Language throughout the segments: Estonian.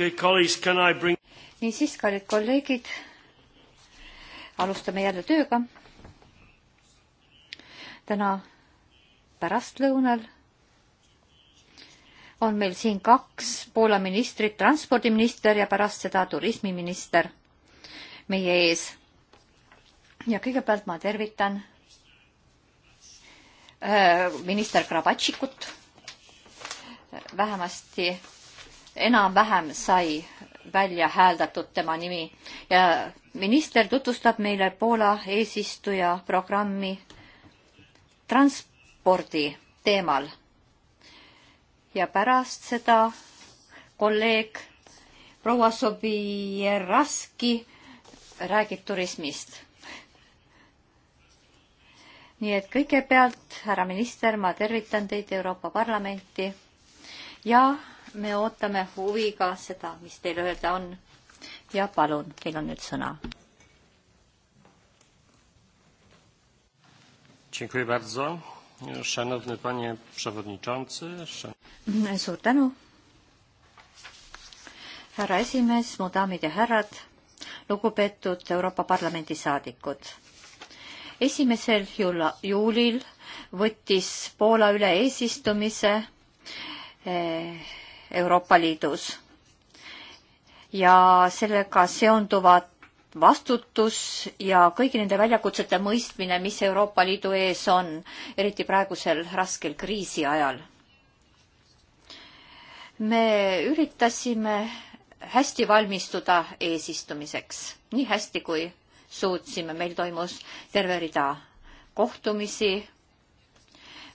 Bring... niisiis, kallid kolleegid, alustame jälle tööga. täna pärastlõunal on meil siin kaks Poola ministrit, transpordiminister ja pärast seda turismiminister meie ees. ja kõigepealt ma tervitan äh, minister Grabatšikut vähemasti enam-vähem sai välja hääldatud tema nimi ja minister tutvustab meile Poola eesistuja programmi transpordi teemal. ja pärast seda kolleeg proua Sobiraski räägib turismist. nii et kõigepealt, härra minister, ma tervitan teid Euroopa Parlamenti ja me ootame huviga seda, mis teil öelda on. ja palun, teil on nüüd sõna. suur tänu, härra esimees, mu daamid ja härrad, lugupeetud Euroopa Parlamendi saadikud. esimesel juulil võttis Poola üle eesistumise eh, Euroopa Liidus. ja sellega seonduvad vastutus ja kõigi nende väljakutsete mõistmine, mis Euroopa Liidu ees on, eriti praegusel raskel kriisi ajal. me üritasime hästi valmistuda eesistumiseks, nii hästi kui suutsime, meil toimus terve rida kohtumisi.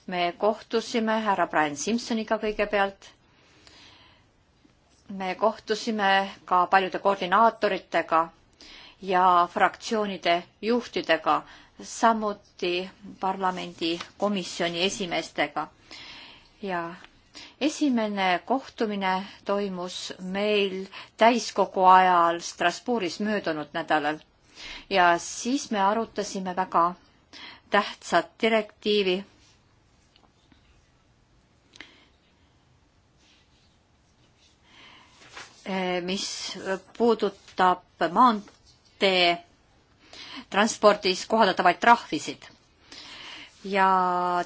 me kohtusime härra Brian Simsoniga kõigepealt me kohtusime ka paljude koordinaatoritega ja fraktsioonide juhtidega, samuti parlamendi komisjoni esimeestega. ja esimene kohtumine toimus meil täiskogu ajal Strasbourgis möödunud nädalal ja siis me arutasime väga tähtsat direktiivi Eh, mis puudutab maantee transpordis kohaldatavaid trahvisid. ja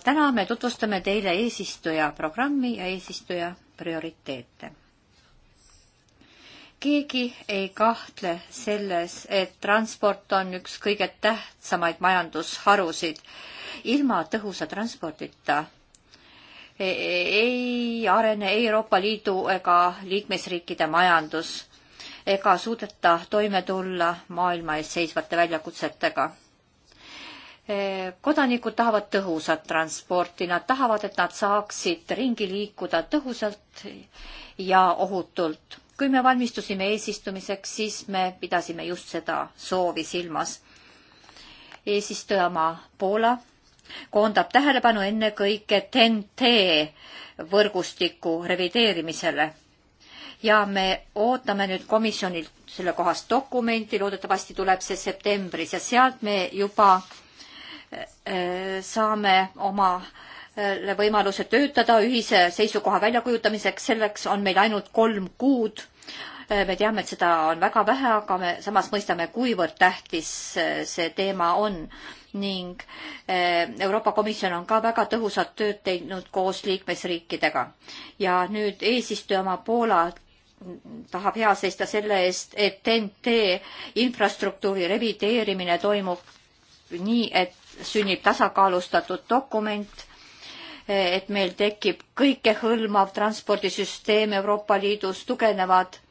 täna me tutvustame teile eesistuja programmi ja eesistuja prioriteete. keegi ei kahtle selles, et transport on üks kõige tähtsamaid majandusharusid. ilma tõhusa transpordita ei arene ei Euroopa Liidu ega liikmesriikide majandus ega suudeta toime tulla maailma ees seisvate väljakutsetega. kodanikud tahavad tõhusat transporti, nad tahavad, et nad saaksid ringi liikuda tõhusalt ja ohutult. kui me valmistusime eesistumiseks, siis me pidasime just seda soovi silmas. eesistujamaa Poola koondab tähelepanu ennekõike TNT võrgustiku revideerimisele. ja me ootame nüüd komisjonilt sellekohast dokumenti, loodetavasti tuleb see septembris ja sealt me juba äh, saame oma äh, võimaluse töötada ühise seisukoha väljakujutamiseks, selleks on meil ainult kolm kuud me teame, et seda on väga vähe, aga me samas mõistame, kuivõrd tähtis äh, see teema on ning äh, Euroopa Komisjon on ka väga tõhusat tööd teinud koos liikmesriikidega ja nüüd eesistuja oma Poola tahab hea seista selle eest, et TNT infrastruktuuri revideerimine toimub nii, et sünnib tasakaalustatud dokument, äh, et meil tekib kõikehõlmav transpordisüsteem Euroopa Liidus, tugevnevad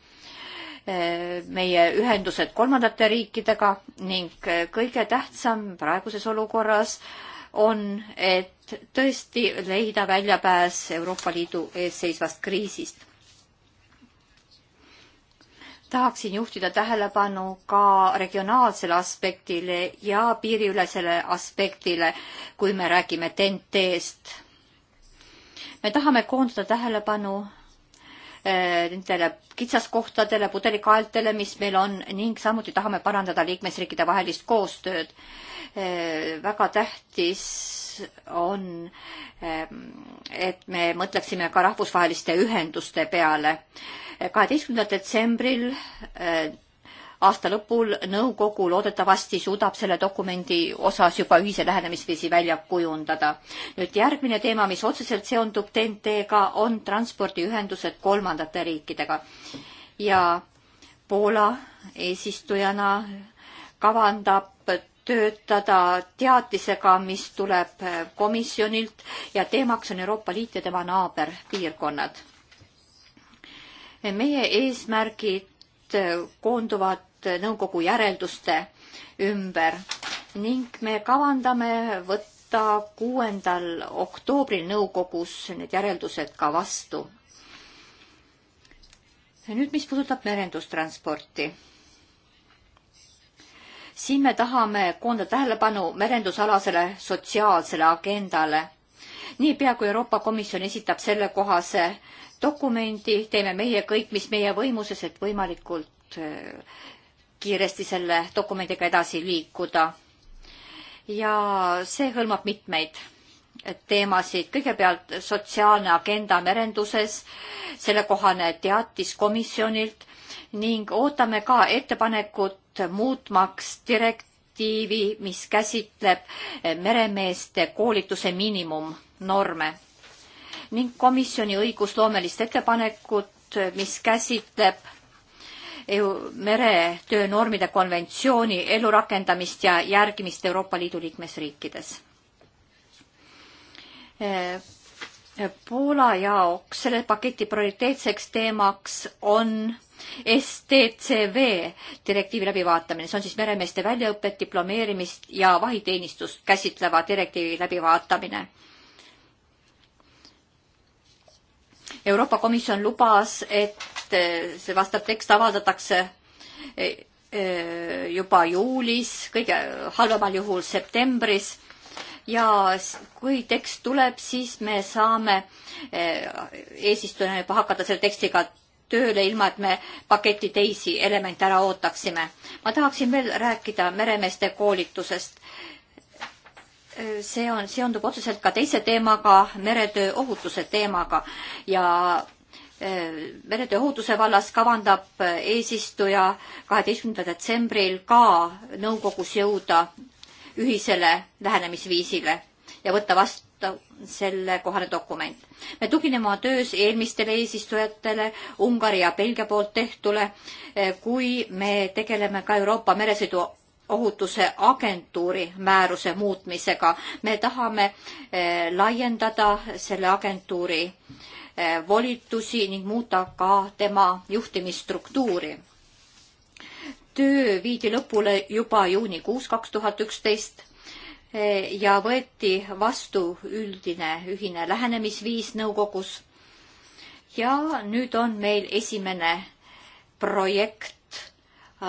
meie ühendused kolmandate riikidega ning e, kõige tähtsam praeguses olukorras on, et tõesti leida väljapääs Euroopa Liidu eesseisvast kriisist. tahaksin juhtida tähelepanu ka regionaalsele aspektile ja piiriülesele aspektile, kui me räägime TNT-st. me tahame koondada tähelepanu Äh, nendele kitsaskohtadele, pudelikaeltele, mis meil on ning samuti tahame parandada liikmesriikide vahelist koostööd. Äh, väga tähtis on, ähm, et me mõtleksime ka rahvusvaheliste ühenduste peale. Äh, kaheteistkümnendal detsembril aasta lõpul nõukogu loodetavasti suudab selle dokumendi osas juba ühise lähenemisviisi välja kujundada. nüüd järgmine teema, mis otseselt seondub TNT-ga, on transpordiühendused kolmandate riikidega ja Poola eesistujana kavandab töötada teatisega, mis tuleb komisjonilt ja teemaks on Euroopa Liit ja tema naaberpiirkonnad. meie eesmärgid koonduvad nõukogu järelduste ümber ning me kavandame võtta kuuendal oktoobril nõukogus need järeldused ka vastu. nüüd, mis puudutab merendustransporti. siin me tahame koondada tähelepanu merendusalasele sotsiaalsele agendale. niipea kui Euroopa Komisjon esitab sellekohase dokumendi, teeme meie kõik, mis meie võimuses, et võimalikult kiiresti selle dokumendiga edasi liikuda. ja see hõlmab mitmeid teemasid, kõigepealt sotsiaalne agenda merenduses, sellekohane teatis komisjonilt ning ootame ka ettepanekut muutmaks direktiivi, mis käsitleb meremeeste koolituse miinimumnorme ning komisjoni õigusloomelist ettepanekut, mis käsitleb meretöönormide konventsiooni elurakendamist ja järgimist Euroopa Liidu liikmesriikides. Eh, Poola jaoks selle paketi prioriteetseks teemaks on STCV direktiivi läbivaatamine, see on siis meremeeste väljaõpet, diplomeerimist ja vahiteenistust käsitleva direktiivi läbivaatamine Euroopa Komisjon lubas, et eh, see vastav tekst avaldatakse eh, eh, juba juulis, kõige halvemal juhul septembris ja kui tekst tuleb, siis me saame eesistujana juba hakata selle tekstiga tööle, ilma et me paketi teisi elemente ära ootaksime. ma tahaksin veel rääkida meremeeste koolitusest see on, seondub otseselt ka teise teemaga, meretöö ohutuse teemaga ja äh, meretöö ohutuse vallas kavandab äh, eesistuja kaheteistkümnendal detsembril ka nõukogus jõuda ühisele lähenemisviisile ja võtta vastu sellekohane dokument. me tugineme oma töös eelmistele eesistujatele, Ungari ja Belgia poolt tehtule, äh, kui me tegeleme ka Euroopa meresõidu ohutuse agentuuri määruse muutmisega. me tahame eh, laiendada selle agentuuri eh, volitusi ning muuta ka tema juhtimisstruktuuri. töö viidi lõpule juba juunikuus kaks tuhat üksteist eh, ja võeti vastu üldine ühine lähenemisviis nõukogus. ja nüüd on meil esimene projekt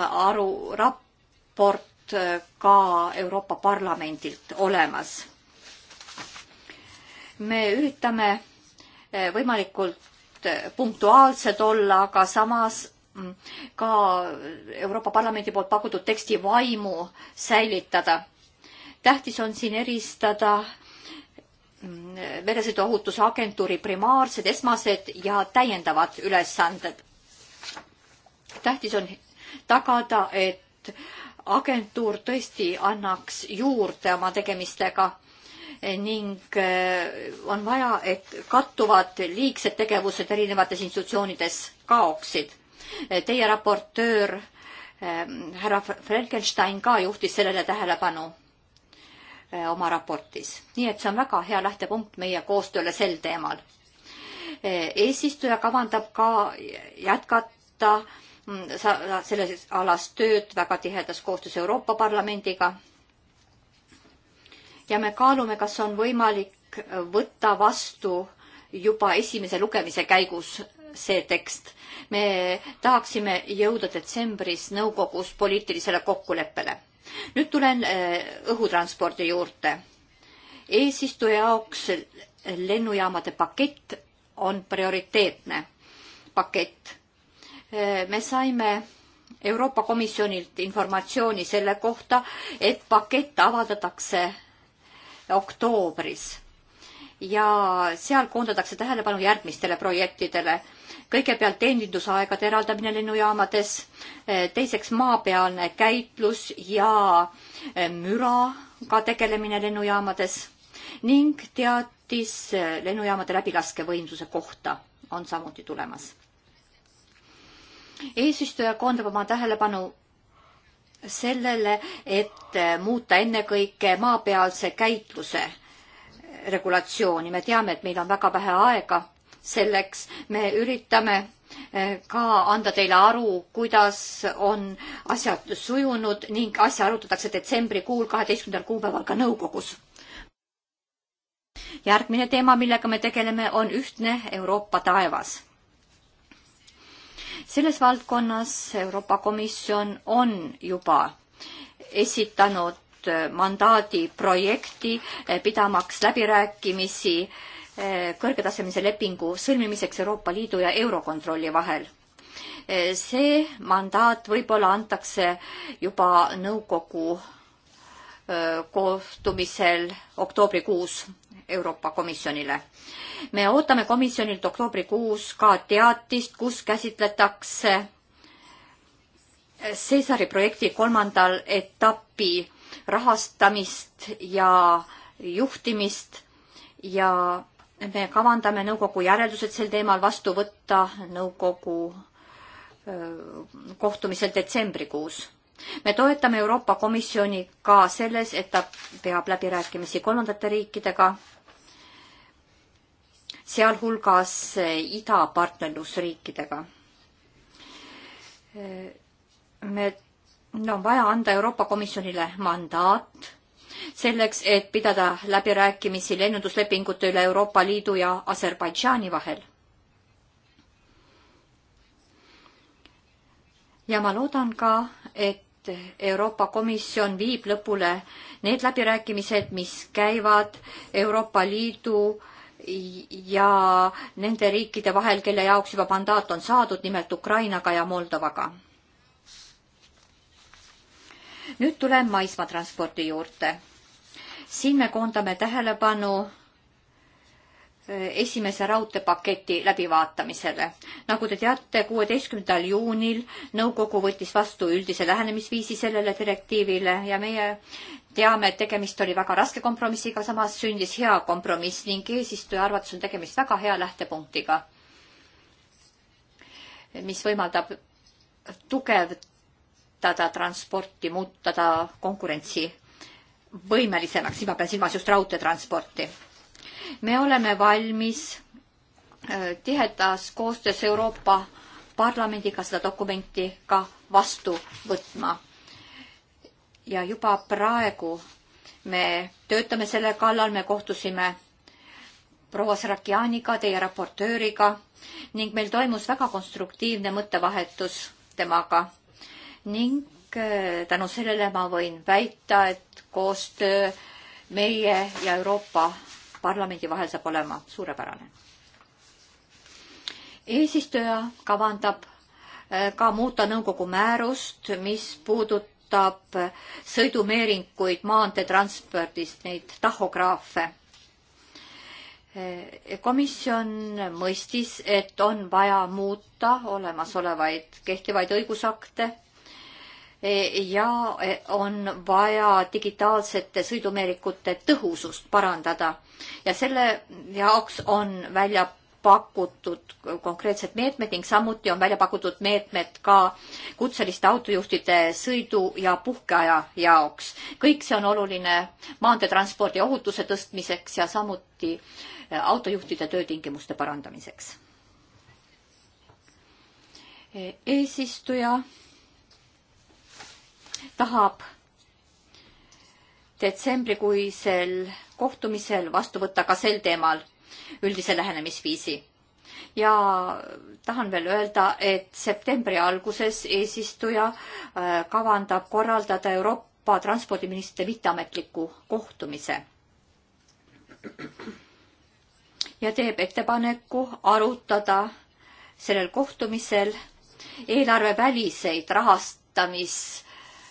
aru, raport Äh, ka Euroopa Parlamendilt olemas. me üritame äh, võimalikult äh, punktuaalsed olla, aga samas mm, ka Euroopa Parlamendi poolt pakutud teksti vaimu säilitada. tähtis on siin eristada mm, meresõiduohutuse agentuuri primaarsed, esmased ja täiendavad ülesanded. tähtis on tagada, et agentuur tõesti annaks juurde oma tegemistega ning eh, on vaja, et kattuvad liigsed tegevused erinevates institutsioonides kaoksid. Eh, teie raportöör eh, härra Frankenstein ka juhtis sellele tähelepanu oma raportis. nii et see on väga hea lähtepunkt meie koostööle sel teemal. eesistuja kavandab ka jätkata Mm, saavad selles alas tööd väga tihedas koostöös Euroopa Parlamendiga. ja me kaalume, kas on võimalik võtta vastu juba esimese lugemise käigus see tekst. me tahaksime jõuda detsembris nõukogus poliitilisele kokkuleppele. nüüd tulen eh, õhutranspordi juurde. eesistuja jaoks lennujaamade pakett on prioriteetne pakett me saime Euroopa Komisjonilt informatsiooni selle kohta, et pakett avaldatakse oktoobris ja seal koondatakse tähelepanu järgmistele projektidele. kõigepealt teenindusaegade eraldamine lennujaamades, teiseks maapealne käitlus ja eh, müraga tegelemine lennujaamades ning teatis eh, lennujaamade läbilaskevõimsuse kohta on samuti tulemas eesistuja koondab oma tähelepanu sellele, et muuta ennekõike maapealse käitluse regulatsiooni. me teame, et meil on väga vähe aega selleks. me üritame eh, ka anda teile aru, kuidas on asjad sujunud ning asja arutatakse detsembrikuul, kaheteistkümnendal kuupäeval ka nõukogus. järgmine teema, millega me tegeleme, on ühtne Euroopa taevas selles valdkonnas Euroopa Komisjon on juba esitanud äh, mandaadi projekti, äh, pidamaks läbirääkimisi äh, kõrgetasemelise lepingu sõlmimiseks Euroopa Liidu ja Eurokontrolli vahel. see mandaat võib-olla antakse juba nõukogu kohtumisel oktoobrikuus Euroopa Komisjonile. me ootame komisjonilt oktoobrikuus ka teatist, kus käsitletakse Cesari projekti kolmandal etapi rahastamist ja juhtimist ja me kavandame nõukogu järeldused sel teemal vastu võtta nõukogu kohtumisel detsembrikuus. me toetame Euroopa Komisjoni ka selles, et ta peab läbirääkimisi kolmandate riikidega sealhulgas idapartnerlusriikidega. me, no on vaja anda Euroopa Komisjonile mandaat selleks, et pidada läbirääkimisi lennunduslepingute üle Euroopa Liidu ja Aserbaidžaani vahel. ja ma loodan ka, et Euroopa Komisjon viib lõpule need läbirääkimised, mis käivad Euroopa Liidu ja nende riikide vahel, kelle jaoks juba mandaat on saadud, nimelt Ukrainaga ja Moldovaga. nüüd tulen maismaatranspordi juurde. siin me koondame tähelepanu esimese raudteepaketi läbivaatamisele. nagu te teate, kuueteistkümnendal juunil nõukogu võttis vastu üldise lähenemisviisi sellele direktiivile ja meie teame, et tegemist oli väga raske kompromissiga, samas sündis hea kompromiss ning eesistuja arvates on tegemist väga hea lähtepunktiga, mis võimaldab tugevdada transporti, muuta ta konkurentsivõimelisemaks, siin ma pean silmas just raudteetransporti me oleme valmis äh, tihedas koostöös Euroopa Parlamendiga seda dokumenti ka vastu võtma. ja juba praegu me töötame selle kallal, me kohtusime proua Sarakianiga, teie raportööriga ning meil toimus väga konstruktiivne mõttevahetus temaga. ning äh, tänu sellele ma võin väita, et koostöö meie ja Euroopa parlamendi vahel saab olema suurepärane. eesistuja kavandab äh, ka muuta nõukogu määrust, mis puudutab äh, sõidumeeringuid maanteetranspordis, neid tahograafe. Äh, komisjon mõistis, et on vaja muuta olemasolevaid kehtivaid õigusakte ja e, on vaja digitaalsete sõidumeerikute tõhusust parandada ja selle jaoks on välja pakutud konkreetsed meetmed ning samuti on välja pakutud meetmed ka kutseliste autojuhtide sõidu- ja puhkeaja jaoks. kõik see on oluline maanteetranspordi ohutuse tõstmiseks ja samuti e, autojuhtide töötingimuste parandamiseks. E, eesistuja tahab detsembrikuisel kohtumisel vastu võtta ka sel teemal üldise lähenemisviisi. ja tahan veel öelda, et septembri alguses eesistuja äh, kavandab korraldada Euroopa transpordiministrite mitteametliku kohtumise. ja teeb ettepaneku arutada sellel kohtumisel eelarveväliseid rahastamis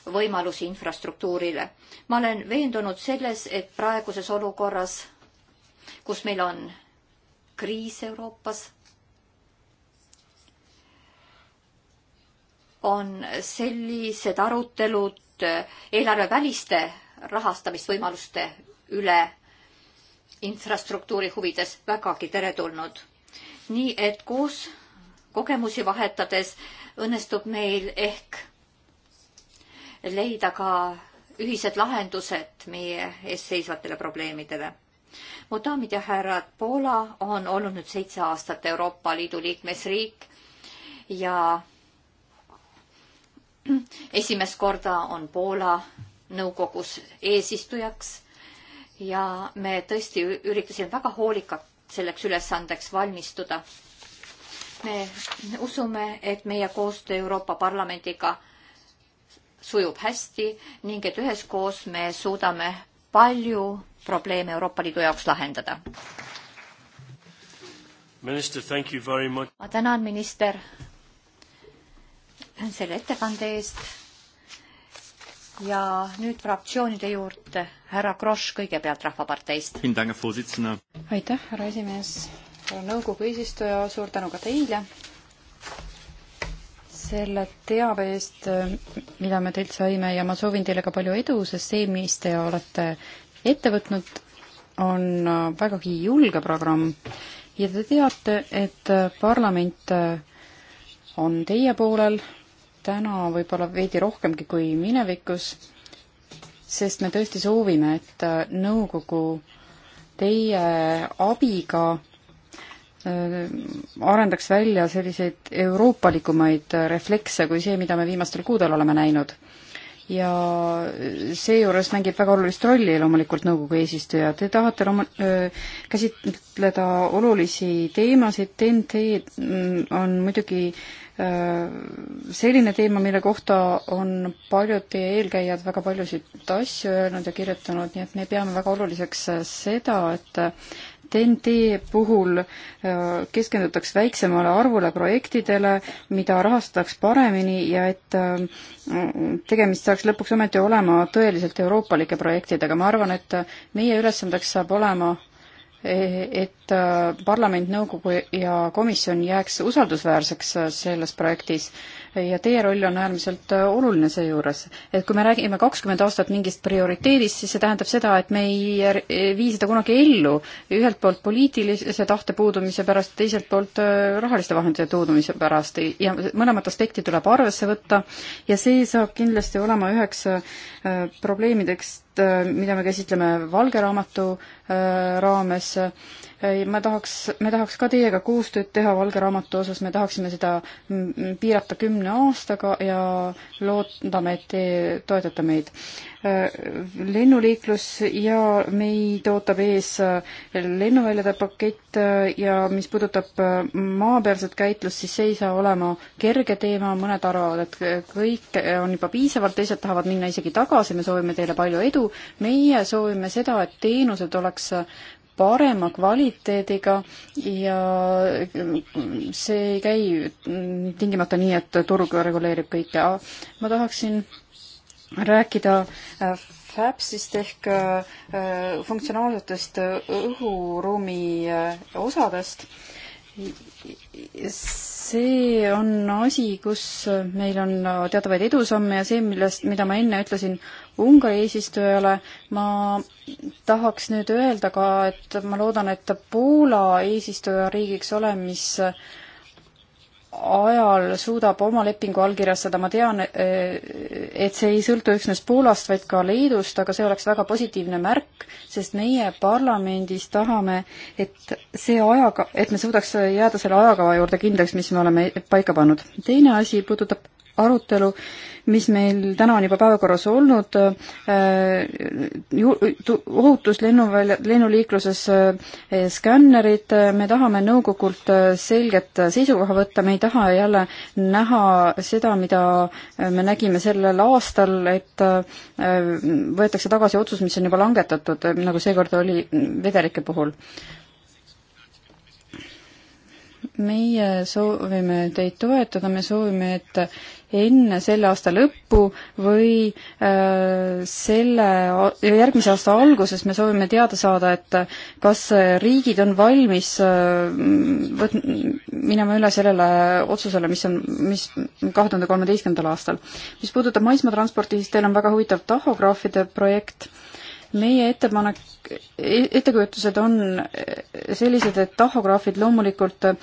võimalusi infrastruktuurile. ma olen veendunud selles, et praeguses olukorras, kus meil on kriis Euroopas, on sellised arutelud eelarveväliste rahastamisvõimaluste üle infrastruktuuri huvides vägagi teretulnud. nii et koos kogemusi vahetades õnnestub meil ehk leida ka ühised lahendused meie ees seisvatele probleemidele. mu daamid ja härrad, Poola on olnud nüüd seitse aastat Euroopa Liidu liikmesriik ja esimest korda on Poola nõukogus eesistujaks ja me tõesti üritasime väga hoolikalt selleks ülesandeks valmistuda. me usume, et meie koostöö Euroopa Parlamendiga sujub hästi ning et üheskoos me suudame palju probleeme Euroopa Liidu jaoks lahendada. ma tänan, minister, selle ettekande eest. ja nüüd fraktsioonide juurde. härra Kross kõigepealt Rahvaparteist. aitäh, härra esimees, härra nõukogu eesistuja, suur tänu ka teile selle teabe eest, mida me teilt saime ja ma soovin teile ka palju edu, sest see, mis te olete ette võtnud, on vägagi julge programm ja te teate, et parlament on teie poolel täna võib-olla veidi rohkemgi kui minevikus, sest me tõesti soovime, et nõukogu teie abiga Äh, arendaks välja selliseid euroopalikumaid reflekse kui see, mida me viimastel kuudel oleme näinud. ja seejuures mängib väga olulist rolli loomulikult nõukogu eesistuja. Te tahate loom-, äh, käsitleda olulisi teemasid, TNT mm, on muidugi äh, selline teema, mille kohta on paljud teie eelkäijad väga paljusid asju öelnud ja kirjutanud, nii et me peame väga oluliseks seda, et TNT puhul äh, keskendutakse väiksemale arvule projektidele, mida rahastatakse paremini ja et äh, tegemist saaks lõpuks ometi olema tõeliselt euroopalike projektidega. ma arvan, et meie ülesandeks saab olema e, et äh, parlament, nõukogu ja komisjon jääks usaldusväärseks selles projektis ja teie roll on äärmiselt äh, oluline seejuures. et kui me räägime kakskümmend aastat mingist prioriteedist, siis see tähendab seda, et me ei vii seda kunagi ellu. ühelt poolt poliitilise tahte puudumise pärast, teiselt poolt äh, rahaliste vahendite puudumise pärast ja mõlemat aspekti tuleb arvesse võtta ja see saab kindlasti olema üheks äh, probleemideks, mida me käsitleme valge raamatu raames ma tahaks, me tahaks ka teiega koostööd teha valge raamatu osas, me tahaksime seda piirata kümne aastaga ja loodame, et te toetate meid. Äh, lennuliiklus ja meid ootab ees äh, lennuväljade pakett äh, ja mis puudutab maapealset käitlust, siis see ei saa olema kerge teema, mõned arvavad, et kõik on juba piisavalt, teised tahavad minna isegi tagasi, me soovime teile palju edu. meie soovime seda, et teenused oleks parema kvaliteediga ja see ei käi tingimata nii, et turg reguleerib kõike. ma tahaksin rääkida äh, FAPS-ist ehk äh, funktsionaalsetest õhuruumi äh, osadest. see on asi, kus meil on teatavaid edusamme ja see, millest, mida ma enne ütlesin, Ungari eesistujale. ma tahaks nüüd öelda ka, et ma loodan, et Poola eesistujariigiks olemis ajal suudab oma lepingu allkirjastada, ma tean, et see ei sõltu üksnes Poolast, vaid ka Leedust, aga see oleks väga positiivne märk, sest meie parlamendis tahame, et see ajaga, et me suudaks jääda selle ajakava juurde kindlaks, mis me oleme paika pannud. teine asi puudutab arutelu, mis meil täna on juba päevakorras olnud, äh, ohutus lennuvälja, lennuliikluses, äh, skännerid, äh, me tahame nõukogult selget seisukoha võtta, me ei taha jälle näha seda, mida me nägime sellel aastal, et võetakse tagasi otsus, mis on juba langetatud, nagu seekord oli vedelike puhul meie soovime teid toetada, me soovime, et enne selle aasta lõppu või äh, selle, järgmise aasta alguses me soovime teada saada, et kas riigid on valmis äh, võt-, minema üle sellele otsusele, mis on, mis kahe tuhande kolmeteistkümnendal aastal. mis puudutab maismaatransporti, siis teil on väga huvitav tahograafide projekt, meie ettepanek, e-, ettekujutused on sellised, et tahograafid loomulikult äh,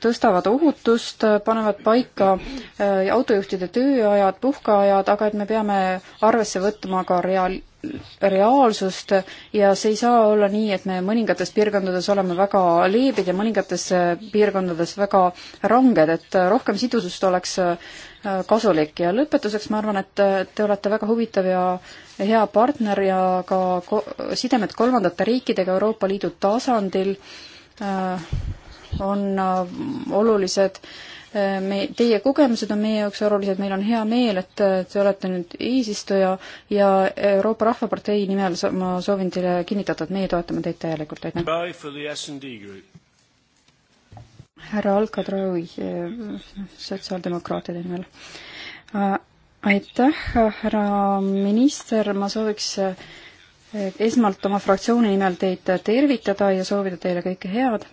tõstavad ohutust, panevad paika äh, autojuhtide tööajad, puhkeajad, aga et me peame arvesse võtma ka reaal-, reaalsust ja see ei saa olla nii, et me mõningates piirkondades oleme väga leebed ja mõningates äh, piirkondades väga ranged, et rohkem sidusust oleks äh, Äh, kasulik ja lõpetuseks ma arvan, et äh, te olete väga huvitav ja hea partner ja ka ko sidemed kolmandate riikidega Euroopa Liidu tasandil äh, on olulised. me, teie kogemused on meie jaoks olulised, meil on hea meel, et te olete nüüd eesistuja ja Euroopa Rahvapartei nimel ma soovin teile kinnitada, et meie toetame teid täielikult, aitäh! härra Alkatraui eh, sotsiaaldemokraatide nimel. aitäh, härra minister, ma sooviks eh, esmalt oma fraktsiooni nimel teid tervitada ja soovida teile kõike head.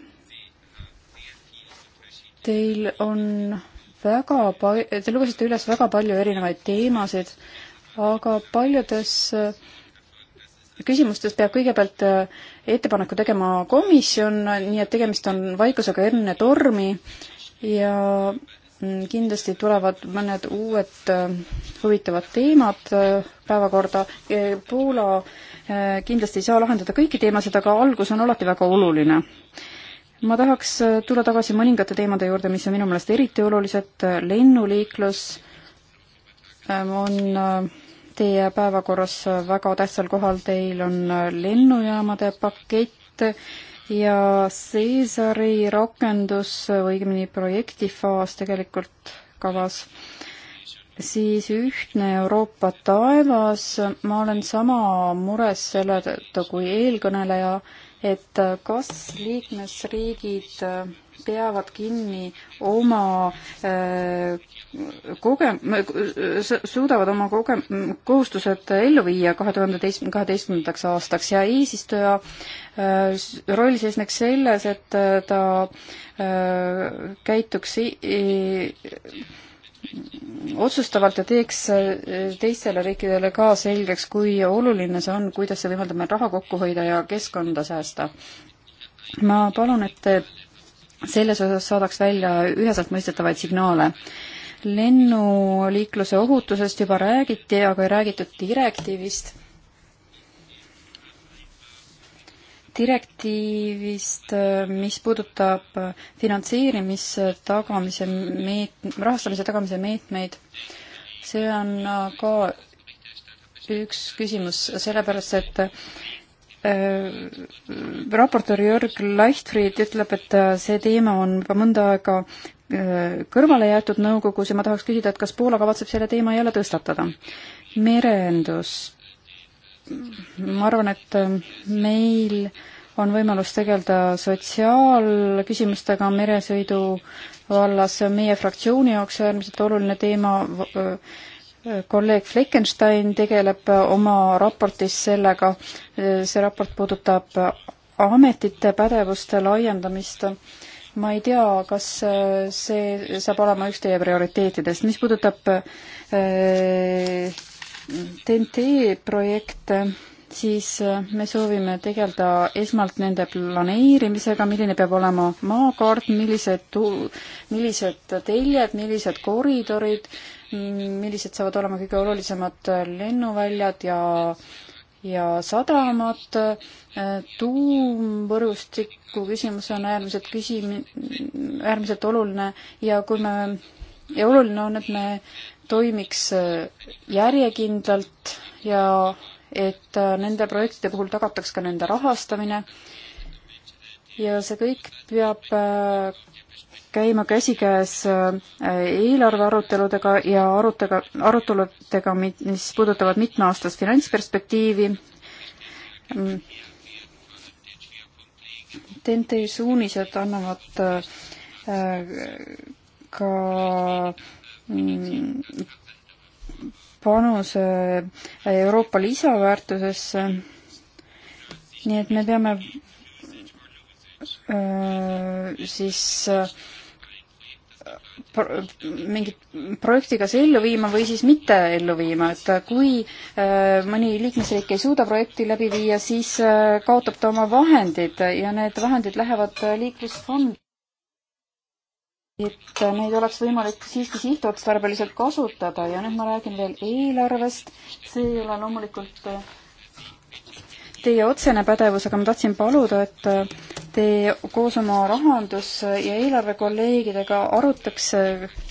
Teil on väga pa-, te lugesite üles väga palju erinevaid teemasid, aga paljudes äh, küsimustes peab kõigepealt äh, ettepaneku tegema komisjon, nii et tegemist on vaikusega enne tormi ja mm, kindlasti tulevad mõned uued äh, huvitavad teemad äh, päevakorda. Poola kindlasti ei saa lahendada kõiki teemasid, aga algus on alati väga oluline. ma tahaks tulla tagasi mõningate teemade juurde, mis on minu meelest eriti olulised, lennuliiklus on teie päevakorras väga tähtsal kohal, teil on lennujaamade pakett ja Caesari rakendus või õigemini projektifaas tegelikult kavas, siis ühtne Euroopa taevas, ma olen sama mures selle tõttu kui eelkõneleja, et kas liikmesriigid peavad kinni oma äh, koge-, suudavad oma koge-, kohustused ellu viia kahe tuhande teist-, kaheteistkümnendaks aastaks ja eesistuja äh, roll seisneks selles, et äh, ta käituks otsustavalt ja teeks teistele riikidele ka selgeks, kui oluline see on, kuidas see võimaldab meil raha kokku hoida ja keskkonda säästa. ma palun, et te selles osas saadaks välja üheselt mõistetavaid signaale. lennuliikluse ohutusest juba räägiti, aga ei räägitud direktiivist. direktiivist, mis puudutab finantseerimise tagamise meet-, rahastamise tagamise meetmeid, see on ka üks küsimus, sellepärast et Äh, raportöör Jörg Leichtfried ütleb, et äh, see teema on juba mõnda aega äh, kõrvale jäetud nõukogus ja ma tahaks küsida, et kas Poola kavatseb selle teema jälle tõstatada? merendus. ma arvan, et meil on võimalus tegeleda sotsiaalküsimustega meresõidu vallas, see on meie fraktsiooni jaoks äärmiselt oluline teema kolleeg Fleckenstein tegeleb oma raportis sellega, see raport puudutab ametite pädevuste laiendamist. ma ei tea, kas see saab olema üks teie prioriteetidest, mis puudutab eh, TNT projekte, siis me soovime tegeleda esmalt nende planeerimisega, milline peab olema maakaart, millised tu-, millised teljed, millised koridorid, ning millised saavad olema kõige olulisemad lennuväljad ja ja sadamad, tuumvõrustiku küsimus on äärmiselt küsim-, äärmiselt oluline ja kui me, ja oluline on, et me toimiks järjekindlalt ja et nende projektide puhul tagataks ka nende rahastamine ja see kõik peab käima käsikäes äh, eelarve aruteludega ja arutega, aruteludega, mis puudutavad mitmeaastast finantsperspektiivi. TNT suunised annavad äh, ka mm, panuse Euroopa lisaväärtusesse. nii et me peame äh, siis äh, mingit projekti kas ellu viima või siis mitte ellu viima, et kui äh, mõni liikmesriik ei suuda projekti läbi viia, siis äh, kaotab ta oma vahendid ja need vahendid lähevad äh, liiklusfondi. et neid oleks võimalik siiski sihtotstarbeliselt kasutada ja nüüd ma räägin veel eelarvest, see ei ole loomulikult teie otsene pädevus, aga ma tahtsin paluda, et te koos oma rahandus- ja eelarvekolleegidega arutaks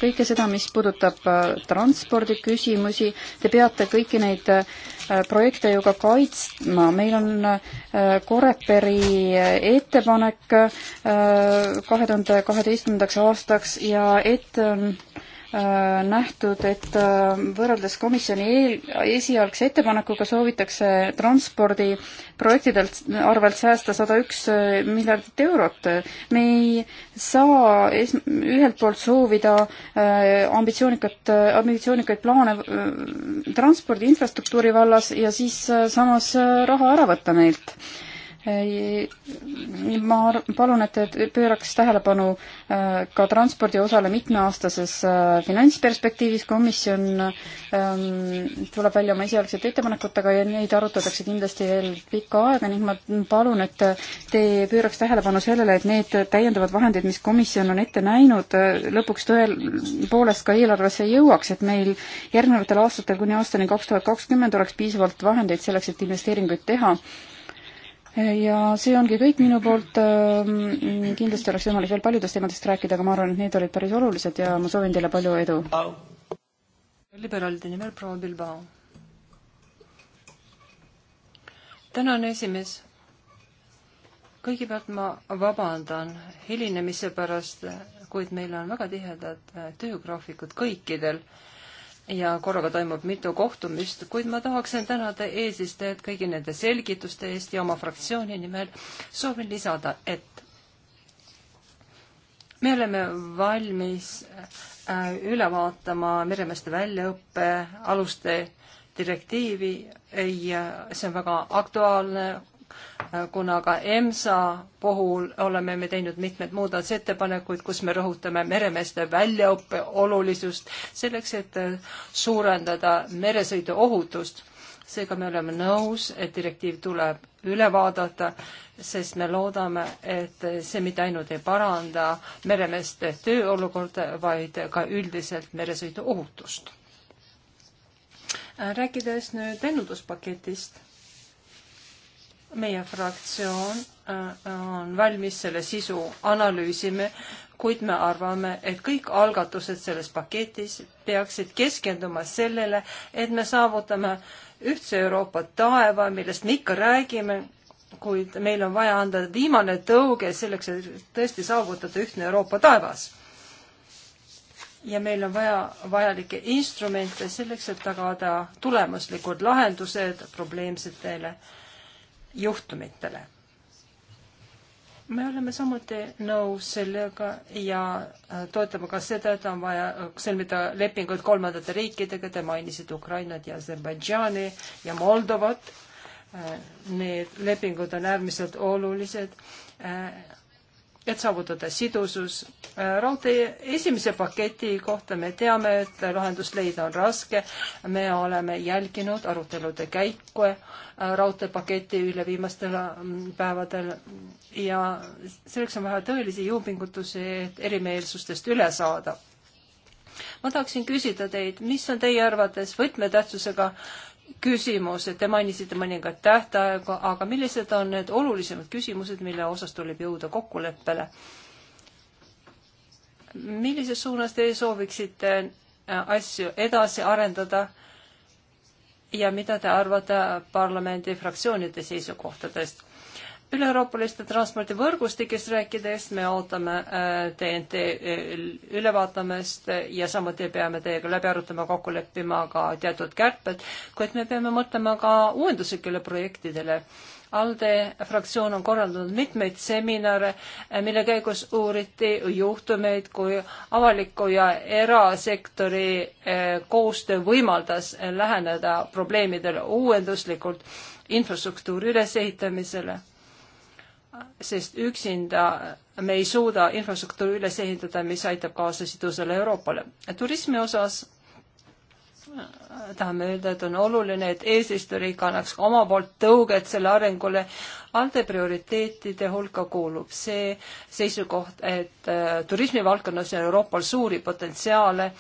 kõike seda, mis puudutab äh, transpordiküsimusi, te peate kõiki neid äh, projekte ju ka kaitsma, meil on äh, Coreperi ettepanek kahe tuhande kaheteistkümnendaks aastaks ja ette on ähm, Äh, nähtud, et äh, võrreldes komisjoni eel, esialgse ettepanekuga soovitakse transpordiprojektidelt arvelt säästa sada üks äh, miljardit eurot. me ei saa es-, ühelt poolt soovida ambitsioonikat, ambitsioonikaid plaane transpordi infrastruktuuri vallas ja siis samas raha ära võtta neilt ma palun, et te pööraks tähelepanu äh, ka transpordi osale mitmeaastases äh, finantsperspektiivis. komisjon ähm, tuleb välja oma esialgsete ettepanekutega ja neid arutatakse kindlasti veel pikka aega ning ma palun, et te pööraks tähelepanu sellele, et need täiendavad vahendid, mis komisjon on ette näinud, äh, lõpuks tõepoolest ka eelarvesse jõuaks, et meil järgnevatel aastatel kuni aastani kaks tuhat kakskümmend oleks piisavalt vahendeid selleks, et investeeringuid teha ja see ongi kõik minu poolt. Ehm, kindlasti oleks võimalik veel paljudest teemadest rääkida, aga ma arvan, et need olid päris olulised ja ma soovin teile palju edu. liberaalide nimel proua Bilbao. tänan, esimees. kõigepealt ma vabandan hilinemise pärast, kuid meil on väga tihedad äh, töögraafikud kõikidel ja korraga toimub mitu kohtumist, kuid ma tahaksin tänada eesistujat kõigi nende selgituste eest ja oma fraktsiooni nimel soovin lisada, et me oleme valmis äh, üle vaatama meremeeste väljaõppe aluste direktiivi ja see on väga aktuaalne Äh, kuna ka EMSA puhul oleme me teinud mitmed muudatusettepanekuid, kus me rõhutame meremeeste väljaõppe olulisust selleks, et äh, suurendada meresõiduohutust. seega me oleme nõus, et direktiiv tuleb üle vaadata, sest me loodame, et see mitte ainult ei paranda meremeeste tööolukorda, vaid ka üldiselt meresõiduohutust. Äh, rääkides nüüd lennunduspaketist meie fraktsioon äh, on valmis selle sisu analüüsima, kuid me arvame, et kõik algatused selles paketis peaksid keskenduma sellele, et me saavutame ühtse Euroopa taeva, millest me ikka räägime, kuid meil on vaja anda viimane tõuge selleks, et tõesti saavutada ühtne Euroopa taevas. ja meil on vaja vajalikke instrumente selleks, et tagada tulemuslikud lahendused probleemsetele äh, juhtumitele. me oleme samuti nõus sellega ja äh, toetame ka seda, et on vaja äh, sõlmida lepingud kolmandate riikidega, te mainisite Ukrainat ja Aserbaidžaani ja Moldovat. Äh, need lepingud on äärmiselt olulised et saavutada sidusus. Äh, raudtee esimese paketi kohta me teame, et lahendust leida on raske. me oleme jälginud arutelude käiku äh, raudteepaketi üle viimastel mm, päevadel ja selleks on vaja tõelisi jõupingutusi, et erimeelsustest üle saada. ma tahaksin küsida teid, mis on teie arvates võtmetähtsusega küsimus, et te mainisite mõningat tähtaegu, aga millised on need olulisemad küsimused, mille osas tuleb jõuda kokkuleppele? millises suunas te sooviksite äh, asju edasi arendada ja mida te arvate parlamendi fraktsioonide seisukohtadest? üle-Euroopaliste transpordivõrgustikest rääkides me ootame TNT äh, äh, ülevaatamist ja samuti peame teiega läbi arutama, kokku leppima ka teatud kärped, kuid me peame mõtlema ka uuenduslikele projektidele. ALDE fraktsioon on korraldanud mitmeid seminare, äh, mille käigus uuriti juhtumeid, kui avaliku ja erasektori koostöö võimaldas läheneda probleemidele uuenduslikult infrastruktuuri ülesehitamisele sest üksinda me ei suuda infrastruktuuri üles ehitada, mis aitab kaasa sidusele Euroopale. turismi osas äh, tahame öelda, et on oluline, et eesistujariik annaks oma poolt tõuget selle arengule. ante prioriteetide hulka kuulub see seisukoht, et äh, turismivaldkonnas on Euroopal suuri potentsiaale.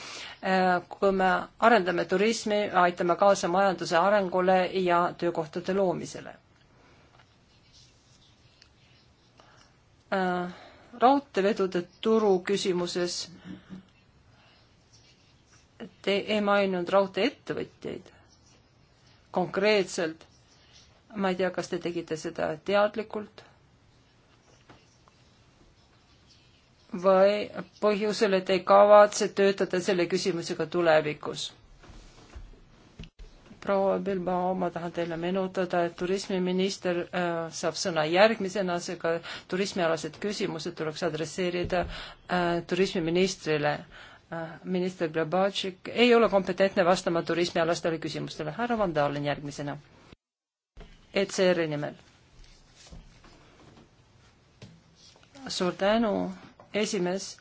Äh, kui me arendame turismi, aitame kaasa majanduse arengule ja töökohtade loomisele Äh, raudteevedude turu küsimuses te ei maininud raudteeettevõtjaid konkreetselt. ma ei tea, kas te tegite seda teadlikult või põhjusel, et ei kavatse töötada selle küsimusega tulevikus proua Bilbao, ma tahan teile meenutada, et turismiminister äh, saab sõna järgmisena, seega turismialased küsimused tuleks adresseerida äh, turismiministrile äh,. minister Grabatšik ei ole kompetentne vastama turismialastele küsimustele. härra Van Dalen järgmisena. ECR-i nimel. suur tänu, esimees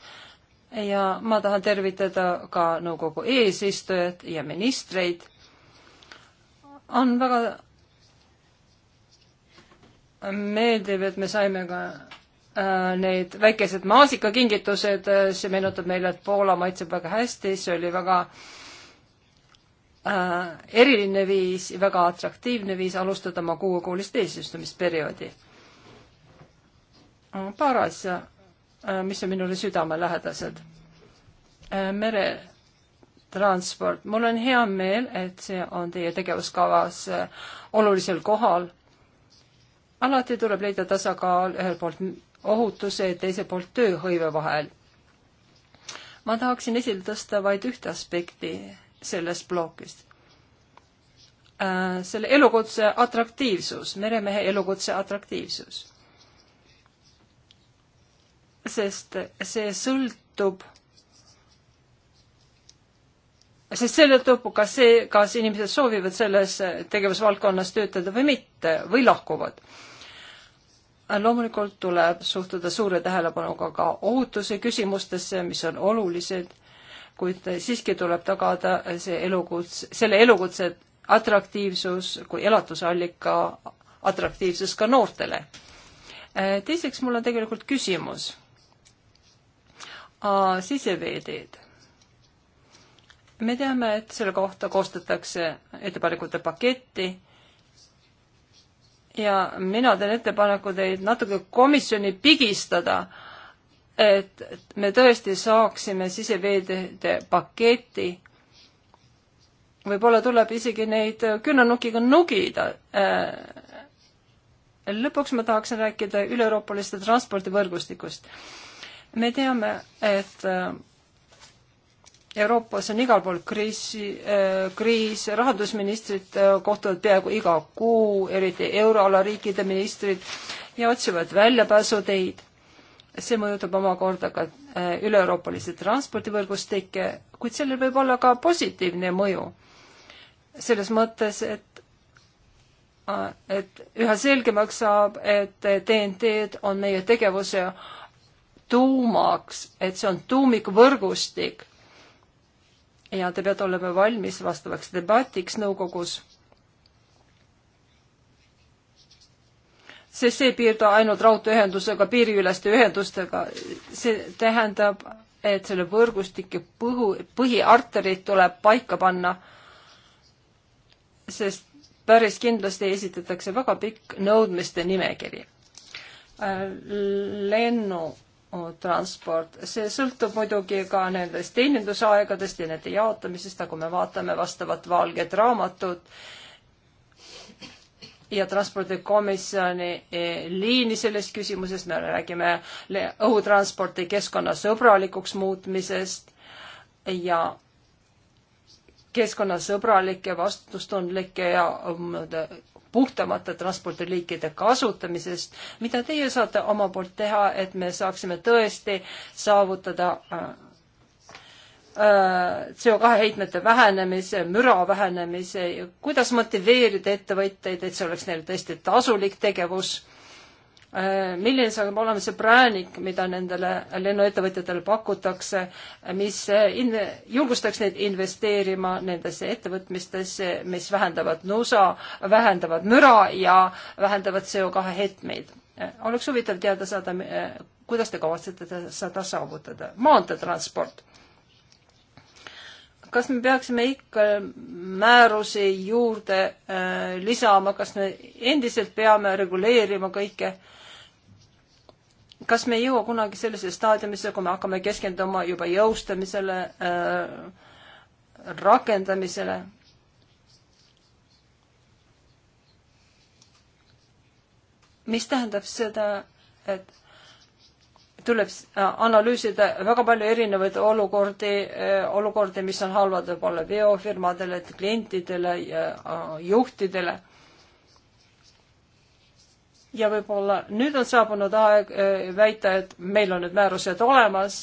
ja ma tahan tervitada ka nõukogu eesistujat ja ministreid on väga meeldiv, et me saime ka äh, need väikesed maasikakingitused, see meenutab meile, et Poola maitseb väga hästi, see oli väga äh, eriline viis, väga atraktiivne viis alustada oma kuuekuulist eesistumisperioodi. paar asja, äh, mis on minule südamelähedased äh,. mere transport. mul on hea meel, et see on teie tegevuskavas äh, olulisel kohal. alati tuleb leida tasakaal ühelt poolt ohutuse ja teiselt poolt tööhõive vahel. ma tahaksin esile tõsta vaid ühte aspekti sellest plokist. Äh, selle elukutse atraktiivsus, meremehe elukutse atraktiivsus. sest see sõltub sest see lõhtub ka see, kas inimesed soovivad selles tegevusvaldkonnas töötada või mitte või lahkuvad. loomulikult tuleb suhtuda suure tähelepanuga ka ohutuse küsimustesse, mis on olulised, kuid siiski tuleb tagada see elukutse, selle elukutse atraktiivsus kui elatusallika atraktiivsus ka noortele. teiseks, mul on tegelikult küsimus siseveeteed me teame, et selle kohta koostatakse ettepanekute paketti ja mina teen ettepaneku teid natuke komisjoni pigistada, et me tõesti saaksime siseveeteede paketi. võib-olla tuleb isegi neid künnanukiga nugida. Äh, lõpuks ma tahaksin rääkida üle-euroopaliste transpordivõrgustikust. me teame, et äh, Euroopas on igal pool kriisi, äh, kriis, rahandusministrid äh, kohtuvad peaaegu iga kuu, eriti euroala riikide ministrid, ja otsivad väljapääsuteid. see mõjutab omakorda ka äh, üle-euroopalisi transpordivõrgustikke, kuid sellel võib olla ka positiivne mõju. selles mõttes, et et üha selgemaks saab, et TNT-d on meie tegevuse tuumaks, et see on tuumikvõrgustik ja te peate olema valmis vastavaks debatiks nõukogus. sest see ei piirdu ainult raudteeühendusega, piiriüleste ühendustega, see tähendab, et selle võrgustike põhu, põhiarterid tuleb paika panna, sest päris kindlasti esitatakse väga pikk nõudmiste nimekiri äh, lennu transport. see sõltub muidugi ka nendest teenindusaegadest ja nende jaotamisest, aga kui me vaatame vastavat valget raamatut ja transpordikomisjoni eh, liini selles küsimuses, me räägime õhutransporti keskkonnasõbralikuks muutmisest ja keskkonnasõbralike vastutustundlike ja um, puhtamate transpordiliikide kasutamisest. mida teie saate oma poolt teha, et me saaksime tõesti saavutada äh, äh, CO2 heitmete vähenemise, müra vähenemise, kuidas motiveerida ettevõtteid, et see oleks neile tõesti tasulik tegevus Äh, milline saab olema see präänik, mida nendele lennuettevõtjatele pakutakse, mis äh, in-, julgustaks neid investeerima nendesse ettevõtmistesse, mis vähendavad nusa, vähendavad müra ja vähendavad CO2 heitmeid. Äh, oleks huvitav teada saada, kuidas te kavatsete seda saavutada. maanteetransport kas me peaksime ikka määrusi juurde äh, lisama, kas me endiselt peame reguleerima kõike kas me ei jõua kunagi sellise staadiumisse, kui me hakkame keskenduma juba jõustamisele äh,, rakendamisele? mis tähendab seda, et tuleb äh, analüüsida väga palju erinevaid olukordi, äh, olukordi, mis on halvad võib-olla veofirmadele, klientidele ja äh, juhtidele ja võib-olla nüüd on saabunud aeg äh, väita, et meil on need määrused olemas.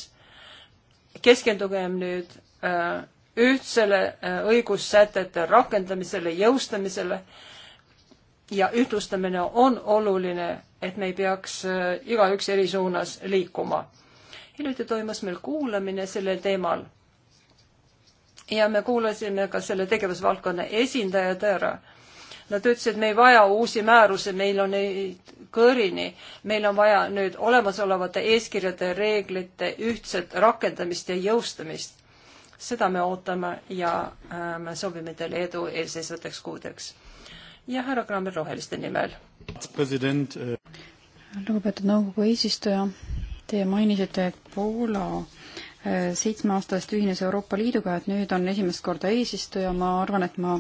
keskendugem nüüd äh, ühtsele äh, õigussätete rakendamisele, jõustamisele ja ühtlustamine on oluline, et me ei peaks igaüks eri suunas liikuma. hiljuti toimus meil kuulamine sellel teemal. ja me kuulasime ka selle tegevusvaldkonna esindajad ära Nad ütlesid, me ei vaja uusi määrusi, meil on neid kõrini, meil on vaja nüüd olemasolevate eeskirjade, reeglite ühtset rakendamist ja jõustamist. seda me ootame ja äh, me soovime teile edu eelseisvateks kuudeks. ja härra Kramer Roheliste nimel. president äh.... lugupeetud nõukogu eesistuja, teie mainisite, et Poola seitsme aasta eest ühines Euroopa Liiduga, et nüüd on esimest korda eesistuja, ma arvan, et ma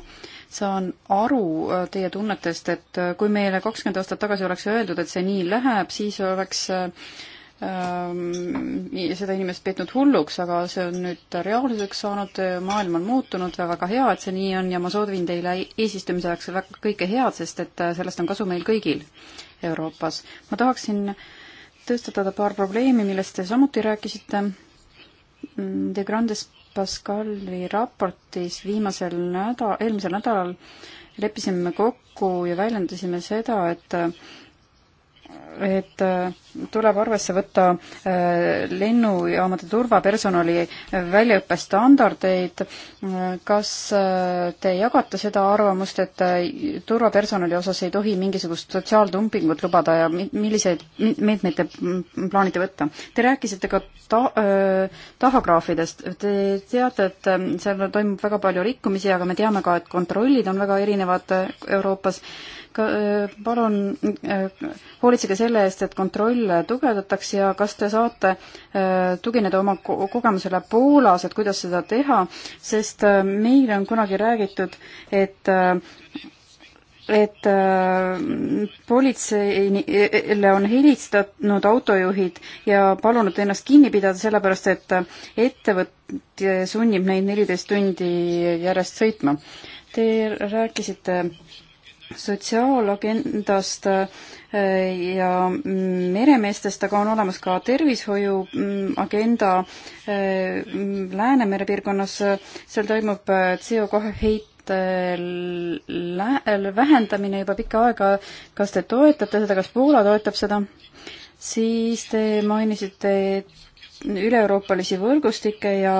saan aru äh, teie tunnetest, et äh, kui meile kakskümmend aastat tagasi oleks öeldud, et see nii läheb, siis oleks äh, ähm, seda inimest peetnud hulluks, aga see on nüüd reaalsuseks saanud, maailm on muutunud ja väga hea, et see nii on ja ma soovin teile eesistumise ajaks väga kõike head, sest et sellest on kasu meil kõigil Euroopas. ma tahaksin tõstatada paar probleemi, millest te samuti rääkisite Mm, De Grandes Pascali raportis viimasel nädal, eelmisel nädalal leppisime kokku ja väljendasime seda, et et äh, tuleb arvesse võtta äh, lennujaamade turvapersonali väljaõppestandardeid. kas äh, te jagate seda arvamust, et turvapersonali osas ei tohi mingisugust sotsiaaltumpingut lubada ja milliseid meetmeid te plaanite võtta? Te rääkisite ka ta-, tahograafidest. Te teate, et seal toimub väga palju rikkumisi, aga me teame ka, et kontrollid on väga erinevad Euroopas ka äh, palun äh, hoolitsege selle eest, et kontrolle tugevdataks ja kas te saate äh, tugineda oma ko kogemusele Poolas, et kuidas seda teha, sest meile on kunagi räägitud, et et äh, politseile on helistanud autojuhid ja palunud ennast kinni pidada, sellepärast et ettevõte sunnib neid neliteist tundi järjest sõitma. Te rääkisite äh, sotsiaalagendast äh, ja mm, meremeestest, aga on olemas ka tervishoiu mm, agenda äh, Läänemere piirkonnas, seal toimub äh, CO2 heit-, vähendamine juba pikka aega, kas te toetate seda, kas Poola toetab seda? siis te mainisite üle-euroopalisi võrgustikke ja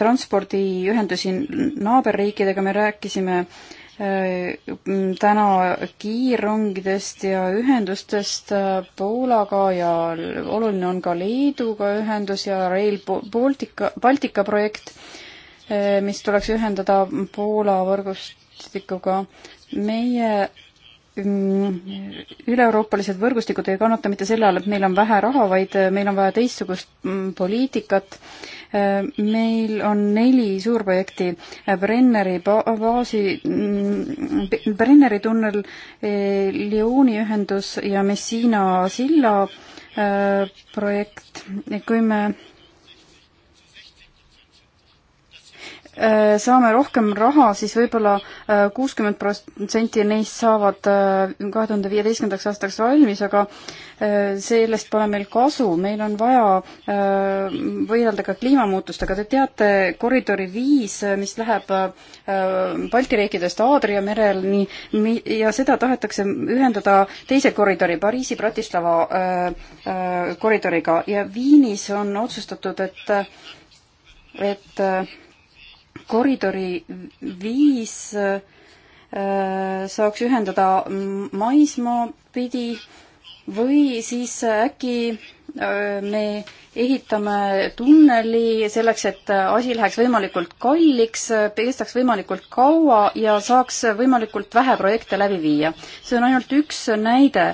transpordiühendusi naaberriikidega, me rääkisime äh, Äh, mm, täna kiirrongidest ja ühendustest äh, Poolaga ja oluline on ka Leeduga ühendus ja Rail Baltica, Baltica projekt, äh, mis tuleks ühendada Poola võrgustikuga. meie mm, üle-euroopalised võrgustikud ei kannata mitte selle all, et meil on vähe raha, vaid meil on vaja teistsugust mm, poliitikat meil on neli suurprojekti Brenneri ba baasi, mm, Brenneri tunnel, eh, Lyoni ühendus ja Messina silla eh, projekt. kui me Äh, saame rohkem raha siis, siis võib-olla äh, kuuskümmend protsenti neist saavad äh, kahe tuhande viieteistkümnendaks aastaks valmis, aga sellest pole meil kasu, meil on vaja võidelda ka kliimamuutustega. Te teate koridori viis, mis läheb Balti riikidest Aadria mereni ja seda tahetakse ühendada teise koridori, Pariisi, Bratislava koridoriga ja Viinis on otsustatud, et et koridori viis äh, saaks ühendada maismaa pidi või siis äkki äh, me ehitame tunneli selleks, et asi läheks võimalikult kalliks, kestaks võimalikult kaua ja saaks võimalikult vähe projekte läbi viia. see on ainult üks näide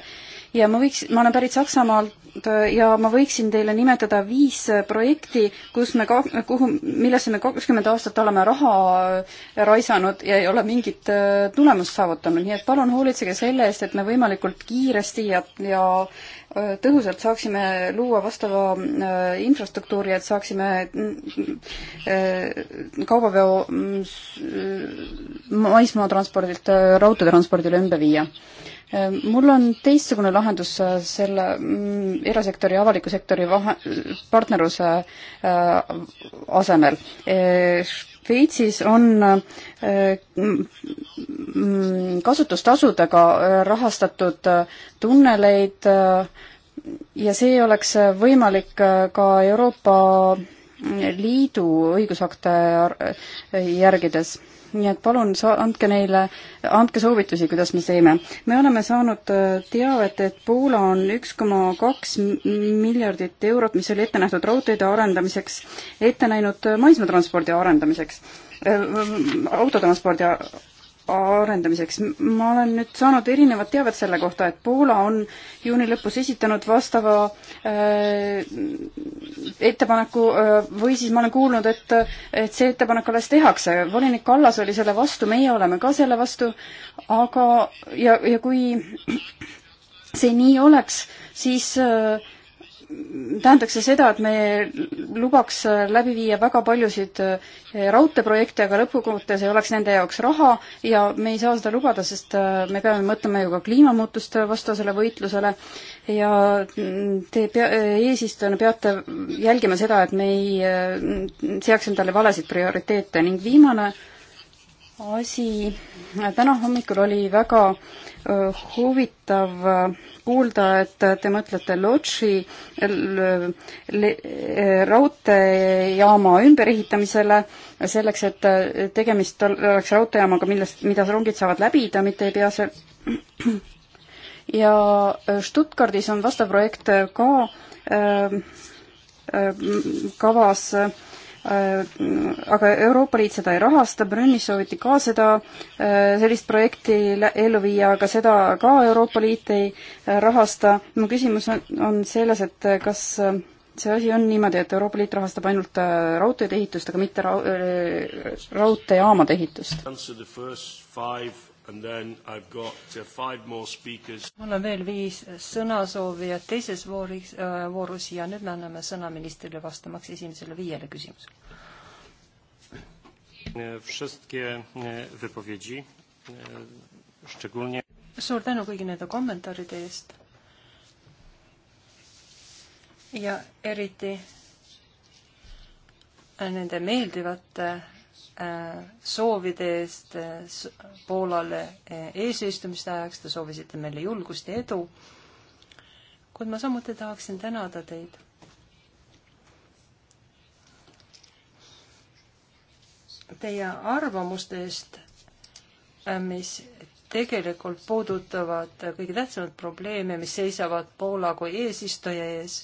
ja ma võiks, ma olen pärit Saksamaalt Äh, ja ma võiksin teile nimetada viis äh, projekti, kus me, kuhu, millesse me kakskümmend aastat oleme raha äh, raisanud ja ei ole mingit tulemust saavutanud, nii et palun hoolitsege selle eest, et me võimalikult kiiresti ja, ja tõhusalt saaksime luua vastava infrastruktuuri, et saaksime kaubaveo mm, maismaatranspordilt raudteetranspordile ümber viia Ehm, mul on teistsugune lahendus äh, selle mm, erasektori ja avaliku sektori vahe, partnerluse äh, asemel. Ehm, Šveitsis on äh, mm, kasutustasudega rahastatud tunneleid ja see oleks võimalik ka Euroopa Liidu õigusakte järgides nii et palun sa-, andke neile, andke soovitusi, kuidas me teeme. me oleme saanud äh, teavet, et Poola on üks koma kaks miljardit eurot, mis oli ette nähtud raudteede arendamiseks, ette näinud äh, maismaatranspordi arendamiseks, äh, autotranspordi arendamiseks. ma olen nüüd saanud erinevat teavet selle kohta, et Poola on juuni lõpus esitanud vastava äh, ettepaneku äh, või siis ma olen kuulnud, et, et see ettepanek alles tehakse. volinik Kallas oli selle vastu, meie oleme ka selle vastu, aga ja, ja kui see nii oleks, siis äh, tähendaks see seda, et me lubaks läbi viia väga paljusid eh, raudteeprojekte, aga lõppkokkuvõttes ei oleks nende jaoks raha ja me ei saa seda lubada, sest eh, me peame mõtlema ju ka kliimamuutuste vastasele võitlusele ja mm, te pea, eesistujana peate jälgima seda, et me ei eh, seaks endale valesid prioriteete ning viimane asi. täna hommikul oli väga huvitav kuulda, et te mõtlete Lodži e, raudteejaama ümberehitamisele selleks, et e, tegemist oleks raudteejaamaga, millest, mida rongid saavad läbida, mitte ei pea see ja e, Stuttgardis on vastav projekt ka kavas äh, Äh, aga Euroopa Liit seda ei rahasta, Brünnis sooviti ka seda, äh, sellist projekti ellu viia, aga seda ka Euroopa Liit ei äh, rahasta. mu küsimus on, on selles, et kas see asi on niimoodi, et Euroopa Liit rahastab ainult raudteede ehitust, aga mitte ra-, raudteejaamade ehitust? And then I've got uh, five more speakers. mul on veel viis sõnasoovijat teises vooris äh,, voorus ja nüüd me anname sõna ministrile vastamaks esimesele viiele küsimusele. Äh, e, e, suur tänu kõigi nende kommentaaride eest. ja eriti äh, nende meeldivate Äh, soovide eest äh, Poolale äh, eesistumiste ajaks, te soovisite meile julgust ja edu. kuid ma samuti tahaksin tänada teid teie arvamuste eest, mis tegelikult puudutavad kõige tähtsamaid probleeme, mis seisavad Poola kui eesistuja ees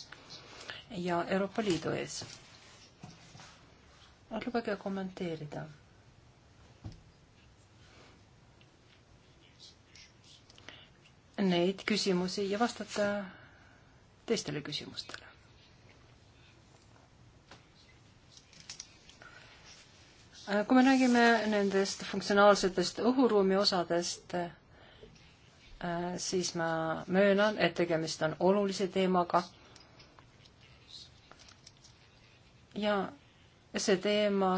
ja Euroopa Liidu ees lubage kommenteerida. Neid küsimusi ja vastata teistele küsimustele. kui me räägime nendest funktsionaalsetest õhuruumi osadest, siis ma möönan, et tegemist on olulise teemaga. ja see teema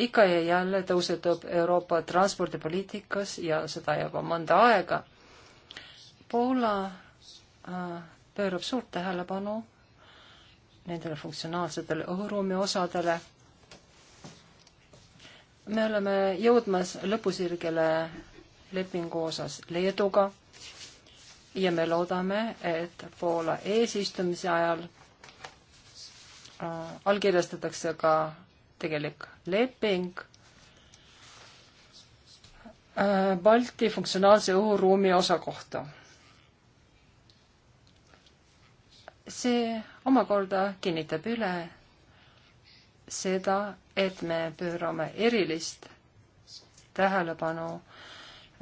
ikka ja jälle tõusetub Euroopa transpordipoliitikas ja seda juba mõnda aega. Poola äh, pöörab suurt tähelepanu nendele funktsionaalsetele õhuruumi osadele. me oleme jõudmas lõpusirgele lepingu osas Leeduga ja me loodame, et Poola eesistumise ajal Äh, allkirjastatakse ka tegelik leping äh, Balti funktsionaalse õhuruumi osa kohta. see omakorda kinnitab üle seda, et me pöörame erilist tähelepanu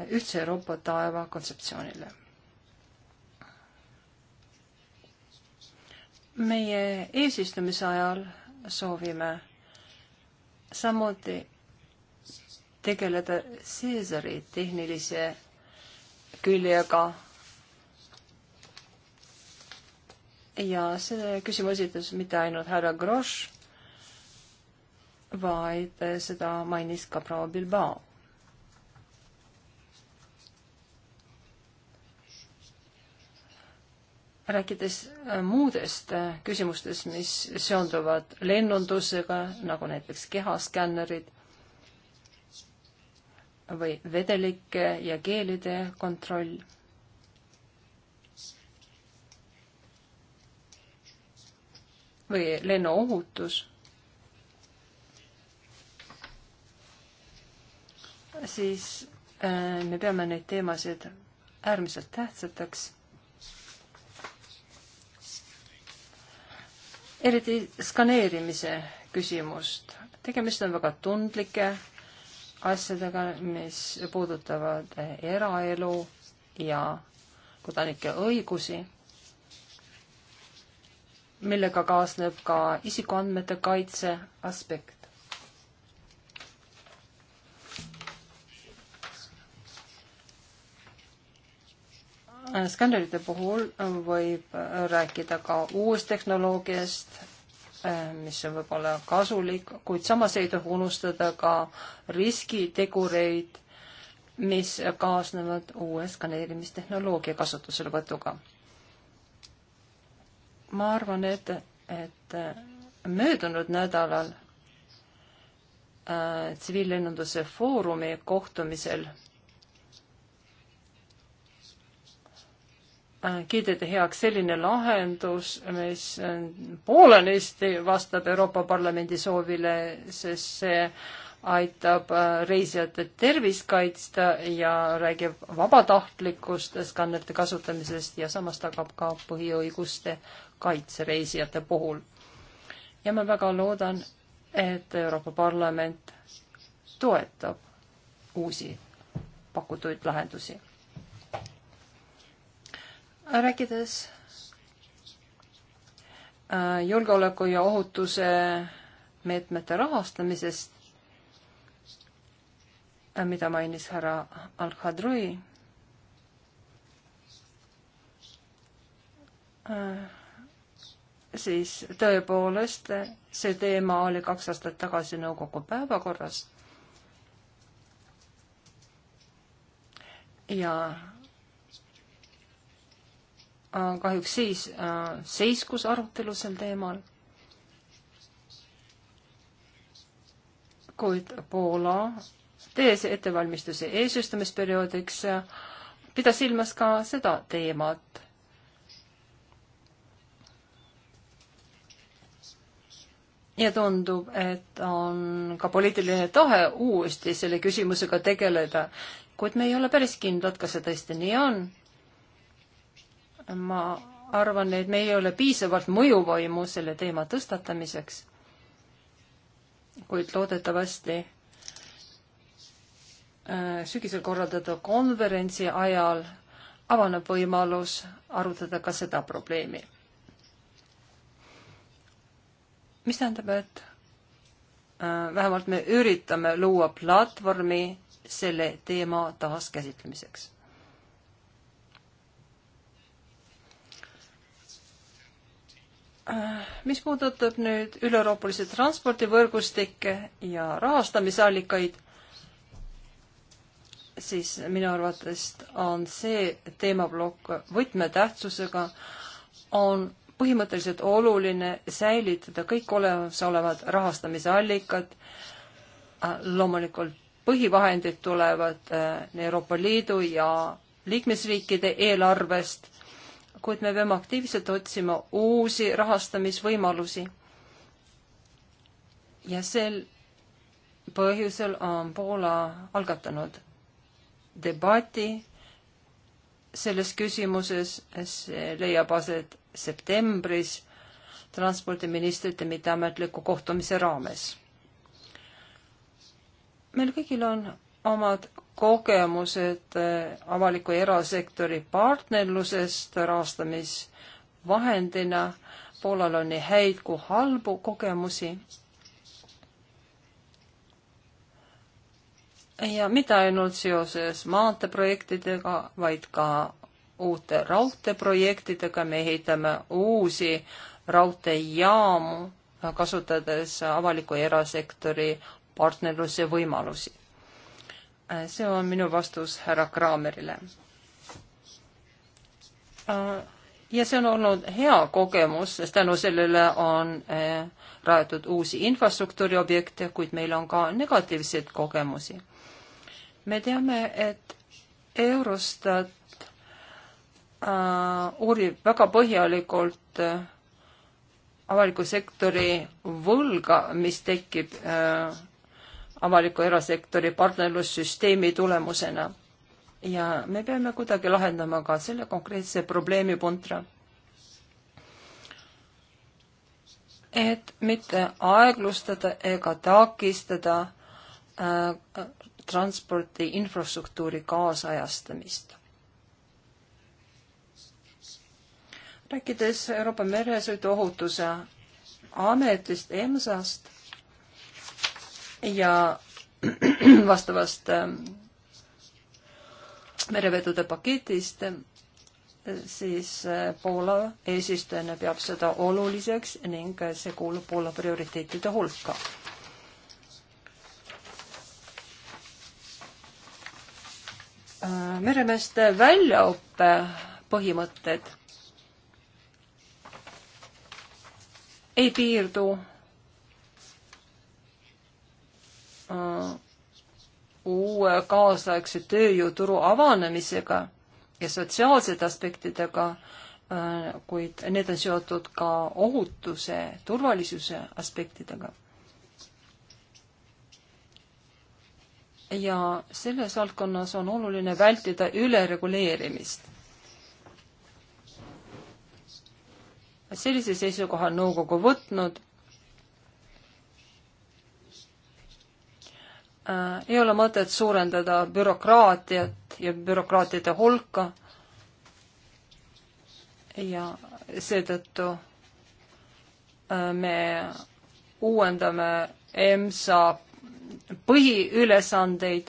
ühtse Euroopa taeva kontseptsioonile meie eesistumise ajal soovime samuti tegeleda Caesari tehnilise küljega ja selle küsimuse esitas mitte ainult härra Grosch, vaid seda mainis ka proua Bilbao rääkides äh, muudest äh, küsimustest, mis seonduvad lennundusega, nagu näiteks kehaskännerid või vedelike ja keelide kontroll. või lennuohutus. siis äh, me peame neid teemasid äärmiselt tähtsateks eriti skaneerimise küsimust. tegemist on väga tundlike asjadega, mis puudutavad eh, eraelu ja kodanike õigusi, millega kaasneb ka isikuandmete kaitse aspekt. skandalite puhul võib rääkida ka uustehnoloogiast, mis on võib-olla kasulik, kuid samas ei tohi unustada ka riskitegureid, mis kaasnevad uue skaneerimistehnoloogia kasutuselevõtuga. ma arvan, et, et möödunud nädalal äh, tsiviillennunduse äh, foorumi kohtumisel äh, Äh, kiideti heaks selline lahendus, mis äh, poolenisti vastab Euroopa Parlamendi soovile, sest see aitab äh, reisijate tervist kaitsta ja räägib vabatahtlikust skannete kasutamisest ja samas tagab ka põhiõiguste kaitse reisijate puhul. ja ma väga loodan, et Euroopa Parlament toetab uusi pakutuid lahendusi rääkides äh, julgeoleku ja ohutuse meetmete rahastamisest, äh, mida mainis härra Al-Khadrui. Äh, siis tõepoolest see teema oli kaks aastat tagasi nõukogu päevakorras. ja Äh, kahjuks siis äh, seiskus arutelu sel teemal. kuid Poola tees ettevalmistusi eesistumisperioodiks äh, pidas silmas ka seda teemat ja tundub, et on ka poliitiline tahe uuesti selle küsimusega tegeleda, kuid me ei ole päris kindlad, kas see tõesti nii on ma arvan, et me ei ole piisavalt mõjuvõimu selle teema tõstatamiseks. kuid loodetavasti äh, sügisel korraldatud konverentsi ajal avaneb võimalus arutada ka seda probleemi. mis tähendab, et äh, vähemalt me üritame luua platvormi selle teema taaskäsitlemiseks mis puudutab nüüd üleeuroopalisi transpordivõrgustikke ja rahastamisallikaid, siis minu arvates on see teemaplokk võtmetähtsusega, on põhimõtteliselt oluline säilitada kõik olemasolevad rahastamisallikad, loomulikult põhivahendid tulevad Euroopa Liidu ja liikmesriikide eelarvest kuid me peame aktiivselt otsima uusi rahastamisvõimalusi. ja sel põhjusel on Poola algatanud debati selles küsimuses, see leiab aset septembris transpordiministrite mitteametliku kohtumise raames. meil kõigil on omad kogemused eh, avaliku erasektori partnerlusest rahastamisvahendina. Poolal on nii häid kui halbu kogemusi. ja mitte ainult seoses maanteeprojektidega, vaid ka uute raudteeprojektidega, me ehitame uusi raudteejaamu, kasutades avaliku erasektori partnerluse võimalusi see on minu vastus härra Kraamerile. Äh, ja see on olnud hea kogemus, sest tänu sellele on äh, rajatud uusi infrastruktuuri objekte, kuid meil on ka negatiivseid kogemusi. me teame, et Eurostat äh, uurib väga põhjalikult avaliku sektori võlga, mis tekib äh, avaliku erasektori partnerlussüsteemi tulemusena. ja me peame kuidagi lahendama ka selle konkreetse probleemi puntra. et mitte aeglustada ega takistada äh, transpordi infrastruktuuri kaasajastamist. rääkides Euroopa meresõiduohutuse ametist EMSA-st, ja vastavast ähm, merevedude paketist, äh, siis äh, Poola eesistujana peab seda oluliseks ning äh, see kuulub Poola prioriteetide hulka. meremeeste väljaõppe põhimõtted ei piirdu Äh, uue kaasaegse tööjõuturu avanemisega ja sotsiaalsete aspektidega, äh, kuid need on seotud ka ohutuse, turvalisuse aspektidega. ja selles valdkonnas on oluline vältida ülereguleerimist. sellise seisukoha on nõukogu võtnud Äh, ei ole mõtet suurendada bürokraatiat ja bürokraatide hulka. ja seetõttu äh, me uuendame EMSA põhiülesandeid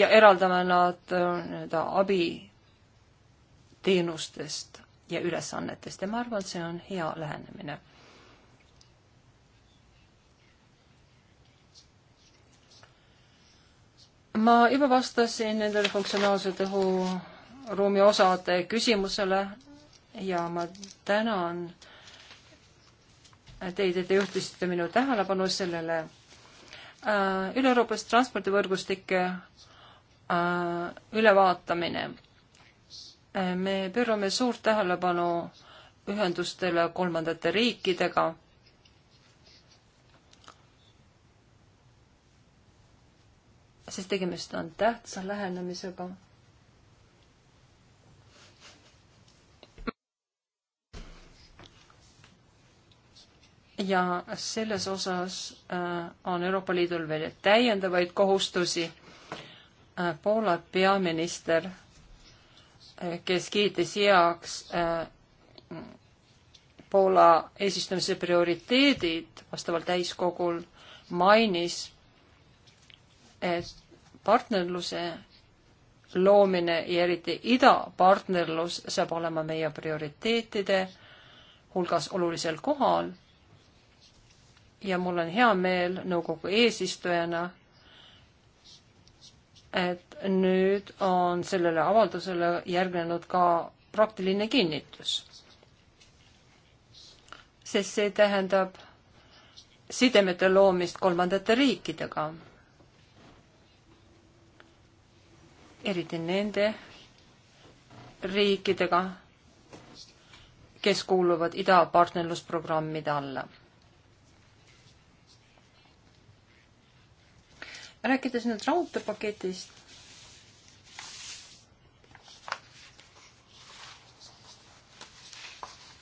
ja eraldame nad äh, nii-öelda abiteenustest ja ülesannetest ja ma arvan, et see on hea lähenemine ma juba vastasin nendele funktsionaalse õhuruumi osade küsimusele ja ma tänan teid, et te juhtisite minu tähelepanu sellele. Äh, Üle-Euroopast transpordivõrgustike äh, ülevaatamine. Äh, me pöörame suurt tähelepanu ühendustele kolmandate riikidega sest tegemist on tähtsa lähenemisega. ja selles osas äh, on Euroopa Liidul veel täiendavaid kohustusi. Äh, Poola peaminister, äh, kes kiitis heaks Poola eesistumise prioriteedid vastaval täiskogul, mainis et partnerluse loomine ja eriti idapartnerlus saab olema meie prioriteetide hulgas olulisel kohal. ja mul on hea meel nõukogu eesistujana, et nüüd on sellele avaldusele järgnenud ka praktiline kinnitus. sest see tähendab sidemete loomist kolmandate riikidega eriti nende riikidega, kes kuuluvad idapartnerlusprogrammide alla. rääkides nüüd raudteepaketist,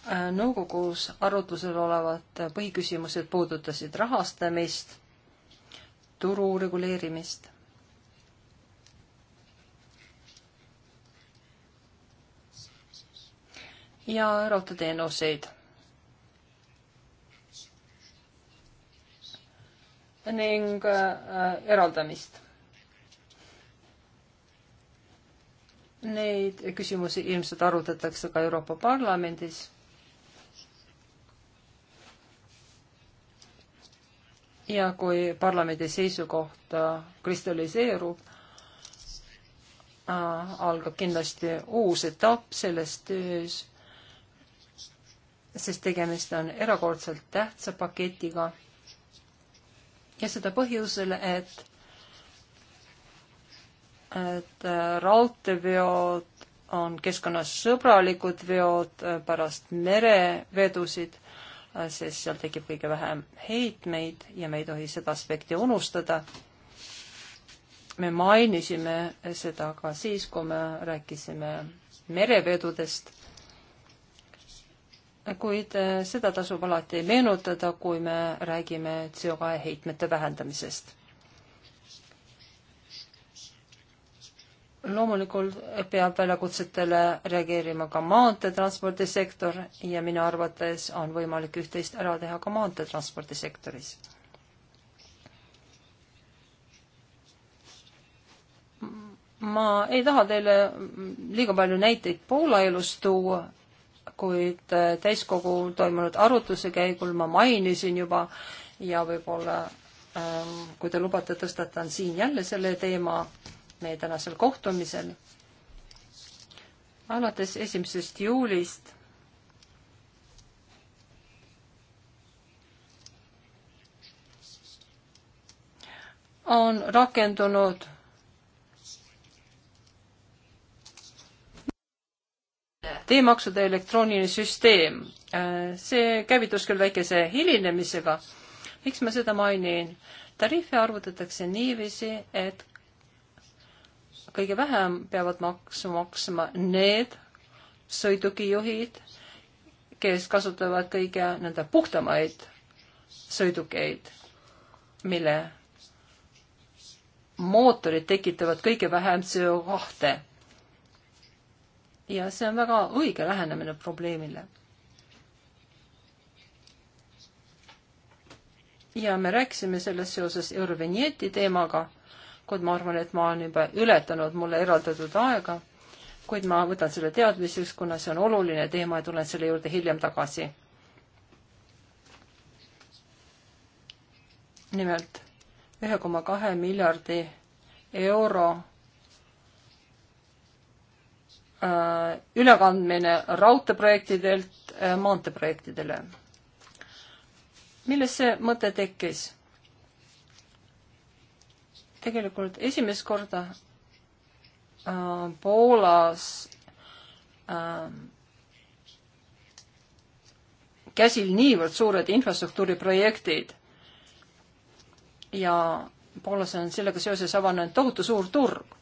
äh, nõukogus arutlusel olevad põhiküsimused puudutasid rahastamist, turu reguleerimist ja raudteeteenuseid. ning äh, eraldamist. Neid küsimusi ilmselt arutatakse ka Euroopa Parlamendis ja kui parlamendi seisukoht äh, kristalliseerub, äh, algab kindlasti uus etapp selles töös sest tegemist on erakordselt tähtsa paketiga. ja seda põhjusel, et, et äh, raudteeveod on keskkonnasõbralikud veod äh, pärast merevedusid, äh, sest seal tekib kõige vähem heitmeid ja me ei tohi seda aspekti unustada. me mainisime seda ka siis, kui me rääkisime merevedudest kuid äh, seda tasub alati meenutada, kui me räägime CO2 heitmete vähendamisest. loomulikult peab väljakutsetele reageerima ka maanteetranspordisektor ja minu arvates on võimalik üht-teist ära teha ka maanteetranspordisektoris. ma ei taha teile liiga palju näiteid Poola elust tuua, kuid äh, täiskogul toimunud arutluse käigul ma mainisin juba ja võib-olla ähm, kui te lubate, tõstatan siin jälle selle teema meie tänasel kohtumisel. alates esimesest juulist on rakendunud teemaksude elektrooniline süsteem. see käivitus küll väikese hilinemisega. miks ma seda mainin? tariife arvutatakse niiviisi, et kõige vähem peavad maksu maksma need sõidukijuhid, kes kasutavad kõige nõnda puhtamaid sõidukeid, mille mootorid tekitavad kõige vähem CO2 ja see on väga õige lähenemine probleemile. ja me rääkisime sellest seoses Eurovinjeti teemaga, kuid ma arvan, et ma olen juba ületanud mulle eraldatud aega, kuid ma võtan selle teadmiseks, kuna see on oluline teema ja tulen selle juurde hiljem tagasi. nimelt ühe koma kahe miljardi euro Äh, ülekandmine raudteeprojektidelt äh, maanteeprojektidele. millest see mõte tekkis? tegelikult esimest korda äh, Poolas äh, käsil niivõrd suured infrastruktuuriprojektid ja Poolas on sellega seoses avanenud tohutu suur turg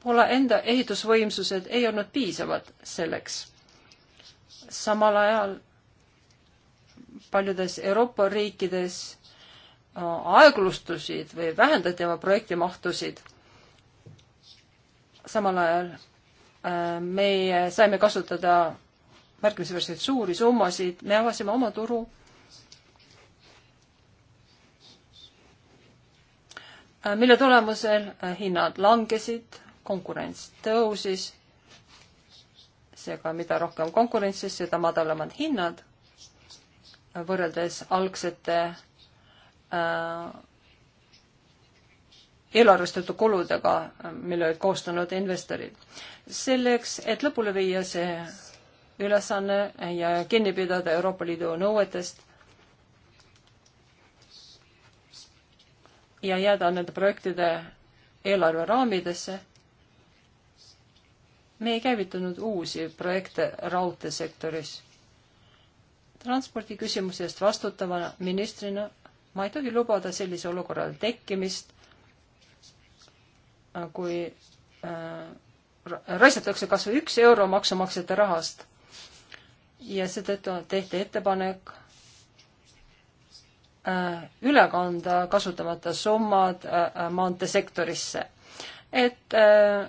Poola enda ehitusvõimsused ei olnud piisavad selleks. samal ajal paljudes Euroopa riikides äh, aeglustusid või vähendati oma projektimahtusid. samal ajal äh, meie saime kasutada märkimisväärselt suuri summasid, me avasime oma turu äh, mille tulemusel hinnad langesid, konkurents tõusis, seega mida rohkem konkurentsi, seda madalamad hinnad võrreldes algsete äh, eelarvestatud kuludega, mille olid koostanud investorid. selleks, et lõpule viia see ülesanne ja kinni pidada Euroopa Liidu nõuetest ja jääda nende projektide eelarve raamidesse, me ei käivitanud uusi projekte raudteesektoris. transpordi küsimuse eest vastutavana ministrina ma ei tohi lubada sellise olukorra tekkimist, kui äh, raisatakse kas või üks euro maksumaksjate rahast. ja seetõttu tehti ettepanek äh, üle kanda kasutamata summad äh, äh maanteesektorisse, et äh,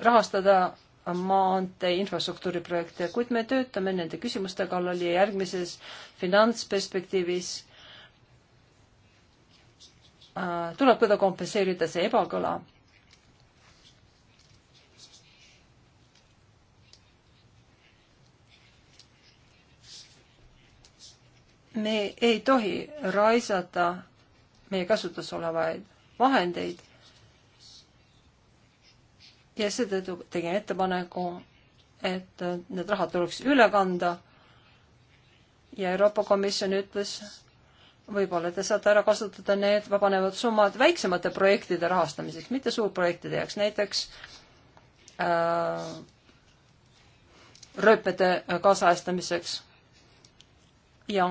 rahastada maantee infrastruktuuriprojekte, kuid me töötame nende küsimuste kallal ja järgmises finantsperspektiivis äh, tuleb kuidagi kompenseerida see ebakõla. me ei tohi raisata meie kasutus olevaid vahendeid ja seetõttu tegin ettepaneku, et need rahad tuleks üle kanda ja Euroopa Komisjon ütles, võib-olla te saate ära kasutada need vabanevad summad väiksemate projektide rahastamiseks, mitte suurprojektide jaoks, näiteks äh, rööpmete kaasajastamiseks ja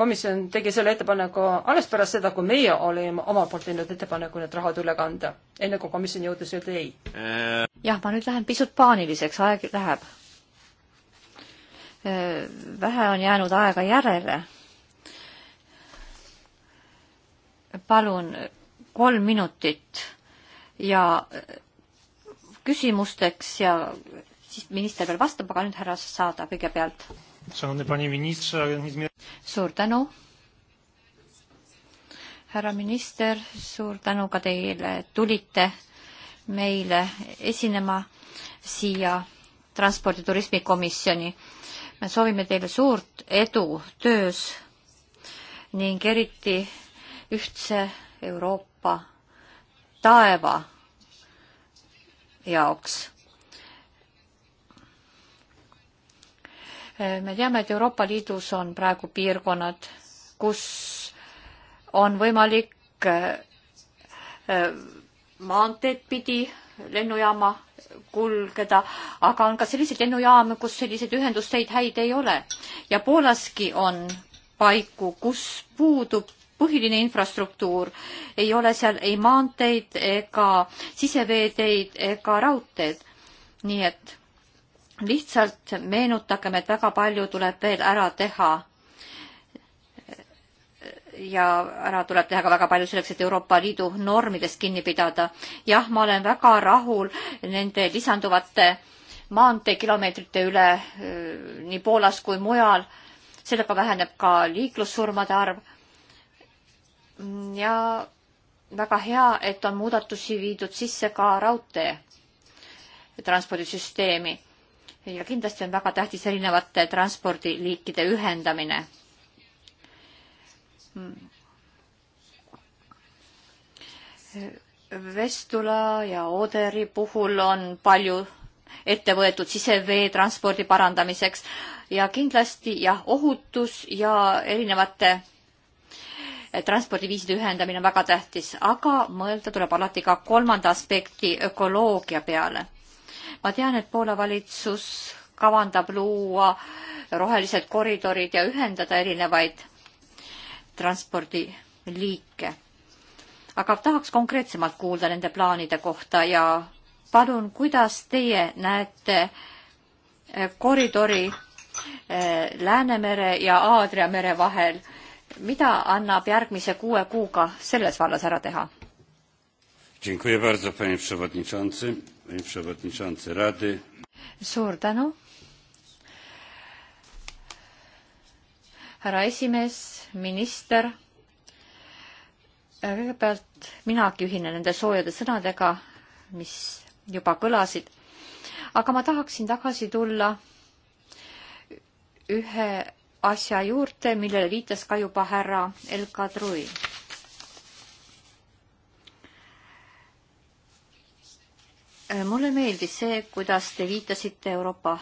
komisjon tegi selle ettepaneku alles pärast seda, kui meie olime omalt poolt teinud ettepaneku need rahad üle kanda, enne kui komisjon jõudis öelda ei. Äh. jah, ma nüüd lähen pisut paaniliseks, aeg läheb. Äh, vähe on jäänud aega järele. palun kolm minutit ja äh, küsimusteks ja siis minister veel vastab, aga nüüd härra Saada kõigepealt suur tänu. härra minister, suur tänu ka teile, tulite meile esinema siia transpordi turismikomisjoni. me soovime teile suurt edu töös ning eriti ühtse Euroopa taeva jaoks me teame, et Euroopa Liidus on praegu piirkonnad, kus on võimalik äh, äh, maanteed pidi lennujaama kulgeda, aga on ka selliseid lennujaame, kus selliseid ühendusteid häid ei ole. ja Poolaski on paiku, kus puudub põhiline infrastruktuur, ei ole seal ei maanteid ega siseveeteid ega raudteed. nii et lihtsalt meenutagem, et väga palju tuleb veel ära teha. ja ära tuleb teha ka väga palju selleks, et Euroopa Liidu normidest kinni pidada. jah, ma olen väga rahul nende lisanduvate maanteekilomeetrite üle äh, nii Poolas kui mujal. sellega väheneb ka liiklussurmade arv. ja väga hea, et on muudatusi viidud sisse ka raudtee transpordisüsteemi ja kindlasti on väga tähtis erinevate transpordiliikide ühendamine. Vestula ja Oderi puhul on palju ette võetud siseveetranspordi parandamiseks ja kindlasti jah, ohutus ja erinevate eh, transpordiviiside ühendamine on väga tähtis, aga mõelda tuleb alati ka kolmanda aspekti ökoloogia peale ma tean, et Poola valitsus kavandab luua rohelised koridorid ja ühendada erinevaid transpordiliike. aga tahaks konkreetsemalt kuulda nende plaanide kohta ja palun, kuidas teie näete eh, koridori eh, Läänemere ja Aadria mere vahel, mida annab järgmise kuue kuuga selles vallas ära teha? Dziękuję bardzo, panie przewodniczący, panie przewodniczący Rady. Suur tänu. härra esimees, minister. kõigepealt minagi ühinen nende soojade sõnadega, mis juba kõlasid. aga ma tahaksin tagasi tulla ühe asja juurde, millele viitas ka juba härra El Kadri Äh, mulle meeldis see, kuidas te viitasite Euroopa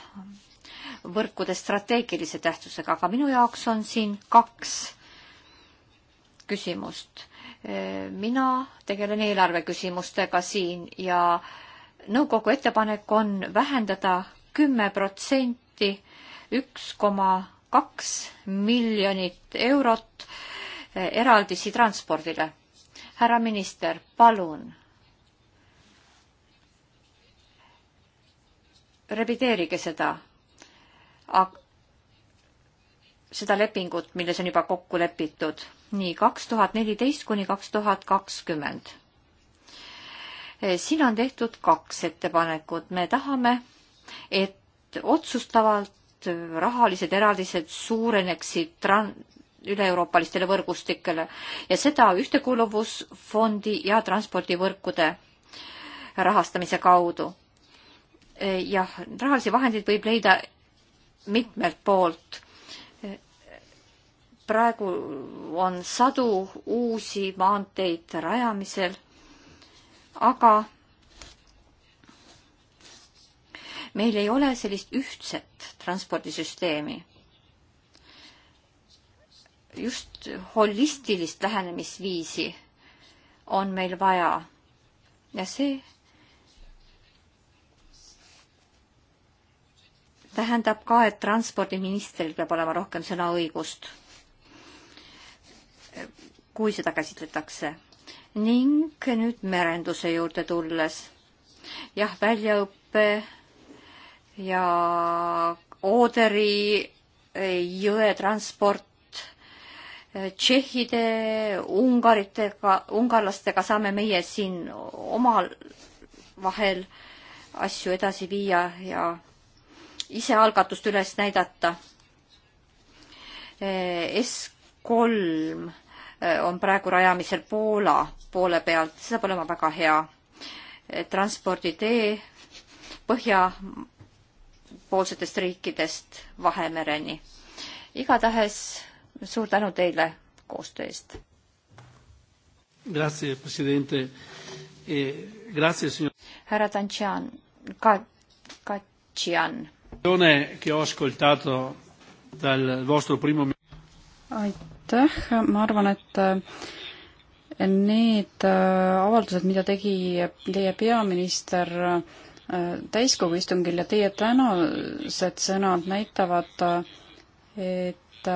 võrkude strateegilise tähtsusega, aga minu jaoks on siin kaks küsimust. Äh, mina tegelen eelarve küsimustega siin ja nõukogu ettepanek on vähendada kümme protsenti, üks koma kaks miljonit eurot äh, eraldisi transpordile. härra minister, palun revideerige seda, seda lepingut, milles on juba kokku lepitud. nii, kaks tuhat neliteist kuni kaks tuhat kakskümmend. siin on tehtud kaks ettepanekut. me tahame, et otsustavalt rahalised eraldised suureneksid tran-, üle-euroopalistele võrgustikele ja seda ühtekuuluvusfondi ja transpordivõrkude rahastamise kaudu jah, rahalisi vahendeid võib leida mitmelt poolt. praegu on sadu uusi maanteid rajamisel, aga meil ei ole sellist ühtset transpordisüsteemi. just holistilist lähenemisviisi on meil vaja ja see tähendab ka, et transpordiministril peab olema rohkem sõnaõigust, kui seda käsitletakse. ning nüüd merenduse juurde tulles. jah, väljaõpe ja Oderi eh, jõe transport eh, tšehhide, ungaritega, ungarlastega saame meie siin omal vahel asju edasi viia ja ise algatust üles näidata. S kolm eh, on praegu rajamisel Poola poole pealt, see saab olema väga hea eh, transporditee põhjapoolsetest riikidest Vahemereni. igatahes suur tänu teile koostöö eest. Eh, härra Tantšian, Ka-, Katšian aitäh, ma arvan, et eh, need eh, avaldused, mida tegi teie peaminister eh, täiskogu istungil ja teie tänased sõnad näitavad, et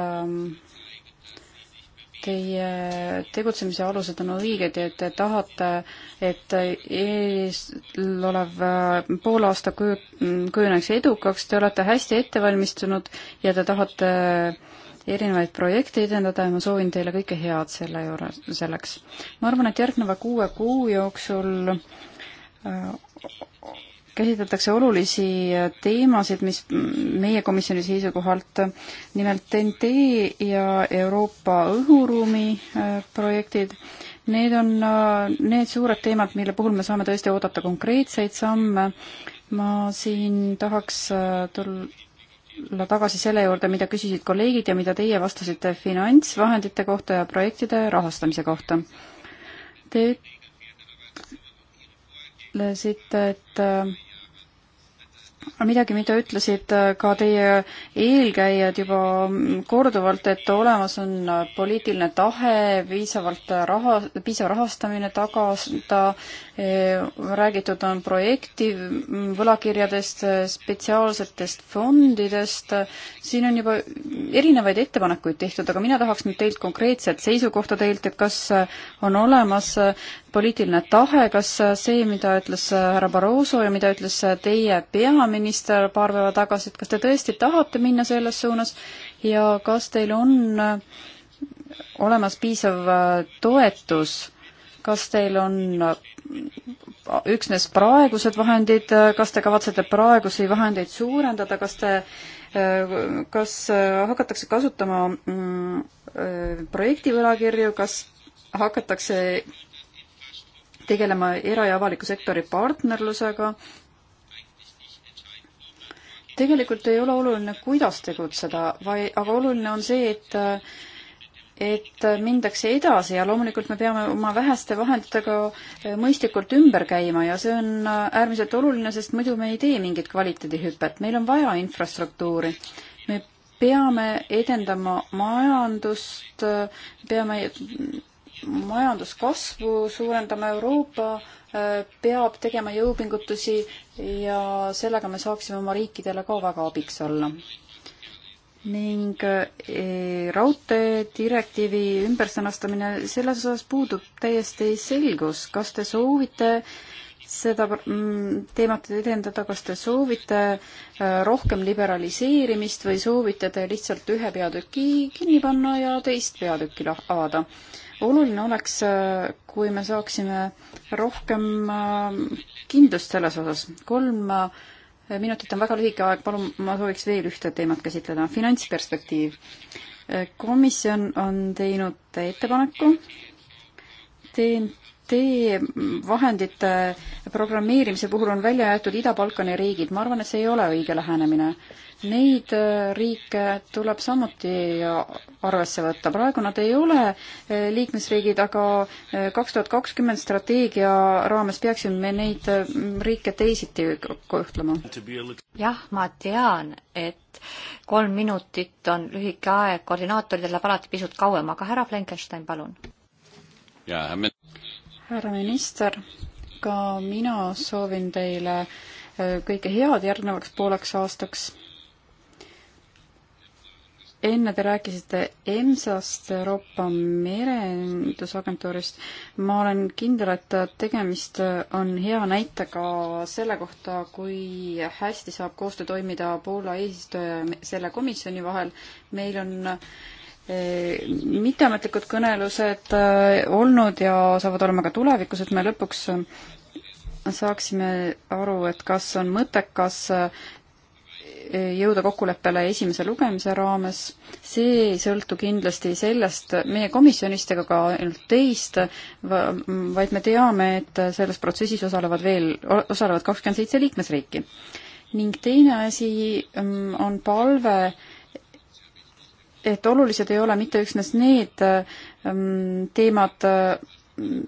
teie tegutsemise alused on õiged ja et te tahate, et eelolev äh, poolaasta kuju, kujuneks edukaks, te olete hästi ette valmistunud ja te tahate erinevaid projekte edendada ja ma soovin teile kõike head selle juures, selleks. ma arvan, et järgneva kuue kuu jooksul äh, käsitletakse olulisi teemasid, mis meie komisjoni seisukohalt, nimelt TNT ja Euroopa õhuruumi äh, projektid. Need on äh, need suured teemad, mille puhul me saame tõesti oodata konkreetseid samme. ma siin tahaks äh, tulla tagasi selle juurde, mida küsisid kolleegid ja mida teie vastasite finantsvahendite kohta ja projektide rahastamise kohta. Te ütlesite, et äh, midagi, mida ütlesid äh, ka teie eelkäijad juba mm, korduvalt, et olemas on äh, poliitiline tahe, piisavalt raha, piisav rahastamine tagada, räägitud on projekti võlakirjadest, spetsiaalsetest fondidest, siin on juba erinevaid ettepanekuid tehtud, aga mina tahaks nüüd teilt konkreetset seisukohta teilt, et kas on olemas poliitiline tahe, kas see, mida ütles härra Barroso ja mida ütles teie peaminister paar päeva tagasi, et kas te tõesti tahate minna selles suunas ja kas teil on olemas piisav toetus, kas teil on üksnes praegused vahendid, kas te kavatsete praegusi vahendeid suurendada, kas te, kas hakatakse kasutama mm, projektivõlakirju, kas hakatakse tegelema era- ja avaliku sektori partnerlusega, tegelikult ei ole oluline, kuidas tegutseda, vaid, aga oluline on see, et et mindakse edasi ja loomulikult me peame oma väheste vahenditega eh, mõistlikult ümber käima ja see on äh, äärmiselt oluline, sest muidu me ei tee mingit kvaliteedihüpet, meil on vaja infrastruktuuri. me peame edendama majandust, äh, peame majanduskasvu suurendama, Euroopa äh, peab tegema jõupingutusi ja sellega me saaksime oma riikidele ka väga abiks olla ning eh, raudteedirektiivi ümbersõnastamine, selles osas puudub täiesti selgus, kas te soovite seda mm, teemat edendada, kas te soovite äh, rohkem liberaliseerimist või soovite te lihtsalt ühe peatüki kinni panna ja teist peatükki avada? oluline oleks, äh, kui me saaksime rohkem äh, kindlust selles osas. kolm minutit on väga lühike aeg, palun, ma sooviks veel ühte teemat käsitleda, finantsperspektiiv. komisjon on teinud ettepaneku TNT vahendite programmeerimise puhul on välja jäetud Ida-Balkani riigid, ma arvan, et see ei ole õige lähenemine neid äh, riike tuleb samuti arvesse võtta. praegu nad ei ole äh, liikmesriigid, aga äh, kaks tuhat kakskümmend strateegia raames peaksime me neid riike teisiti kohtlema. jah, ma tean, et kolm minutit on lühike aeg, koordinaatoridel läheb alati pisut kauem, aga härra Flenkenstein, palun. härra minister, ka mina soovin teile kõike head järgnevaks pooleks aastaks enne te rääkisite EMSA-st, Euroopa Merendusagentuurist. ma olen kindel, et tegemist on hea näitega selle kohta, kui hästi saab koostöö toimida Poola eesistuja ja selle komisjoni vahel. meil on eh, mitteametlikud kõnelused eh, olnud ja saavad olema ka tulevikus, et me lõpuks saaksime aru, et kas on mõttekas eh, jõuda kokkuleppele esimese lugemise raames. see ei sõltu kindlasti sellest meie komisjonist ega ka ainult teist, vaid me teame, et selles protsessis osalevad veel, osalevad kakskümmend seitse liikmesriiki. ning teine asi mm, on palve et olulised ei ole mitte üksnes need mm, teemad, mm,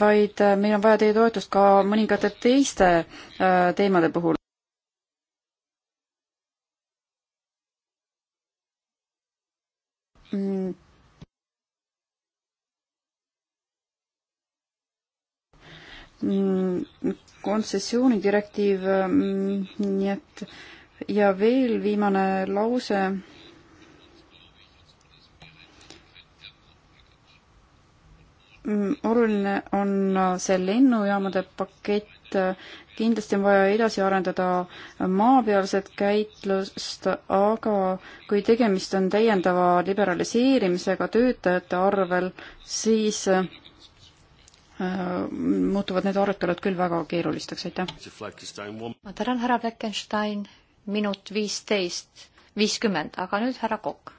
vaid meil on vaja teie toetust ka mõningate teiste äh, teemade puhul. Mm. Mm. kontsessioonidirektiiv, mm, nii et ja veel viimane lause. oluline on see lennujaamade pakett, et kindlasti on vaja edasi arendada maapealset käitlust, aga kui tegemist on täiendava liberaliseerimisega töötajate arvel, siis äh, muutuvad need arutelud küll väga keerulisteks, aitäh. ma tänan, härra Fleckenstein, minut viisteist, viiskümmend, aga nüüd härra Kokk.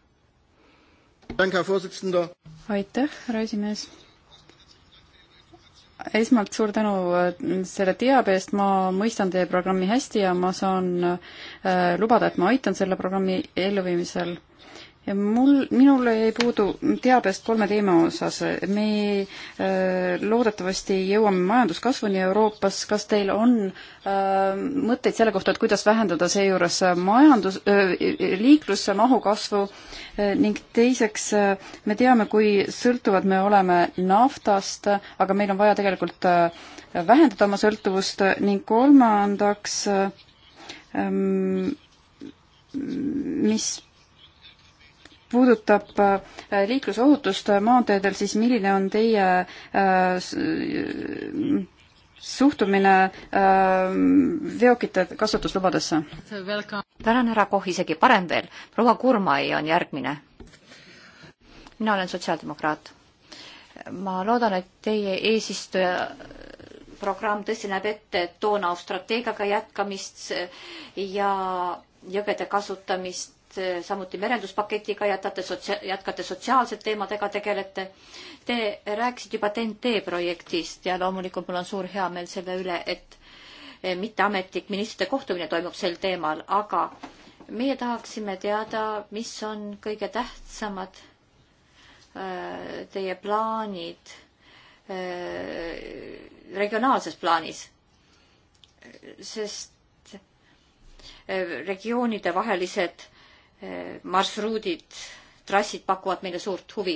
aitäh, härra esimees esmalt suur tänu äh, selle teabe eest, ma mõistan teie programmi hästi ja ma saan äh, lubada, et ma aitan selle programmi elluviimisel mul, minul jäi puudu teabest kolme teema osas. me äh, loodetavasti jõuame majanduskasvuni Euroopas. kas teil on äh, mõtteid selle kohta, et kuidas vähendada seejuures majandus äh,, liiklusse mahu kasvu äh, ning teiseks äh, me teame, kui sõltuvad me oleme naftast, aga meil on vaja tegelikult äh, vähendada oma sõltuvust ning kolmandaks mis puudutab äh, liiklusohutust maanteedel, siis milline on teie äh, suhtumine äh, veokite kasutuslubadesse? tänan, härra Koh, isegi parem veel. proua Kurmai on järgmine. mina olen sotsiaaldemokraat. ma loodan, et teie eesistuja programm tõesti näeb ette Donau strateegiaga jätkamist ja jõgede kasutamist Eh, samuti merenduspaketiga jätate sotsia-, jätkate sotsiaalsete teemadega tegelete. Te rääkisite juba TNT projektist ja loomulikult mul on suur heameel selle üle, et eh, mitteametlik ministrite kohtumine toimub sel teemal, aga meie tahaksime teada, mis on kõige tähtsamad eh, teie plaanid regionaalses plaanis, sest regioonide vahelised Eh, marsruudid, trassid pakuvad meile suurt huvi.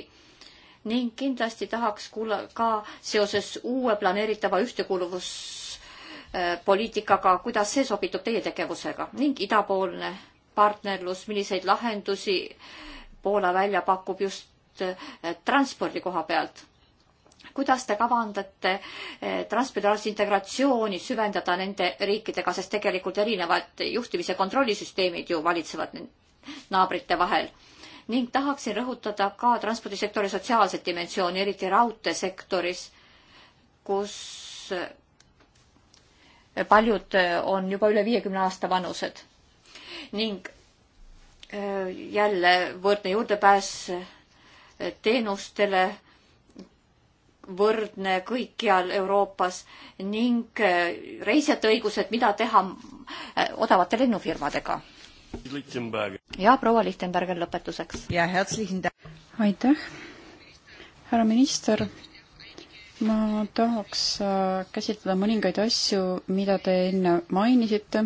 ning kindlasti tahaks kuula ka seoses uue planeeritava ühtekuuluvuspoliitikaga, kuidas see sobitub teie tegevusega ning idapoolne partnerlus, milliseid lahendusi Poola välja pakub just eh, transpordi koha pealt. kuidas te kavandate eh, transpordialast integratsiooni süvendada nende riikidega, sest tegelikult erinevad juhtimise kontrollisüsteemid ju valitsevad naabrite vahel ning tahaksin rõhutada ka transpordisektori sotsiaalset dimensiooni, eriti raudteesektoris, kus paljud on juba üle viiekümne aasta vanused ning äh, jälle võrdne juurdepääs äh, teenustele, võrdne kõikjal Euroopas ning äh, reisijate õigused, mida teha odavate lennufirmadega ja proua Lichtenberger lõpetuseks. aitäh, härra minister. ma tahaks äh, käsitleda mõningaid asju, mida te enne mainisite.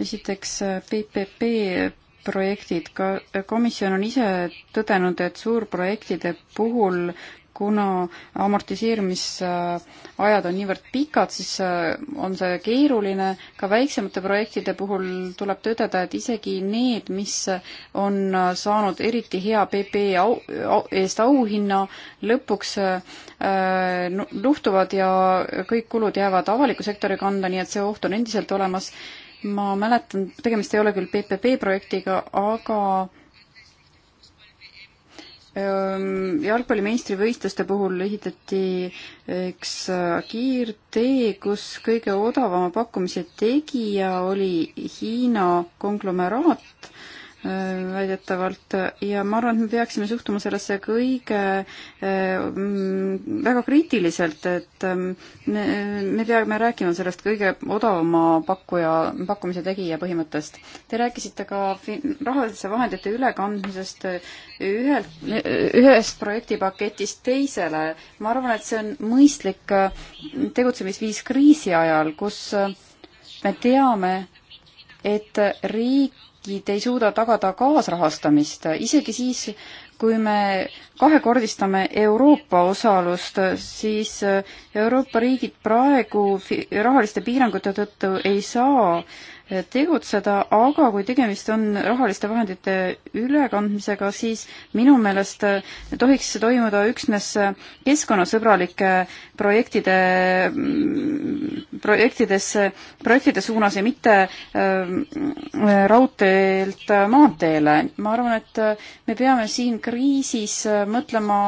esiteks PPP äh, projektid, ka äh, komisjon on ise tõdenud, et suurprojektide puhul kuna amortiseerumisajad on niivõrd pikad, siis äh, on see keeruline. ka väiksemate projektide puhul tuleb tõdeda, et isegi need, mis on äh, saanud eriti hea PP au, au, eest auhinna, lõpuks äh, luhtuvad ja kõik kulud jäävad avaliku sektori kanda, nii et see oht on endiselt olemas. ma mäletan, tegemist ei ole küll PPP projektiga, aga jalgpalli meistrivõistluste puhul ehitati äh, üks äh, kiirtee, kus kõige odavama pakkumise tegija oli Hiina konglomeraat Äh, väidetavalt ja ma arvan, et me peaksime suhtuma sellesse kõige äh, mm, väga kriitiliselt, et ähm, me peame rääkima sellest kõige odavama pakkuja, pakkumise tegija põhimõttest. Te rääkisite ka rahaliste vahendite ülekandmisest äh, ühelt, ühest projektipaketist teisele. ma arvan, et see on mõistlik tegutsemisviis kriisi ajal, kus me teame, et riik liikmesriigid ei suuda tagada kaasrahastamist, isegi siis, kui me kahekordistame Euroopa osalust, siis äh, Euroopa riigid praegu rahaliste piirangute tõttu ei saa tegutseda, aga kui tegemist on rahaliste vahendite ülekandmisega, siis minu meelest tohiks see toimuda üksnes keskkonnasõbralike projektide, projektidesse, projektide suunas ja mitte äh, raudteelt maanteele. ma arvan, et me peame siin kriisis mõtlema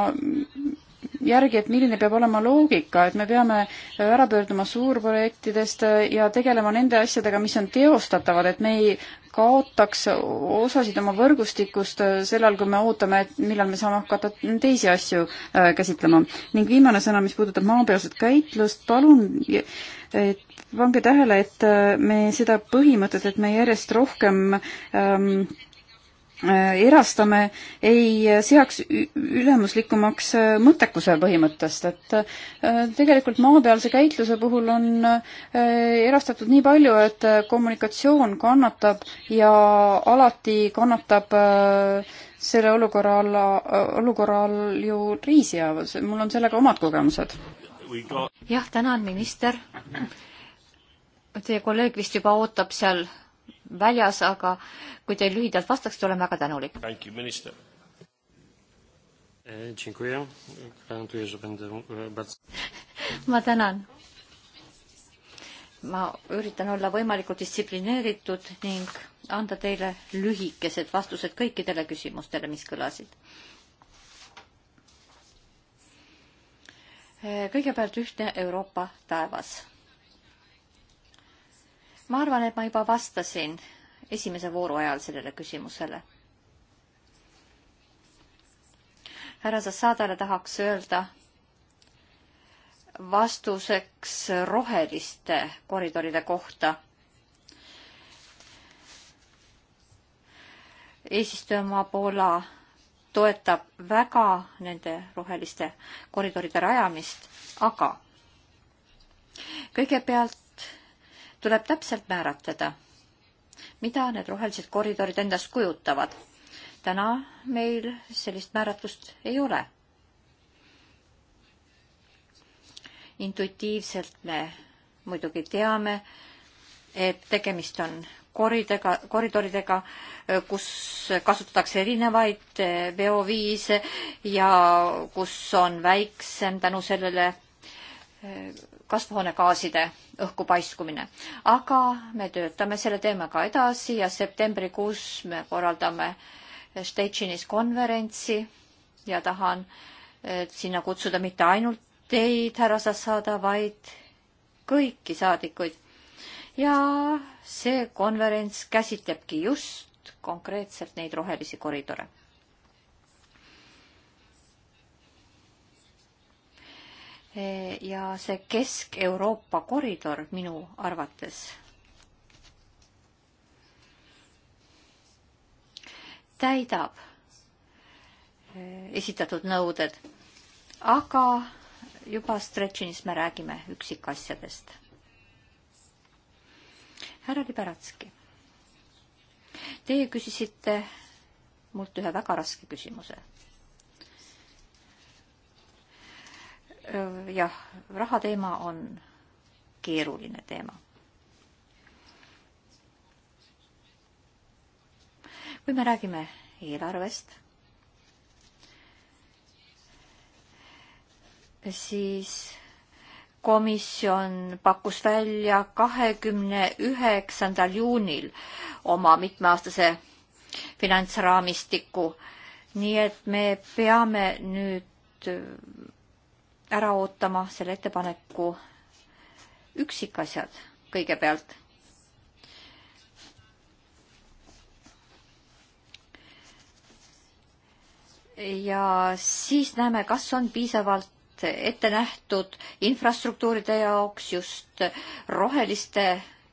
järgi, et milline peab olema loogika, et me peame ära pöörduma suurprojektidest ja tegelema nende asjadega, mis on teostatavad, et me ei kaotaks osasid oma võrgustikust sellal, kui me ootame, et millal me saame hakata teisi asju äh, käsitlema. ning viimane sõna, mis puudutab maapealset käitlust, palun et pange tähele, et äh, me seda põhimõtet, et me järjest rohkem ähm, Äh, erastame, ei seaks ülemuslikumaks äh, mõttekuse põhimõttest, et äh, tegelikult maapealse käitluse puhul on erastatud nii palju, et kommunikatsioon kannatab ja alati kannatab selle olukorra alla, olukorra all ju riisija, mul on sellega omad kogemused. jah, tänan, minister. Teie kolleeg vist juba ootab seal väljas, aga kui te lühidalt vastaksite, olen väga tänulik. Eh, e, ma tänan. ma üritan olla võimalikult distsiplineeritud ning anda teile lühikesed vastused kõikidele küsimustele, mis kõlasid. Eh, kõigepealt ühtne Euroopa taevas ma arvan, et ma juba vastasin esimese vooru ajal sellele küsimusele. härra Zassadale tahaks öelda vastuseks roheliste koridoride kohta. eesistujamaa Poola toetab väga nende roheliste koridoride rajamist, aga kõigepealt tuleb täpselt määratleda, mida need rohelised koridorid endast kujutavad. täna meil sellist määratlust ei ole. intuitiivselt me muidugi teame, et tegemist on koridega, koridoridega, kus kasutatakse erinevaid eh, veoviise ja kus on väiksem tänu sellele eh, kasvuhoonegaaside õhku paiskumine. aga me töötame selle teemaga edasi ja septembrikuus me korraldame Stetšinis konverentsi ja tahan sinna kutsuda mitte ainult teid, härra Sassada, vaid kõiki saadikuid. ja see konverents käsitlebki just konkreetselt neid rohelisi koridore ja see Kesk-Euroopa koridor minu arvates täidab eh, esitatud nõuded, aga juba stretšinis me räägime üksikasjadest. härra Liberatski, teie küsisite mult ühe väga raske küsimuse jah, rahateema on keeruline teema. kui me räägime eelarvest, siis komisjon pakkus välja kahekümne üheksandal juunil oma mitmeaastase finantsraamistiku. nii et me peame nüüd ära ootama selle ettepaneku üksikasjad kõigepealt. ja siis näeme, kas on piisavalt ette nähtud infrastruktuuride jaoks just roheliste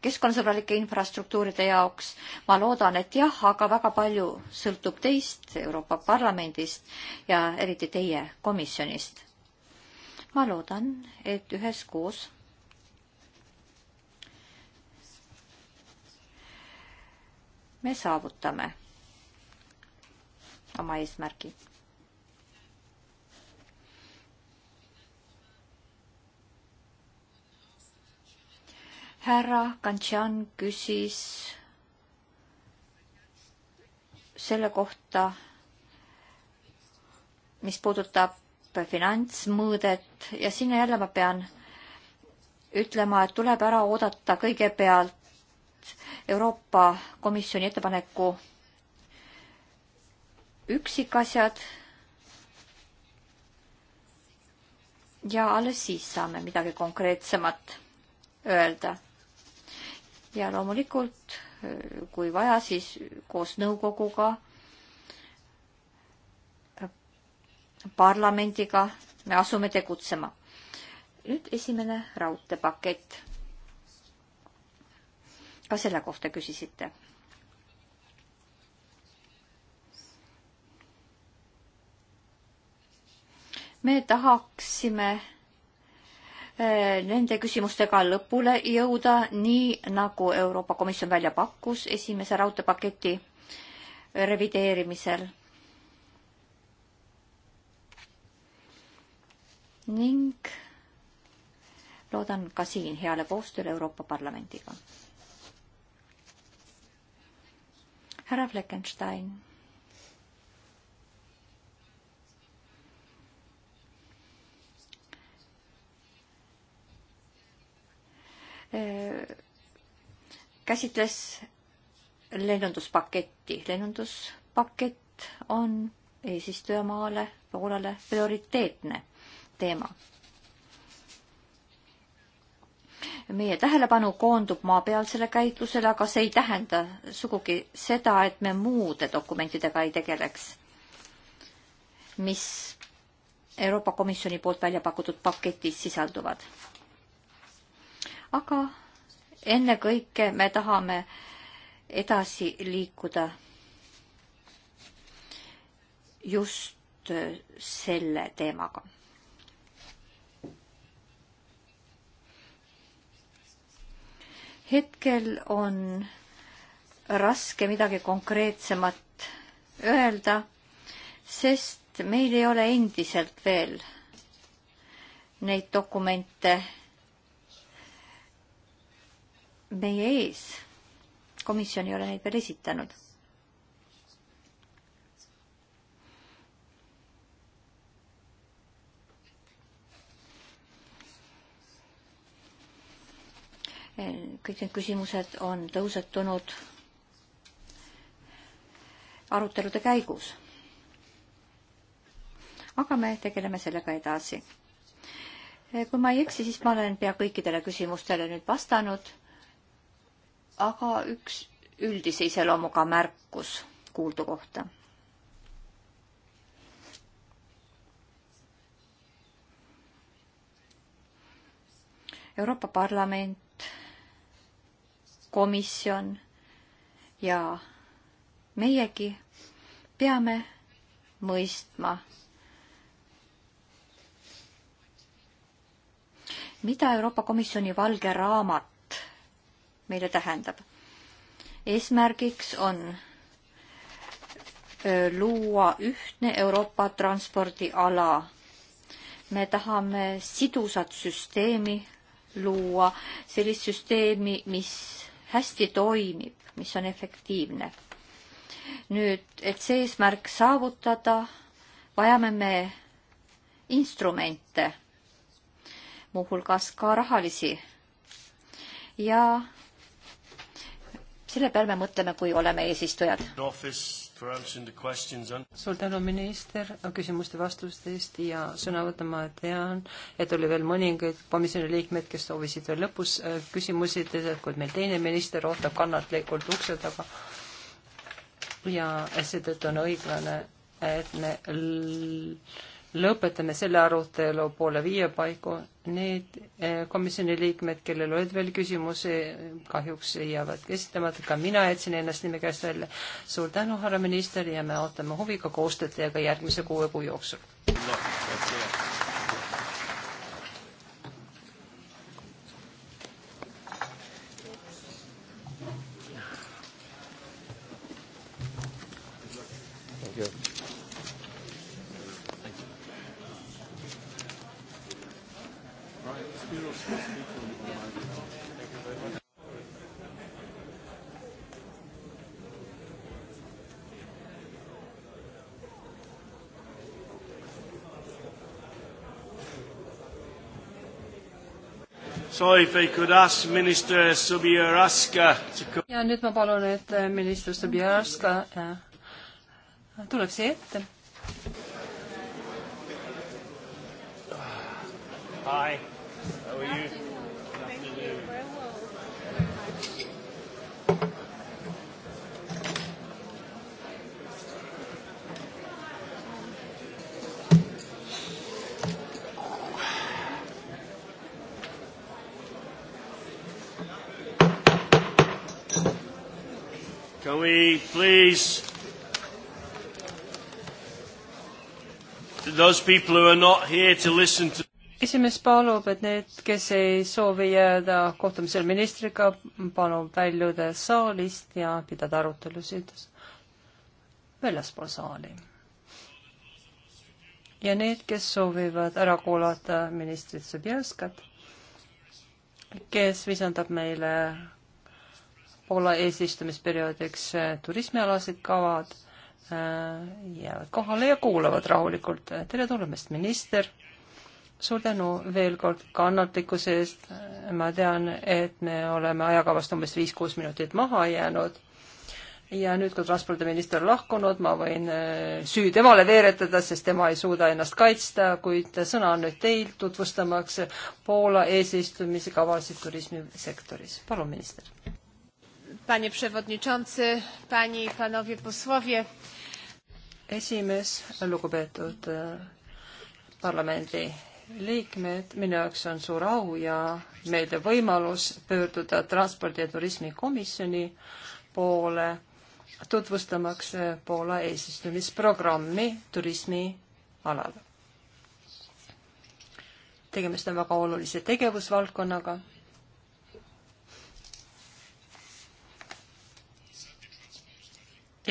keskkonnasõbralike infrastruktuuride jaoks. ma loodan, et jah, aga väga palju sõltub teist, Euroopa Parlamendist ja eriti teie komisjonist ma loodan, et üheskoos me saavutame oma eesmärgi. härra Kantšan küsis selle kohta, mis puudutab finantsmõõdet ja sinna jälle ma pean ütlema, et tuleb ära oodata kõigepealt Euroopa Komisjoni ettepaneku üksikasjad ja alles siis saame midagi konkreetsemat öelda. ja loomulikult, kui vaja, siis koos nõukoguga parlamendiga me asume tegutsema. nüüd esimene raudteepakett. ka selle kohta küsisite. me tahaksime eh, nende küsimustega lõpule jõuda, nii nagu Euroopa Komisjon välja pakkus esimese raudteepaketi revideerimisel ning loodan ka siin heale koostööle Euroopa Parlamendiga. härra Fleckenstein. Äh, käsitles lennunduspaketti. lennunduspakett on eesistujamaale, Poolale prioriteetne teema. meie tähelepanu koondub maapealsele käitlusele, aga see ei tähenda sugugi seda, et me muude dokumentidega ei tegeleks, mis Euroopa Komisjoni poolt välja pakutud paketis sisalduvad. aga ennekõike me tahame edasi liikuda just selle teemaga hetkel on raske midagi konkreetsemat öelda, sest meil ei ole endiselt veel neid dokumente meie ees. komisjon ei ole neid veel esitanud kõik need küsimused on tõusetunud arutelude käigus. aga me tegeleme sellega edasi. kui ma ei eksi, siis ma olen pea kõikidele küsimustele nüüd vastanud. aga üks üldise iseloomuga märkus kuuldu kohta Euroopa Parlament komisjon ja meiegi peame mõistma, mida Euroopa Komisjoni valge raamat meile tähendab. eesmärgiks on luua ühtne Euroopa transpordiala. me tahame sidusat süsteemi luua, sellist süsteemi, mis hästi toimib, mis on efektiivne. nüüd, et see eesmärk saavutada, vajame me instrumente, muuhulgas ka rahalisi. ja selle peale me mõtleme, kui oleme eesistujad suur tänu, minister, küsimuste-vastuste eest ja sõnavõttu ma tean, et oli veel mõningaid komisjoni liikmeid, kes soovisid veel lõpus äh, küsimusi teha, kuid meil teine minister ootab kannatlikult ukse taga. ja seetõttu on õiglane, et me lõpetame selle arutelu poole viie paiku. Need eh, komisjoni liikmed, kellel olid veel küsimusi, kahjuks jäävad esitamata, ka mina jätsin ennast nimekirjast välja. suur tänu, härra minister, ja me ootame huviga koostööd teiega järgmise kuue kuu jooksul ja nüüd ma palun, et minister Subjaraska äh, tuleks siia ette those people who are not here to listen to esimees palub, et need, kes ei soovi jääda kohtumisel ministriga, palub väljuda saalist ja pidada arutelusid väljaspool saali. ja need, kes soovivad ära kuulata ministrit Sobjaskat, kes visandab meile Poola eesistumisperioodiks turismialased kavad jäävad kohale ja kuulavad rahulikult. tere tulemast, minister! suur tänu veel kord kannatlikkuse eest. ma tean, et me oleme ajakavast umbes viis-kuus minutit maha jäänud. ja nüüd, kui transpordiminister on lahkunud, ma võin äh, süü temale veeretada, sest tema ei suuda ennast kaitsta, kuid sõna on nüüd teil tutvustamaks Poola eesistumise kavasid turismisektoris. palun, minister! panie przewodniczący, panie i panowie posłowie. Esimees, lugupeetud e, parlamendi liikmed, minu jaoks on suur au ja meelde võimalus pöörduda transpordi- ja turismikomisjoni poole tutvustamaks e, Poola eesistumisprogrammi turismi alal. tegemist on väga olulise tegevusvaldkonnaga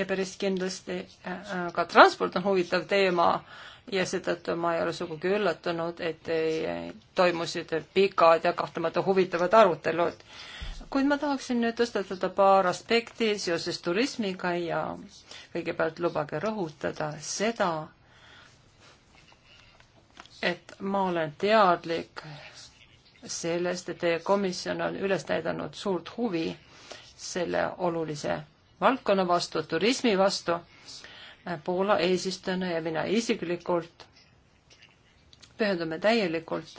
ja päris kindlasti äh, äh, ka transport on huvitav teema ja seetõttu ma ei ole sugugi üllatunud, et toimusid pikad ja kahtlemata huvitavad arutelud. kuid ma tahaksin nüüd tõstatada paar aspekti seoses turismiga ja kõigepealt lubage rõhutada seda, et ma olen teadlik sellest, et teie komisjon on üles näidanud suurt huvi selle olulise valdkonna vastu, turismi vastu. Äh, Poola eesistujana ja mina isiklikult pühendume täielikult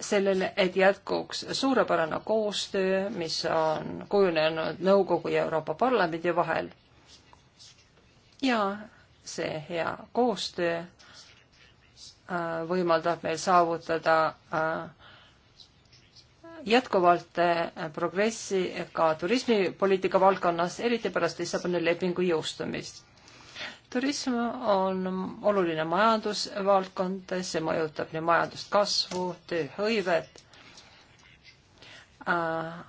sellele, et jätkuks suurepärane koostöö, mis on kujunenud Nõukogu ja Euroopa Parlamendi vahel. ja see hea koostöö äh, võimaldab meil saavutada äh, jätkuvalt eh, progressi ka turismipoliitika valdkonnas, eriti pärast Lissaboni lepingu jõustumist. turism on oluline majandusvaldkond, see mõjutab nii majanduskasvu, tööhõivet äh,,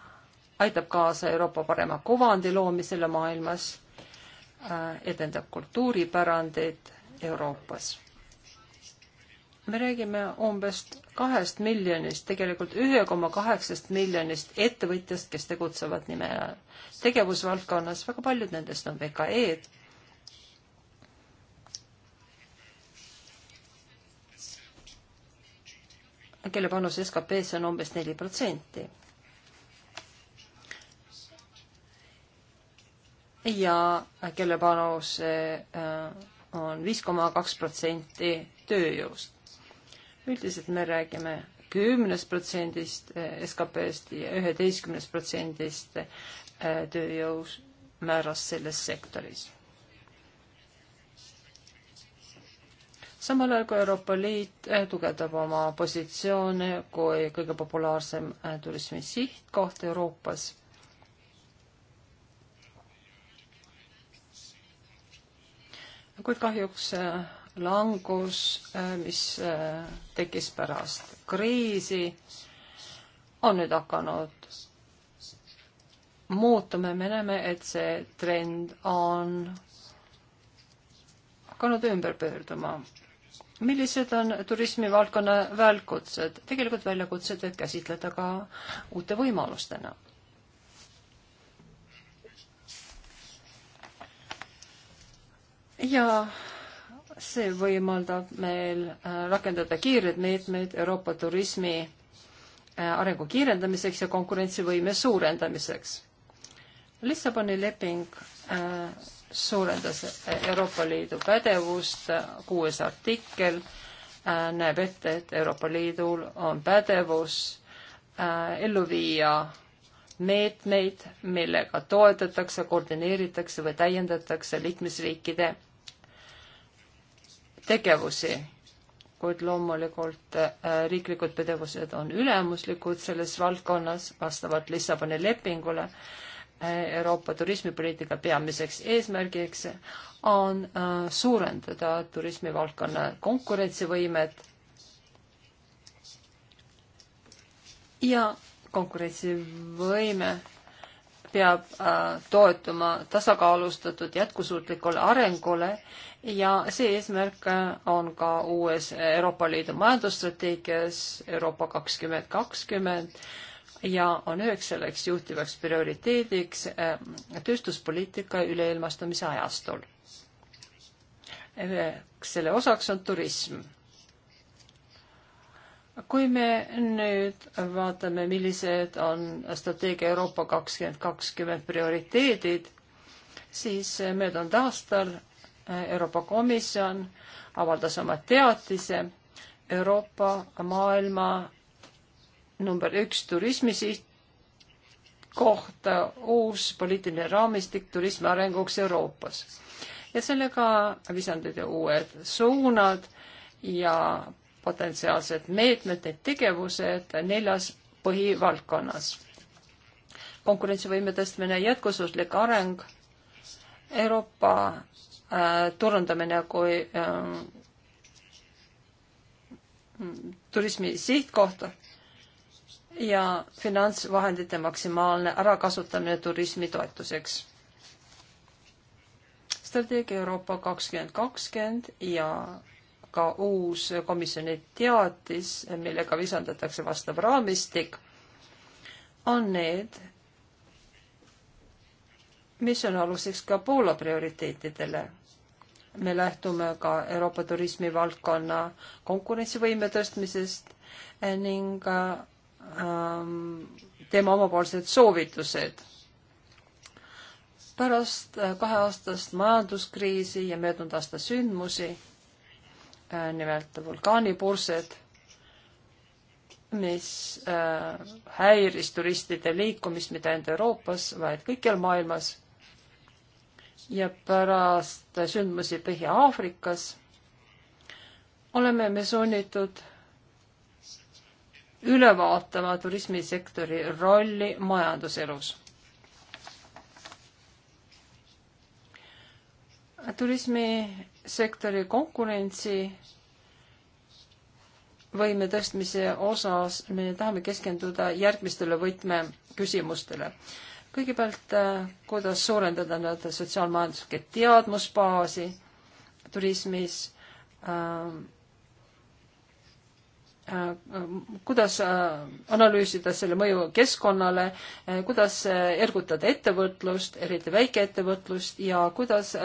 aitab kaasa Euroopa parema kuvandi loomisele maailmas äh,, edendab kultuuripärandit Euroopas me räägime umbes kahest miljonist, tegelikult ühe koma kaheksast miljonist ettevõtjast, kes tegutsevad nime tegevusvaldkonnas, väga paljud nendest on VKE-d. kelle panus SKP-sse on umbes neli protsenti. ja kelle panus äh, on viis koma kaks protsenti tööjõust üldiselt me räägime kümnest protsendist eh, SKP-st ja üheteistkümnest protsendist eh, tööjõumäärast selles sektoris. samal ajal kui Euroopa Liit eh, tugevdab oma positsioone kui kõige populaarsem turismi sihtkoht Euroopas kuid kahjuks langus, äh, mis äh, tekkis pärast kriisi, on nüüd hakanud muutuma ja me näeme, et see trend on hakanud ümber pöörduma millised on turismivaldkonna väljakutsed? tegelikult väljakutsed võib käsitleda ka uute võimalustena. ja see võimaldab meil äh, rakendada kiireid meetmeid Euroopa turismi äh, arengu kiirendamiseks ja konkurentsivõime suurendamiseks. Lissaboni leping äh, suurendas Euroopa Liidu pädevust, kuues artikkel näeb ette, et Euroopa Liidul on pädevus ellu viia meetmeid, millega toetatakse, koordineeritakse või täiendatakse liikmesriikide tegevusi, kuid loomulikult äh, riiklikud pädevused on ülemuslikud selles valdkonnas vastavalt Lissaboni lepingule. Äh, Euroopa turismipoliitika peamiseks eesmärgiks on äh, suurendada turismivaldkonna konkurentsivõimet ja konkurentsivõime peab äh, toetuma tasakaalustatud jätkusuutlikule arengule ja see eesmärk äh, on ka uues Euroopa Liidu majandusstrateegias Euroopa kakskümmend kakskümmend ja on üheks selleks juhtivaks prioriteediks äh, tööstuspoliitika üleilmastumise ajastul. üheks selle osaks on turism kui me nüüd vaatame, millised on strateegia Euroopa kakskümmend kakskümmend prioriteedid, siis möödunud aastal Euroopa Komisjon avaldas oma teatise Euroopa maailma number üks turismisiht kohta uus poliitiline raamistik turismi arenguks Euroopas. ja sellega visanduda uued suunad ja potentsiaalsed meetmed, need tegevused neljas põhivaldkonnas. konkurentsivõime tõstmine, jätkusuutlik areng, Euroopa äh, turundamine kui äh, turismi sihtkoht ja finantsvahendite maksimaalne ärakasutamine turismi toetuseks strateegia Euroopa kakskümmend kakskümmend ja ka uus komisjoni teatis, millega lisandatakse vastav raamistik, on need, mis on aluseks ka Poola prioriteetidele. me lähtume ka Euroopa turismivaldkonna konkurentsivõime tõstmisest ning ähm, teeme omapoolsed soovitused pärast kaheaastast majanduskriisi ja möödunud aasta sündmusi Äh, nimelt vulkaanipursed, mis äh, häiris turistide liikumist mitte ainult Euroopas, vaid kõikjal maailmas. ja pärast sündmusi Põhja-Aafrikas oleme me sunnitud üle vaatama turismisektori rolli majanduselus turismi sektori konkurentsi võime tõstmise osas me tahame keskenduda järgmistele võtmeküsimustele. kõigepealt, äh, kuidas suurendada nii-öelda sotsiaalmajanduslikku teadmusbaasi turismis äh,, äh kuidas äh, analüüsida selle mõju keskkonnale, kuidas ergutada ettevõtlust, eriti väikeettevõtlust ja kuidas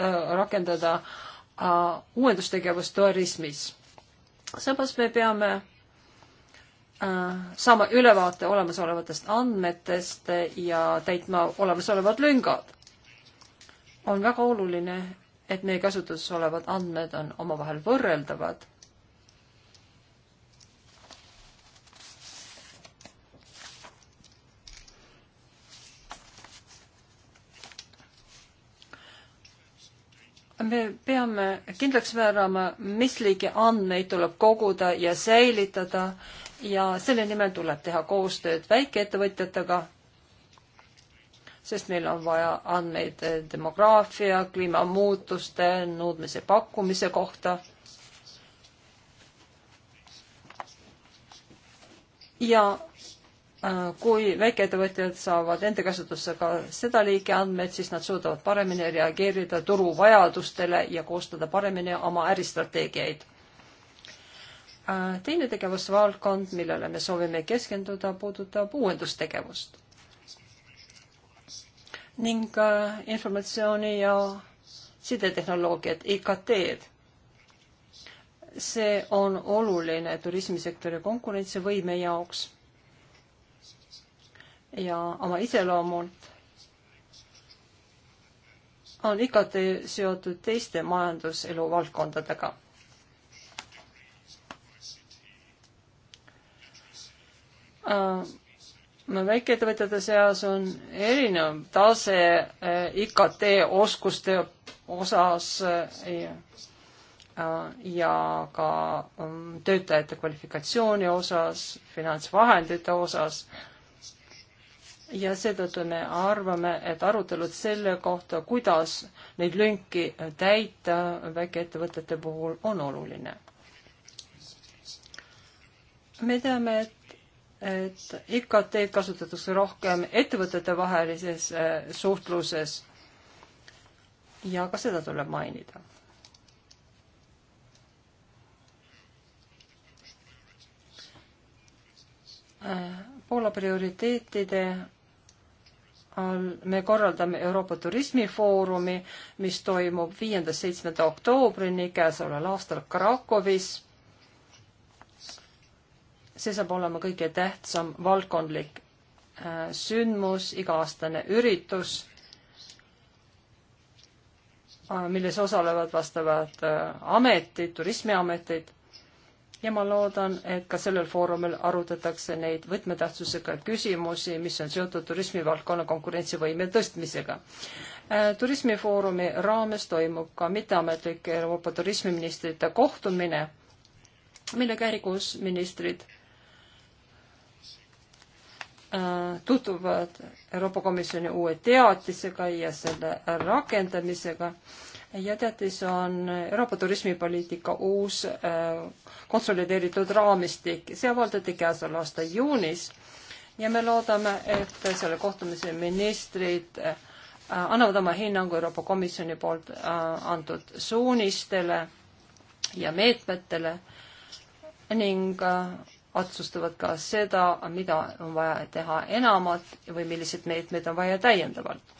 rakendada äh, Äh, uuendustegevus turismis. samas me peame äh, saama ülevaate olemasolevatest andmetest ja täitma olemasolevad lüngad. on väga oluline, et meie käsutuses olevad andmed on omavahel võrreldavad me peame kindlaks määrama, mis liigi andmeid tuleb koguda ja säilitada ja selle nimel tuleb teha koostööd väikeettevõtjatega, sest meil on vaja andmeid demograafia, kliimamuutuste, nõudmise pakkumise kohta. ja Äh, kui väikeettevõtjad saavad enda kasutusse ka seda liiki andmeid, siis nad suudavad paremini reageerida turu vajadustele ja koostada paremini oma äristrateegiaid. Äh, teine tegevusvaldkond, millele me soovime keskenduda, puudutab uuendustegevust ning äh, informatsiooni ja sidetehnoloogiat, IKT-d see on oluline turismisektori konkurentsivõime jaoks ja oma iseloomult on IKT seotud teiste majanduselu valdkondadega. Äh, väikeettevõtjate seas on erinev tase äh, IKT oskuste osas äh, ja ka ähm, töötajate kvalifikatsiooni osas, finantsvahendite osas äh, ja seetõttu me arvame, et arutelud selle kohta, kuidas neid lünki täita väikeettevõtete puhul, on oluline. me teame, et, et IKT-d kasutatakse rohkem ettevõtetevahelises äh, suhtluses ja ka seda tuleb mainida äh, Poola prioriteetide on, äh, me korraldame Euroopa Turismifoorumi, mis toimub viiendast seitsmenda oktoobrini käesoleval aastal Krakowis. see saab olema kõige tähtsam valdkondlik äh, sündmus, iga-aastane üritus, äh, milles osalevad vastavad ametid, turismiametid ja ma loodan, et ka sellel foorumil arutatakse neid võtmetähtsusega küsimusi, mis on seotud turismivaldkonna konkurentsivõime tõstmisega. Äh, turismifoorumi raames toimub ka mitteametlik Euroopa turismiministrite kohtumine, mille käigus ministrid äh, tutvuvad Euroopa Komisjoni uue teatisega ja selle rakendamisega ja teatis on Euroopa turismipoliitika uus äh, konsolideeritud raamistik. see avaldati käesoleva aasta juunis ja me loodame, et selle kohtumise ministrid äh, annavad oma hinnangu Euroopa Komisjoni poolt äh, antud suunistele ja meetmetele ning otsustavad ka seda, mida on vaja teha enamat või milliseid meetmeid on vaja täiendavalt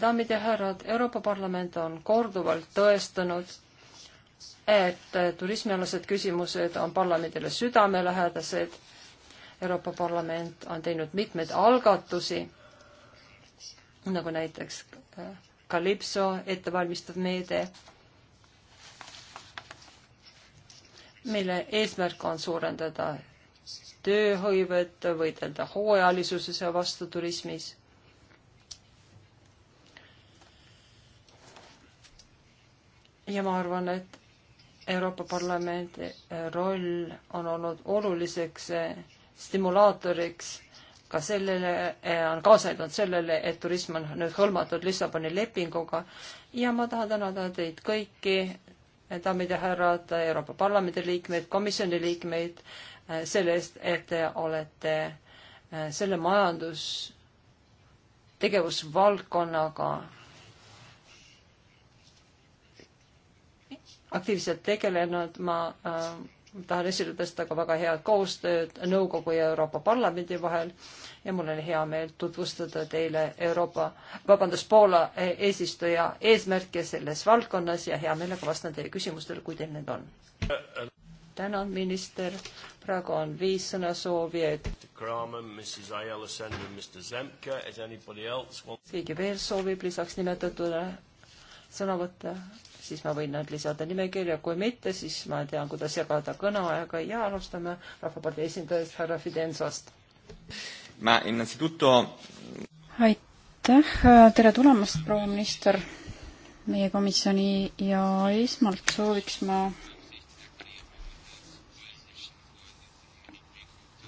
daamid ja härrad, Euroopa Parlament on korduvalt tõestanud, et turismialased küsimused on parlamendile südamelähedased. Euroopa Parlament on teinud mitmeid algatusi, nagu näiteks Kalipso äh, ettevalmistav meede, mille eesmärk on suurendada tööhõivet, võidelda hooajalisuse vastu turismis ja ma arvan, et Euroopa Parlamendi eh, roll on olnud oluliseks eh, stimulaatoriks ka sellele, eh, on kaasa aidanud sellele, et turism on nüüd hõlmatud Lissaboni lepinguga ja ma tahan tänada teid kõiki, daamid ja härrad, Euroopa Parlamendi liikmeid, komisjoni liikmeid, selle eest, et te olete selle majandustegevusvaldkonnaga aktiivselt tegelenud, ma äh, tahan esile tõsta ka väga head koostööd Nõukogu ja Euroopa Parlamendi vahel ja mul on hea meel tutvustada teile Euroopa, vabandust, Poola eesistuja eesmärke selles valdkonnas ja hea meelega vastan teie küsimustele, kui teil need on. tänan, minister. praegu on viis sõnasoovijaid. keegi veel soovib lisaks nimetatule sõna võtta? siis ma võin nad lisada nimekirja, kui mitte, siis ma tean, kuidas jagada kõneaega ja alustame Rahvapartei esindajast härra Fidensast. ma innanstituto. aitäh, tere tulemast, proua minister, meie komisjoni ja esmalt sooviks ma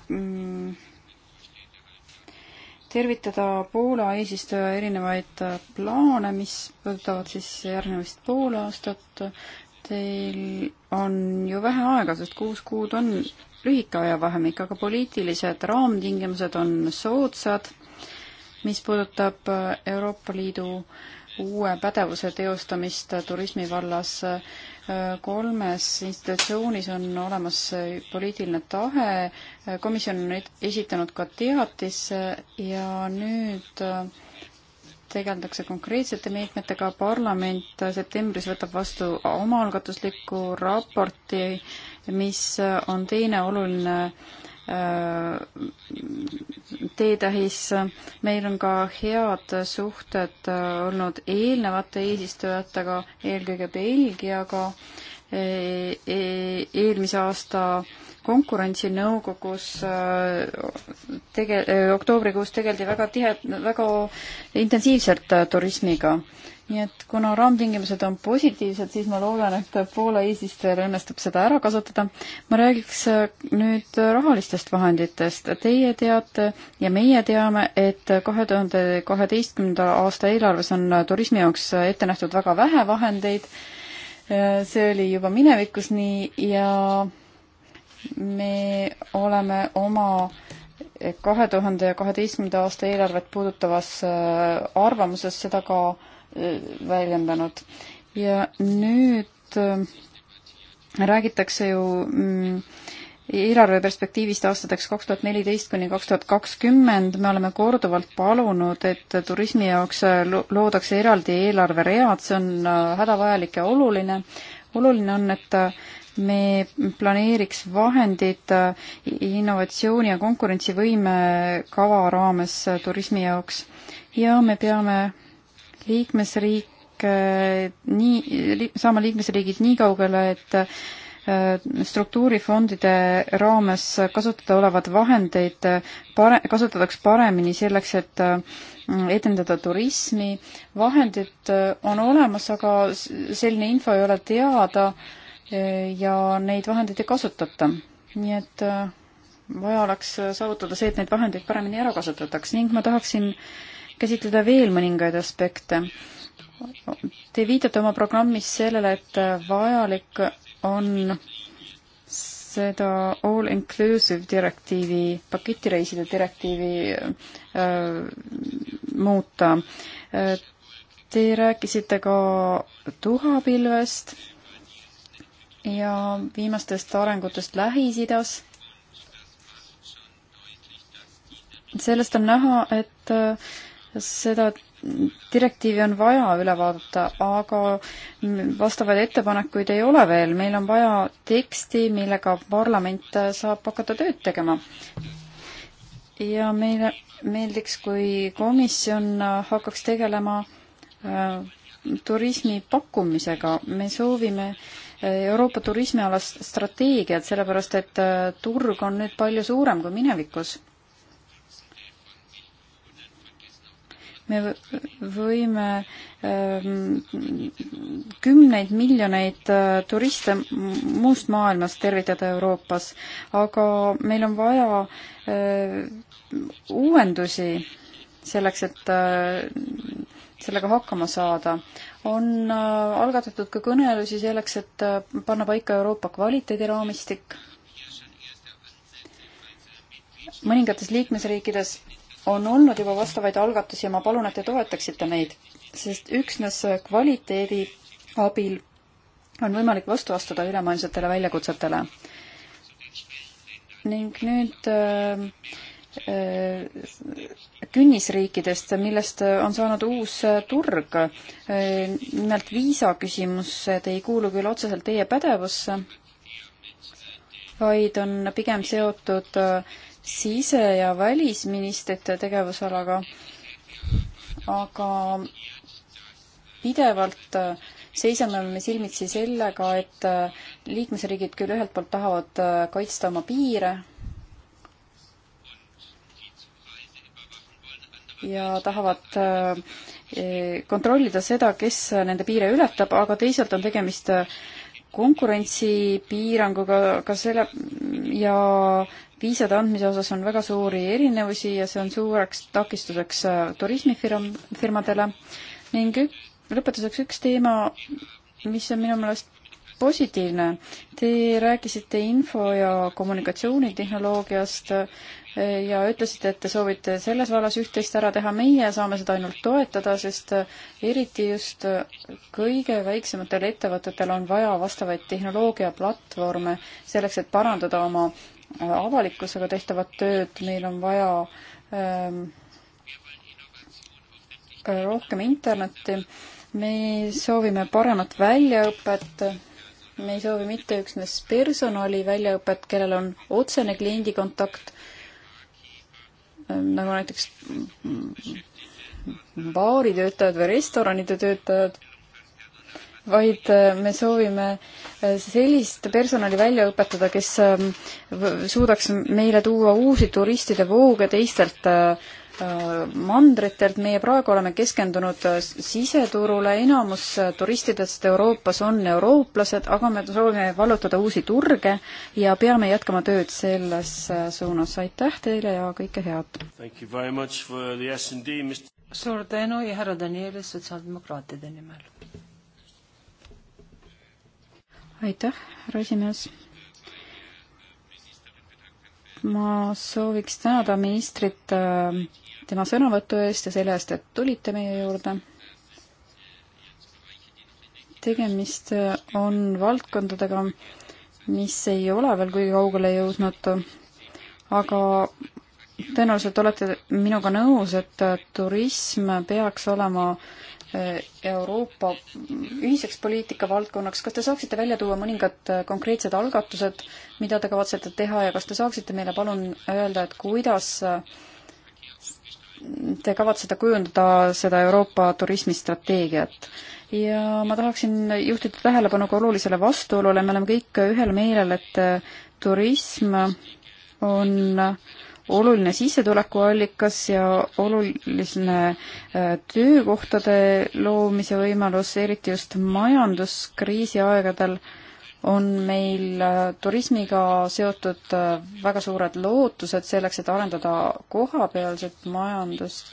mm, tervitada Poola eesistuja erinevaid äh, plaane, mis puudutavad siis järgnevist pool aastat. Teil on ju vähe aega, sest kuus kuud on lühike ajavahemik, aga poliitilised raamtingimused on soodsad, mis puudutab äh, Euroopa Liidu uue pädevuse teostamist äh, turismi vallas kolmes institutsioonis on olemas poliitiline tahe, komisjon on esitanud ka teatise ja nüüd äh, tegeldakse konkreetsete meetmetega, parlament septembris võtab vastu omaalgatusliku raporti, mis on teine oluline Äh, teetähis. meil on ka head suhted äh, olnud eelnevate eesistujatega, eelkõige Belgiaga e. E eelmise aasta e konkurentsinõukogus äh, tege-, äh, oktoobrikuus tegeldi väga tihe, väga intensiivselt äh, turismiga. nii et kuna raamtingimused on positiivsed, siis ma loodan, et Poola eesistujal õnnestub seda ära kasutada. ma räägiks nüüd rahalistest vahenditest. Teie teate ja meie teame, et kahe tuhande kaheteistkümnenda aasta eelarves on turismi jaoks ette nähtud väga vähe vahendeid, see oli juba minevikus nii ja me oleme oma kahe tuhande kaheteistkümnenda aasta eelarvet puudutavas äh, arvamuses seda ka äh, väljendanud. ja nüüd äh, räägitakse ju mm, eelarve perspektiivist aastateks kaks tuhat neliteist kuni kaks tuhat kakskümmend me oleme korduvalt palunud, et turismi jaoks loodakse eraldi eelarveread, see on hädavajalik ja oluline. oluline on, et me planeeriks vahendid äh, innovatsiooni ja konkurentsivõime äh, kava raames äh, turismi jaoks ja me peame liikmesriike nii, saama liikmesriigid nii kaugele, et struktuurifondide raames kasutada olevad vahendeid pare-, kasutataks paremini selleks, et edendada turismi, vahendid on olemas, aga selline info ei ole teada äh, ja neid vahendeid ei kasutata. nii et äh, vaja oleks äh, saavutada see, et neid vahendeid paremini ära kasutataks ning ma tahaksin käsitleda veel mõningaid aspekte. Te viitate oma programmis sellele, et äh, vajalik on seda all-inclusive direktiivi, paketireiside direktiivi äh, muuta. Te rääkisite ka tuhapilvest ja viimastest arengutest Lähis-Idas. sellest on näha, et äh, seda direktiivi on vaja üle vaadata, aga vastavaid ettepanekuid ei ole veel, meil on vaja teksti, millega parlament saab hakata tööd tegema. ja meile meeldiks, kui komisjon hakkaks tegelema äh, turismi pakkumisega, me soovime äh, Euroopa turismialast strateegiat, sellepärast et äh, turg on nüüd palju suurem kui minevikus. me võime ähm, kümneid miljoneid äh, turiste muust maailmast tervitada Euroopas, aga meil on vaja äh, uuendusi selleks, et sellega hakkama saada on äh, algatatud ka kõnelusi selleks, et äh, panna paika Euroopa kvaliteediraamistik. mõningates liikmesriikides on olnud juba vastavaid algatusi ja ma palun, et te toetaksite neid, sest üksnes kvaliteedi abil on võimalik vastu astuda ülemaailmsetele väljakutsetele. ning nüüd äh, Äh, künnisriikidest, millest on saanud uus turg. Äh, nimelt viisaküsimused ei kuulu küll otseselt teie pädevusse, vaid on pigem seotud äh, sise- ja välisministrite tegevusalaga, aga pidevalt seisame me silmitsi sellega, et liikmesriigid küll ühelt poolt tahavad kaitsta oma piire, ja tahavad äh, kontrollida seda, kes nende piire ületab, aga teisalt on tegemist äh, konkurentsipiiranguga ka selle ja viisade andmise osas on väga suuri erinevusi ja see on suureks takistuseks äh, turismifirmadele ning ük, lõpetuseks üks teema, mis on minu meelest positiivne. Te rääkisite info- ja kommunikatsioonitehnoloogiast ja ütlesite, et te soovite selles vallas üht-teist ära teha, meie saame seda ainult toetada, sest eriti just kõige väiksematel ettevõtetel on vaja vastavaid tehnoloogiaplatvorme selleks, et parandada oma avalikkusega tehtavat tööd, meil on vaja ähm, rohkem internetti, me soovime paremat väljaõpet me ei soovi mitte üksnes personali väljaõpet, kellel on otsene kliendikontakt, nagu näiteks baaritöötajad või restoranide töötajad, vaid äh, me soovime äh, sellist personali välja õpetada, kes äh, suudaks meile tuua uusi turistide vooge teistelt Äh, mandritelt, meie praegu oleme keskendunud äh, siseturule, enamus äh, turistidest Euroopas on eurooplased, aga me soovime vallutada uusi turge ja peame jätkama tööd selles suunas. aitäh teile ja kõike head! suur tänu ja härra Danielis sotsiaaldemokraatide nimel. aitäh, härra esimees! ma sooviks tänada ministrit äh, tema sõnavõtu eest ja selle eest, et tulite meie juurde. tegemist on valdkondadega, mis ei ole veel kuigi kaugele jõudnud, aga tõenäoliselt olete minuga nõus, et turism peaks olema eh, Euroopa ühiseks poliitikavaldkonnaks, kas te saaksite välja tuua mõningad eh, konkreetsed algatused, mida te kavatsete teha ja kas te saaksite meile palun öelda, et kuidas eh, te kavatsete kujundada seda Euroopa turismistrateegiat ja ma tahaksin juhtida tähelepanu ka olulisele vastuolule, me oleme kõik ühel meelel, et turism on oluline sissetulekuallikas ja oluline äh, töökohtade loomise võimalus, eriti just majanduskriisi aegadel on meil äh, turismiga seotud äh, väga suured lootused selleks, et arendada kohapealset majandust,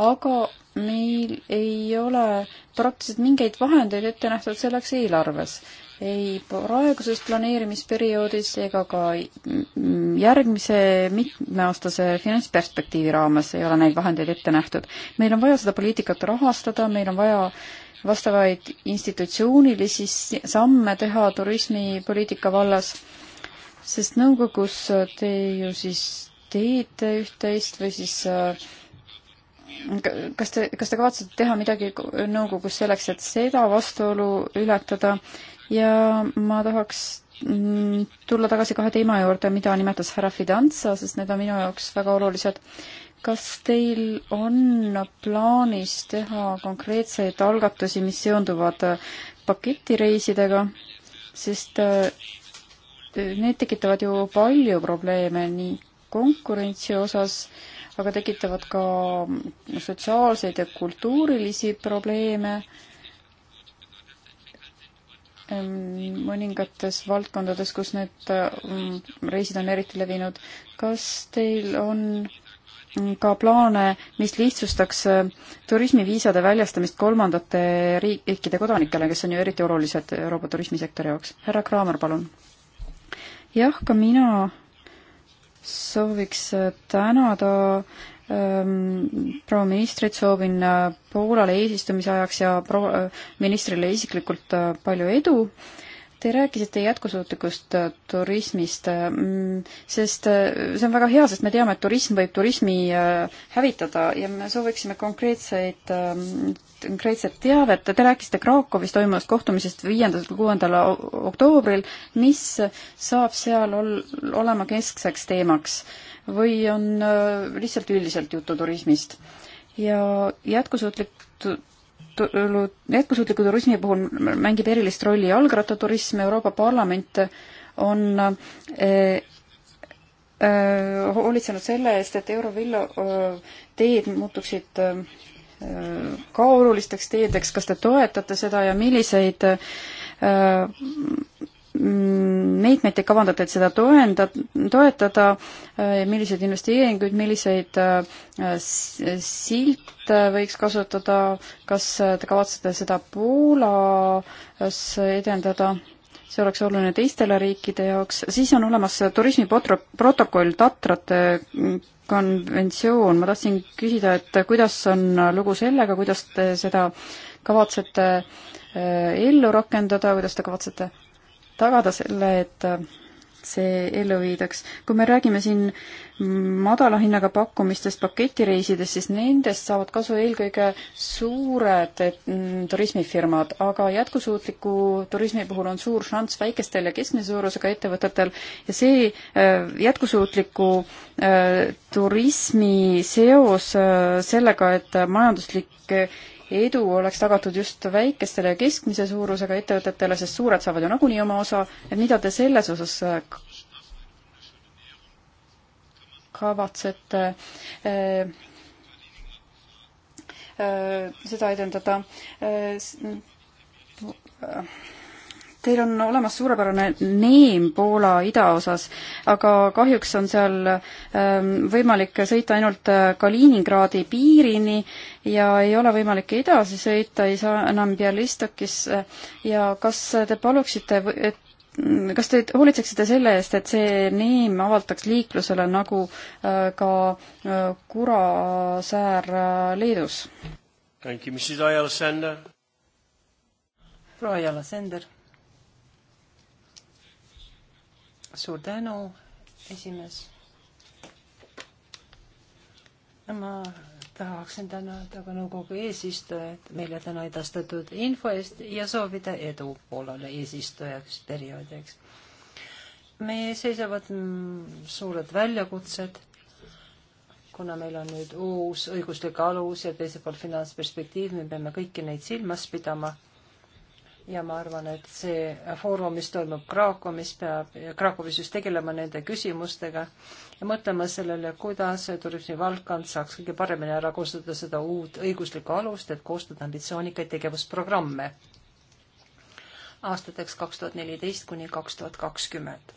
aga meil ei ole praktiliselt mingeid vahendeid ette nähtud selleks eelarves. ei praeguses planeerimisperioodis ega ka järgmise mitmeaastase finantsperspektiivi raames ei ole neid vahendeid ette nähtud. meil on vaja seda poliitikat rahastada, meil on vaja äh, vastavaid institutsioonilisi samme teha turismipoliitika vallas, sest nõukogus te ju siis teete üht-teist või siis äh, kas te, kas te kavatsete teha midagi nõukogus selleks, et seda vastuolu ületada ja ma tahaks mm, tulla tagasi kahe teema juurde, mida nimetas härra Fidanza, sest need on minu jaoks väga olulised kas teil on plaanis teha konkreetseid algatusi, mis seonduvad äh, paketireisidega, sest äh, need tekitavad ju palju probleeme nii konkurentsi osas, aga tekitavad ka mm, sotsiaalseid ja kultuurilisi probleeme ähm, mõningates valdkondades, kus need äh, mm, reisid on eriti levinud. kas teil on ka plaane, mis lihtsustaks äh, turismiviisade väljastamist kolmandate riikide kodanikele, kes on ju eriti olulised Euroopa turismisektori jaoks. härra Kraamer, palun. jah, ka mina sooviks äh, tänada ähm, proua ministrit soovin äh, Poolale eesistumise ajaks ja proua ministrile isiklikult palju edu. Te rääkisite jätkusuutlikust äh, turismist, äh, mm, sest äh, see on väga hea, sest me teame, et turism võib turismi hävitada ja me sooviksime konkreetseid, ähm, konkreetset teavet. Te rääkisite Krakowis toimuvast kohtumisest viiendal kuni kuuendal oktoobril. mis saab seal ol-, olema keskseks teemaks või on lihtsalt üldiselt juttu turismist? ja jätkusuutlik arutelu jätkusuutliku turismi puhul mängib erilist rolli jalgrattaturism, Euroopa Parlament on eh, eh, hoolitsenud selle eest, et Eurovilla eh, teed muutuksid eh, ka olulisteks teedeks, kas te toetate seda ja milliseid eh, Mm, meetmeid te kavandate, et seda toenda-, toetada, äh, milliseid investeeringuid, milliseid äh, silte äh, võiks kasutada, kas te kavatsete seda Poolas edendada? see oleks oluline teistele riikide jaoks, siis on olemas turismiprotokoll tatrate mm, konventsioon, ma tahtsin küsida, et kuidas on lugu sellega, kuidas te seda kavatsete ellu rakendada, kuidas te kavatsete tagada selle, et see ellu viidaks. kui me räägime siin madala hinnaga pakkumistest paketireisidest, siis nendest saavad kasu eelkõige suured mm, turismifirmad, aga jätkusuutliku turismi puhul on suur šanss väikestel ja keskmise suurusega ettevõtetel ja see äh, jätkusuutliku äh, turismi seos äh, sellega, et majanduslik edu oleks tagatud just väikestele ja keskmise suurusega ettevõtetele, sest suured saavad ju nagunii oma osa, et mida te selles osas äh, kavatsete äh, äh, seda edendada äh,? äh Teil on olemas suurepärane neem Poola idaosas, aga kahjuks on seal ähm, võimalik sõita ainult äh, Kaliningradi piirini ja ei ole võimalik edasi sõita, ei saa enam Bialystokisse äh, ja kas te paluksite, et mm, kas te hoolitseksite selle eest, et see neem avaltaks liiklusele nagu äh, ka Kurasäär Leedus? proua Jala Sender suur tänu, esimees. ma tahaksin tänada ka nõukogu eesistujat meile täna edastatud info eest ja soovida edu Poolale eesistujaks perioodiks. meie seisavad suured väljakutsed, kuna meil on nüüd uus õiguslik alus ja teiselt poolt finantsperspektiiv, me peame kõiki neid silmas pidama ja ma arvan, et see foorum, mis toimub Krakowis, peab Krakowis just tegelema nende küsimustega ja mõtlema sellele, kuidas turismivaldkond saaks kõige paremini ära kasutada seda uut õiguslikku alust, et koostada ambitsioonikaid tegevusprogramme aastateks kaks tuhat neliteist kuni kaks tuhat kakskümmend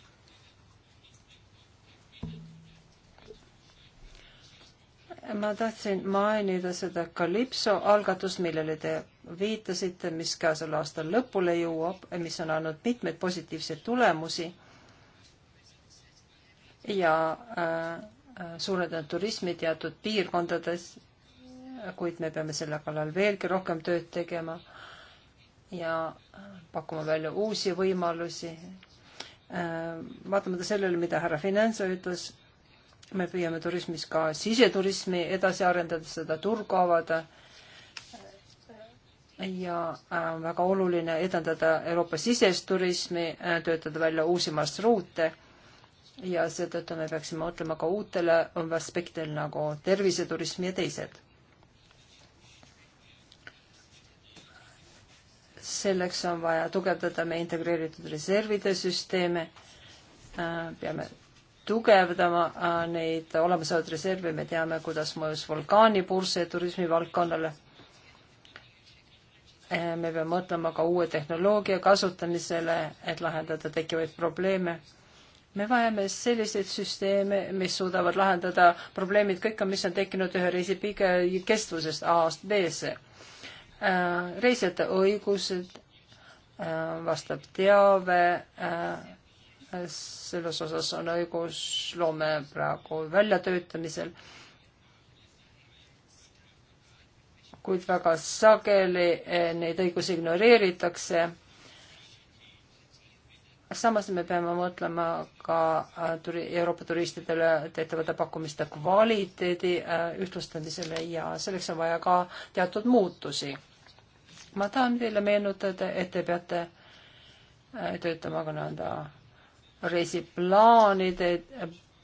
ma tahtsin mainida seda Kalipso algatust, millele te viitasite, mis käesoleva aasta lõpule jõuab, mis on andnud mitmeid positiivseid tulemusi ja äh, äh, suurendanud turismi teatud piirkondades, kuid me peame selle kallal veelgi rohkem tööd tegema ja äh, pakkuma välja uusi võimalusi äh,. vaatamata sellele, mida härra Finanso ütles me püüame turismis ka siseturismi edasi arendada, seda turgu avada ja on äh, väga oluline edendada Euroopa sisest turismi, äh, töötada välja uusi marsruute ja seetõttu me peaksime mõtlema ka uutele aspektidele nagu terviseturism ja teised. selleks on vaja tugevdada meie integreeritud reservide süsteeme, äh, peame tugevdama äh, neid olemasolevaid reserve, me teame, kuidas mõjus vulkaanipursse turismivaldkonnale. Äh, me peame mõtlema ka uue tehnoloogia kasutamisele, et lahendada tekkivaid probleeme. me vajame selliseid süsteeme, mis suudavad lahendada probleemid kõik, mis on tekkinud ühe reisipika kestvusest A-st B-sse. Äh, reisijate õigused, vastav teave selles osas on õigusloome praegu väljatöötamisel. kuid väga sageli eh, neid õigusi ignoreeritakse. samas me peame mõtlema ka eh, Euroopa turistidele tehtavate pakkumiste kvaliteedi eh, ühtlustamisele ja selleks on vaja ka teatud muutusi. ma tahan teile meenutada, et te peate töötama ka nõnda reisiplaanide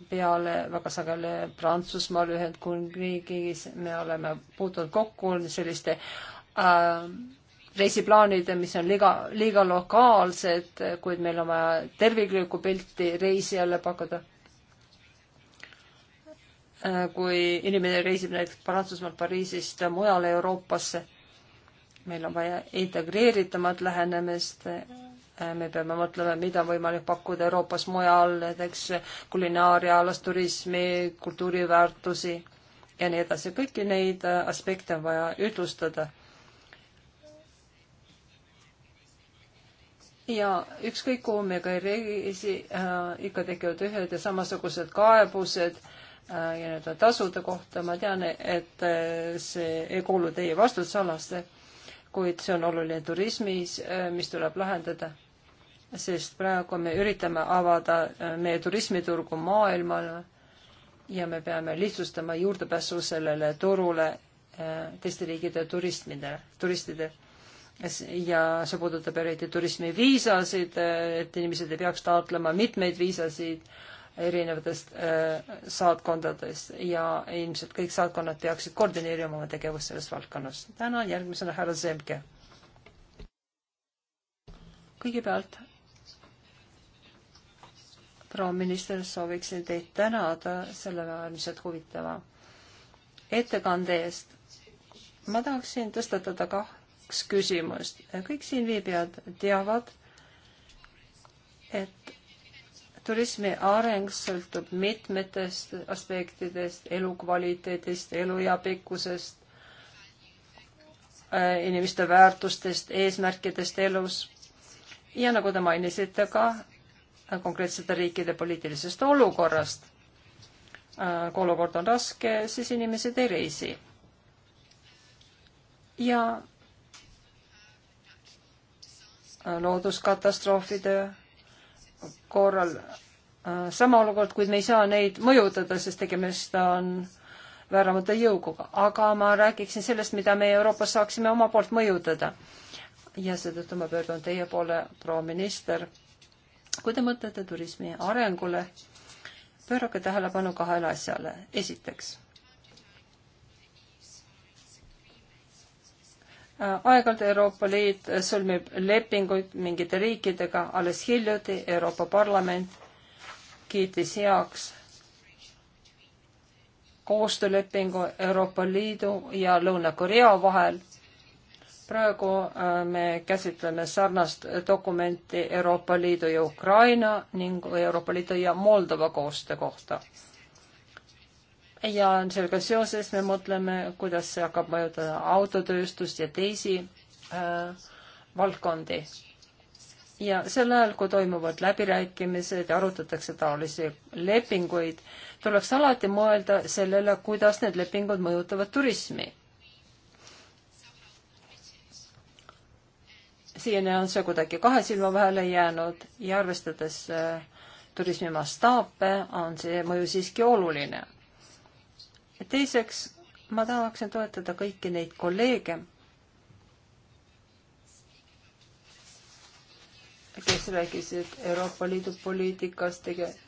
peale väga sageli Prantsusmaal, Ühendkuningriigis me oleme puutunud kokku selliste äh, reisiplaanide, mis on liiga, liiga lokaalsed, kuid meil on vaja terviklikku pilti reisijale pakkuda äh,. kui inimene reisib näiteks Prantsusmaalt Pariisist mujale Euroopasse, meil on vaja integreeritumat lähenemist Äh, me peame mõtlema, mida on võimalik pakkuda Euroopas mujal, näiteks kulinaaria alas turismi, kultuuriväärtusi ja nii edasi. kõiki neid äh, aspekte on vaja ühtlustada. ja ükskõik kuhu me ka ei reisi äh,, ikka tekivad ühed ja samasugused kaebused äh, ja nii-öelda tasude kohta. ma tean, et äh, see ei kuulu teie vastutusalasse, kuid see on oluline turismis äh,, mis tuleb lahendada sest praegu me üritame avada äh, meie turismiturgu maailmale ja me peame lihtsustama juurdepääsu sellele turule äh, teiste riikide turistidele, turistidele. ja see puudutab eriti turismiviisasid, äh, et inimesed ei peaks taotlema mitmeid viisasid erinevatest saatkondadest ja ilmselt kõik saatkonnad peaksid koordineerima oma tegevust selles valdkonnas. tänan, järgmisena härra Zemke. kõigepealt proua minister, sooviksin teid tänada selle äärmiselt huvitava ettekande eest. ma tahaksin tõstatada kaks küsimust. kõik siinviibijad teavad, et turismi areng sõltub mitmetest aspektidest, elukvaliteedist, eluea pikkusest, inimeste väärtustest, eesmärkidest elus ja nagu te mainisite ka, konkreetsete riikide poliitilisest olukorrast. kui äh, olukord on raske, siis inimesed ei reisi. ja äh, looduskatastroofide korral äh, sama olukord, kuid me ei saa neid mõjutada, sest tegemist on vääramatu jõuguga. aga ma räägiksin sellest, mida me Euroopas saaksime oma poolt mõjutada. ja seetõttu ma pöördun teie poole, proua minister kui te mõtlete turismi arengule, pöörake tähelepanu kahele asjale. esiteks, aeg-ajalt Euroopa Liit sõlmib lepinguid mingite riikidega, alles hiljuti Euroopa Parlament kiitis heaks koostöölepingu Euroopa Liidu ja Lõuna-Korea vahel praegu äh, me käsitleme sarnast dokumenti Euroopa Liidu ja Ukraina ning Euroopa Liidu ja Moldova koostöö kohta. ja sellega seoses me mõtleme, kuidas see hakkab mõjutada autotööstust ja teisi äh, valdkondi. ja sel ajal, kui toimuvad läbirääkimised ja arutatakse taolisi lepinguid, tuleks alati mõelda sellele, kuidas need lepingud mõjutavad turismi siiani on see kuidagi kahe silma vahele jäänud ja arvestades äh, turismi mastaape, on see mõju siiski oluline. teiseks, ma tahaksin toetada kõiki neid kolleege, kes rääkisid Euroopa Liidu poliitikast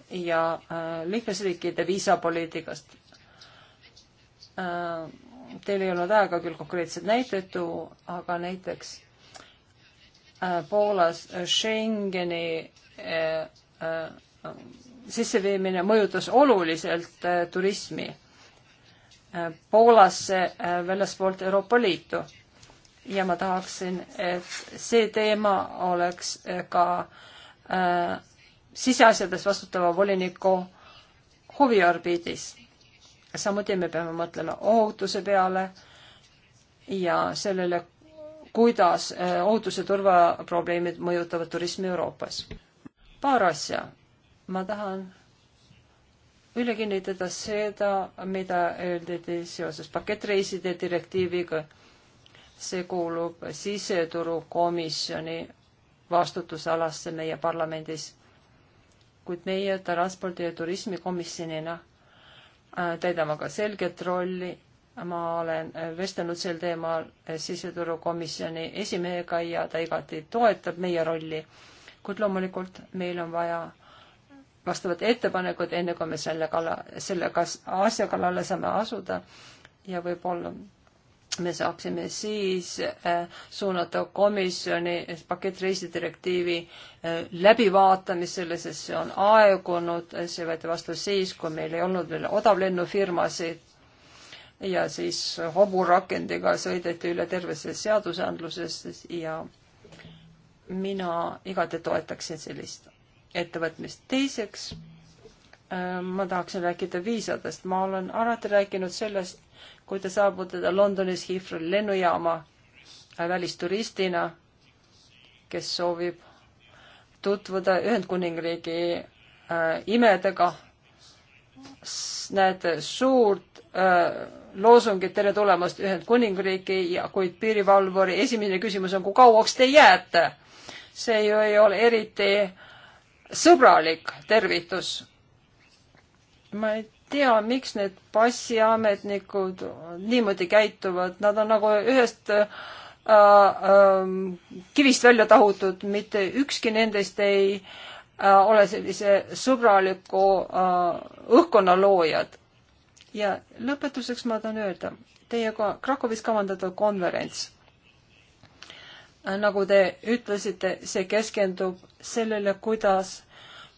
ja äh, liikmesriikide viisapoliitikast äh, teil ei olnud aega küll konkreetseid näiteid tuua, aga näiteks Äh, Poolas äh, Schengeni äh, sisseviimine mõjutas oluliselt turismi Poolasse väljaspoolt Euroopa Liitu. ja ma tahaksin, et see teema oleks ka siseasjades vastutava voliniku huviorbiidis. samuti me peame mõtlema ohutuse peale ja sellele, kuidas eh, ohutus- ja turvaprobleemid mõjutavad turismi Euroopas. paar asja. ma tahan üle kinnitada seda, mida öeldi seoses pakettreiside direktiiviga. see kuulub siseturukomisjoni vastutusalasse meie parlamendis. kuid meie transpordi- ja turismikomisjonina äh, täidame ka selget rolli ma olen äh, vestelnud sel teemal äh, siseturukomisjoni esimehega ja ta igati toetab meie rolli, kuid loomulikult meil on vaja vastavad ettepanekud, enne kui me selle kala, selle kas asja kallale saame asuda ja võib-olla me saaksime siis äh, suunata komisjoni pakettreisi direktiivi läbivaatamisele, sest see on aegunud, see võeti vastu siis, kui meil ei olnud veel odavlennufirmasid ja siis hoburakendiga sõideti üle tervesse seadusandlusest ja mina igati toetaksin sellist ettevõtmist. teiseks äh, ma tahaksin rääkida viisadest. ma olen alati rääkinud sellest, kuidas saabutada Londonis Heathrow lennujaama äh, välisturistina, kes soovib tutvuda Ühendkuningriigi äh, imedega. näete suurt Äh, loosungid tere tulemast Ühendkuningriiki ja kuid piirivalvuri esimene küsimus on, kui kauaks te jääte? see ju ei ole eriti sõbralik tervitus. ma ei tea, miks need passiametnikud niimoodi käituvad, nad on nagu ühest äh, äh, kivist välja tahutud, mitte ükski nendest ei äh, ole sellise sõbraliku äh, õhkkonna loojad ja lõpetuseks ma tahan öelda, teie ka Krakowis kavandatav konverents, nagu te ütlesite, see keskendub sellele, kuidas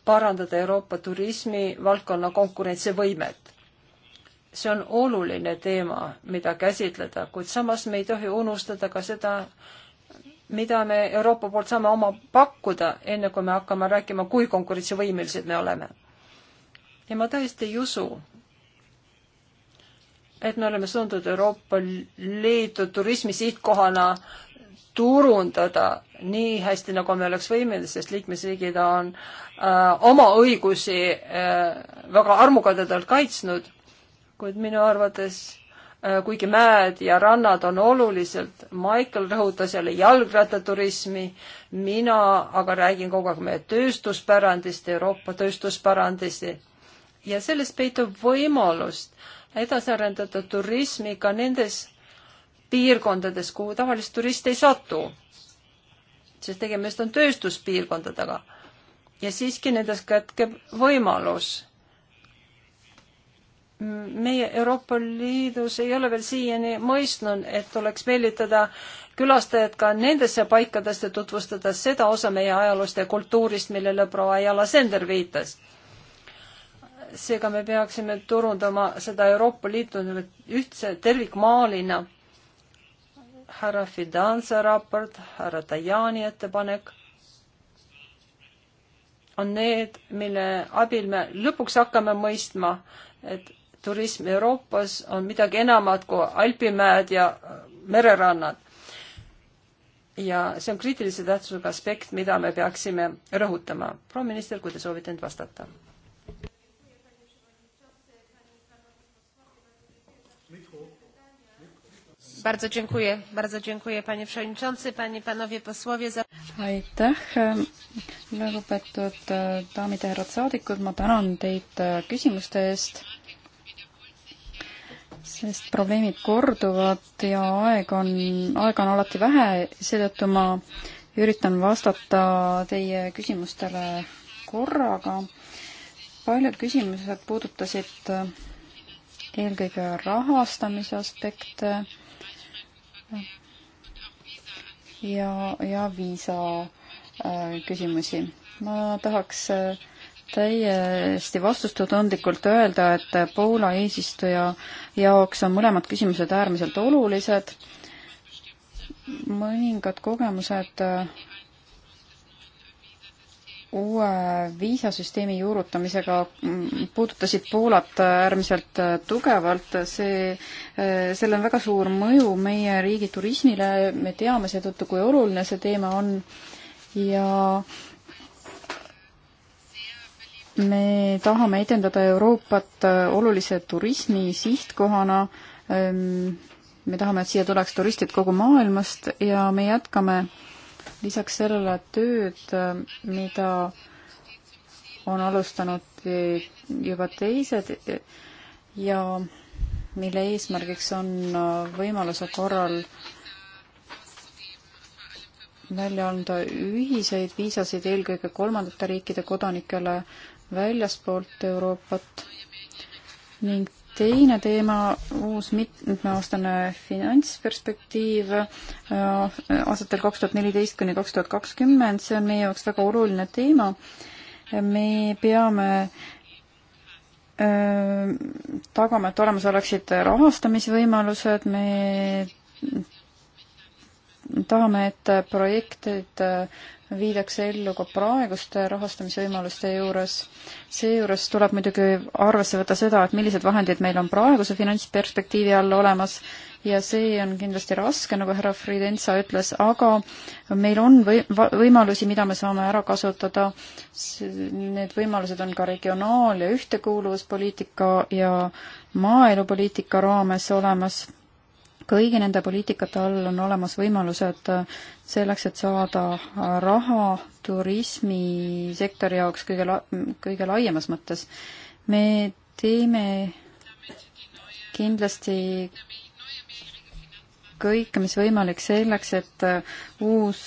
parandada Euroopa turismi valdkonna konkurentsivõimet. see on oluline teema, mida käsitleda, kuid samas me ei tohi unustada ka seda, mida me Euroopa poolt saame oma pakkuda, enne kui me hakkame rääkima, kui konkurentsivõimelised me oleme. ja ma tõesti ei usu, et me oleme suundunud Euroopa Liidu turismi sihtkohana turundada nii hästi, nagu me oleks võimelised, sest liikmesriigid on äh, oma õigusi äh, väga armukadedalt kaitsnud, kuid minu arvates äh, kuigi mäed ja rannad on oluliselt, Michael rõhutas jälle jalgrattaturismi, mina aga räägin kogu aeg meie tööstuspärandist, Euroopa tööstuspärandist ja sellest peitub võimalust äh, edasi arendatud turismi ka nendes piirkondades, kuhu tavalist turist ei satu, sest tegemist on tööstuspiirkondadega. ja siiski nendes kätkeb võimalus. meie Euroopa Liidus ei ole veel siiani mõistnud, et tuleks meelitada külastajad ka nendesse paikadesse tutvustada seda osa meie ajaloost ja kultuurist, millele proua Jala Sender viitas seega me peaksime turundama seda Euroopa Liitu ühtse tervikmaalina. härra Fidanza raport, härra Tajani ettepanek on need, mille abil me lõpuks hakkame mõistma, et turism Euroopas on midagi enamat kui alpimäed ja mererannad. ja see on kriitilise tähtsusega aspekt, mida me peaksime rõhutama. proua minister, kui te soovite nüüd vastata Bardzo dziękuję, bardzo dziękuję panie przewodniczący, panie, panowie posłowie. Za... aitäh, lugupeetud daamid ja härrad saadikud, ma tänan teid küsimuste eest, sest probleemid korduvad ja aega on, aega on alati vähe, seetõttu ma üritan vastata teie küsimustele korraga. paljud küsimused puudutasid eelkõige rahastamise aspekte ja, ja viisa äh, küsimusi. ma tahaks äh, täiesti vastutustundlikult öelda, et Poola eesistuja jaoks on mõlemad küsimused äärmiselt olulised. mõningad kogemused äh, uue viisasüsteemi juurutamisega mm, puudutasid Poolat äärmiselt äh, tugevalt, see, äh, sellel on väga suur mõju meie riigi turismile, me teame seetõttu, kui oluline see teema on ja me tahame edendada Euroopat äh, olulise turismi sihtkohana, ähm, me tahame, et siia tuleks turistid kogu maailmast ja me jätkame äh, lisaks sellele tööd, mida on alustanud juba teised ja mille eesmärgiks on võimaluse korral välja anda ühiseid viisasid eelkõige kolmandate riikide kodanikele väljastpoolt Euroopat ning teine teema, uus mitmeaastane finantsperspektiiv äh, aastatel kaks tuhat neliteist kuni kaks tuhat kakskümmend, see on meie jaoks väga oluline teema. me peame äh, tagama, et olemas oleksid rahastamisvõimalused, me tahame, et projektid äh, viidakse ellu ka praeguste rahastamisvõimaluste juures. seejuures tuleb muidugi arvesse võtta seda, et millised vahendid meil on praeguse finantsperspektiivi all olemas ja see on kindlasti raske, nagu härra Fridensa ütles, aga meil on või-, võimalusi, mida me saame ära kasutada. Need võimalused on ka regionaal- ja ühtekuuluvuspoliitika ja maaelupoliitika raames olemas kõigi nende poliitikate all on olemas võimalused selleks, et saada raha turismisektori jaoks kõige la-, kõige laiemas mõttes. me teeme kindlasti kõike, mis võimalik selleks, et uus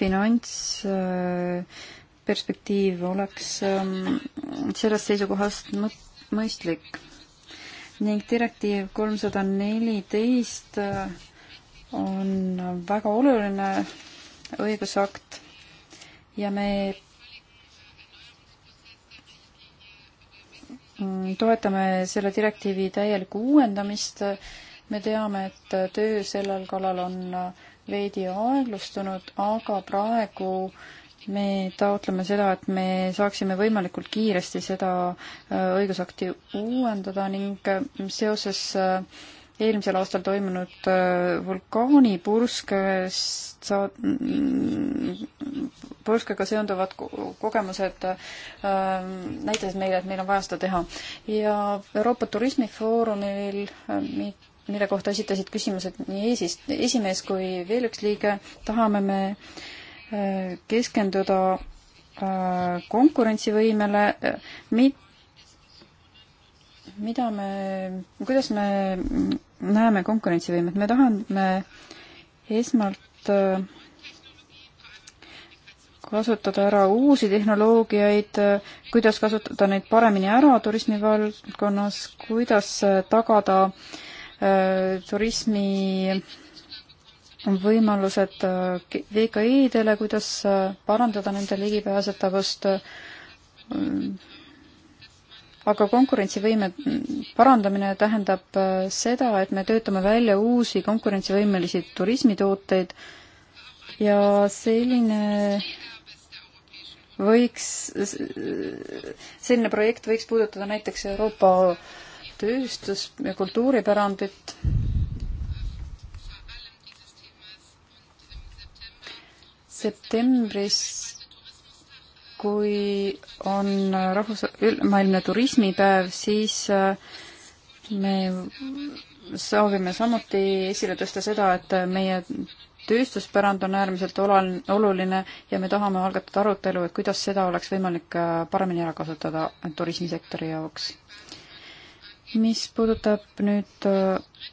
finantsperspektiiv oleks ähm, sellest seisukohast mõistlik ning direktiiv kolmsada neliteist äh, on väga oluline õigusakt ja me mm, toetame selle direktiivi täielikku uuendamist. me teame, et töö sellel kallal on veidi aeglustunud, aga praegu äh, me taotleme seda, et me saaksime võimalikult kiiresti seda äh, õigusakti uuendada ning äh, seoses äh, eelmisel aastal toimunud vulkaanipurskest saa-, mm, purskega seonduvad kogemused näitasid meile, et meil on vaja seda teha. ja Euroopa Turismifoorumil, mille kohta esitasid küsimused nii esis-, esimees kui veel üks liige, tahame me äh, keskenduda äh, konkurentsivõimele, äh, mi-, mida me, kuidas me näeme konkurentsivõimet, me tahame esmalt äh, kasutada ära uusi tehnoloogiaid, kuidas kasutada neid paremini ära turismivaldkonnas, kuidas tagada äh, turismi võimalused äh, VKI-dele, kuidas äh, parandada nende ligipääsetavust, äh, aga konkurentsivõime parandamine tähendab seda, et me töötame välja uusi konkurentsivõimelisi turismitooteid ja selline võiks, selline projekt võiks puudutada näiteks Euroopa tööstus- ja kultuuripärandit septembris, kui on rahvus-, maailmne turismipäev, siis äh, me soovime samuti esile tõsta seda, et meie tööstuspärand on äärmiselt oluline ja me tahame algatada arutelu, et kuidas seda oleks võimalik äh, paremini ära kasutada turismisektori jaoks. mis puudutab nüüd äh,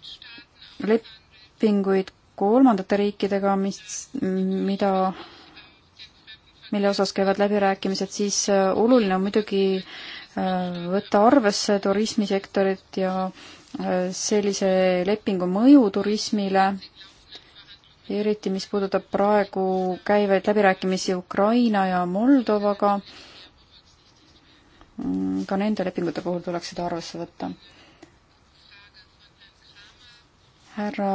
lepinguid kolmandate riikidega, mis, mida, mille osas käivad läbirääkimised, siis äh, oluline on muidugi äh, võtta arvesse turismisektorit ja äh, sellise lepingu mõju turismile, eriti mis puudutab praegu käivaid läbirääkimisi Ukraina ja Moldovaga, mm, ka nende lepingute puhul tuleks seda arvesse võtta. härra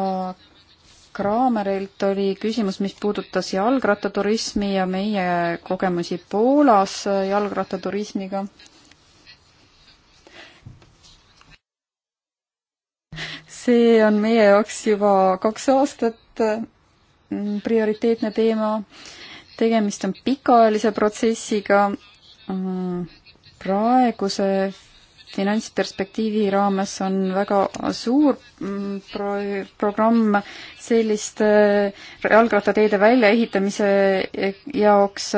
Kraamerilt oli küsimus, mis puudutas jalgrattaturismi ja meie kogemusi Poolas jalgrattaturismiga. see on meie jaoks juba kaks aastat mm, prioriteetne teema. tegemist on pikaajalise protsessiga. Mm, praeguse finantsperspektiivi raames on väga suur mm, pro programm selliste äh, jalgrattateede väljaehitamise äh, jaoks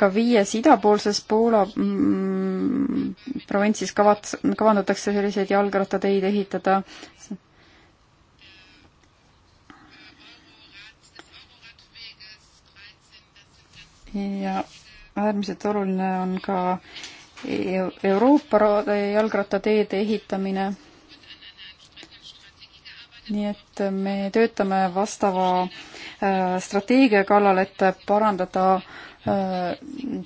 ka viies idapoolses Poola mm, provintsis kavats-, kavandatakse selliseid jalgrattateid ehitada. ja äärmiselt oluline on ka äh, Euroopa jalgrattateede ehitamine. nii et me töötame vastava äh, strateegia kallal, et parandada äh,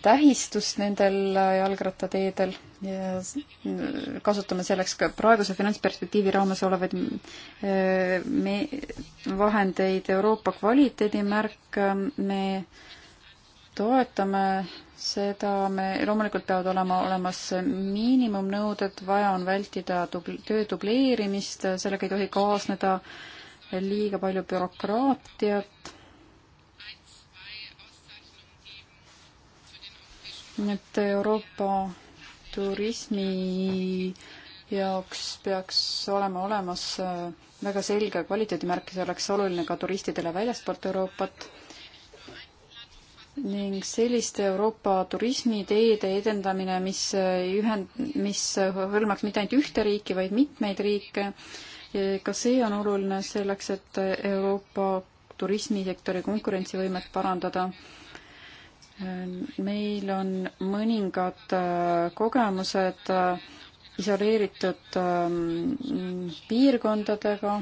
tähistust nendel äh, jalgrattateedel ja kasutame selleks ka praeguse finantsperspektiivi raames olevaid me vahendeid Euroopa kvaliteedimärk, me toetame seda me, loomulikult peavad olema olemas miinimumnõuded, vaja on vältida dubl-, töö dubleerimist, sellega ei tohi kaasneda liiga palju bürokraatiat et Euroopa turismi jaoks peaks olema olemas äh, väga selge kvaliteedimärk, see oleks oluline ka turistidele väljastpoolt Euroopat ning selliste Euroopa turismiteede edendamine, mis eh, ühend, mis eh, hõlmaks mitte ainult ühte riiki, vaid mitmeid riike, eh, ka see on oluline selleks, et Euroopa turismisektori konkurentsivõimet parandada meil on mõningad kogemused isoleeritud piirkondadega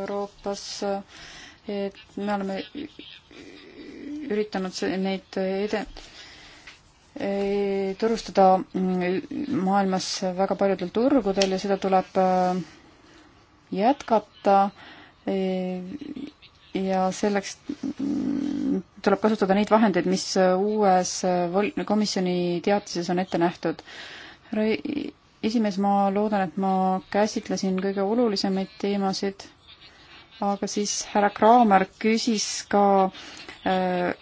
Euroopas, et me oleme üritanud neid ede-, eh, turustada mm, maailmas väga paljudel turgudel ja seda tuleb eh, jätkata eh, ja selleks mm, tuleb kasutada neid vahendeid, mis uues komisjoni teatises on ette nähtud. härra e-, esimees, ma loodan, et ma käsitlesin kõige olulisemaid teemasid aga siis härra Kraamer küsis ka äh,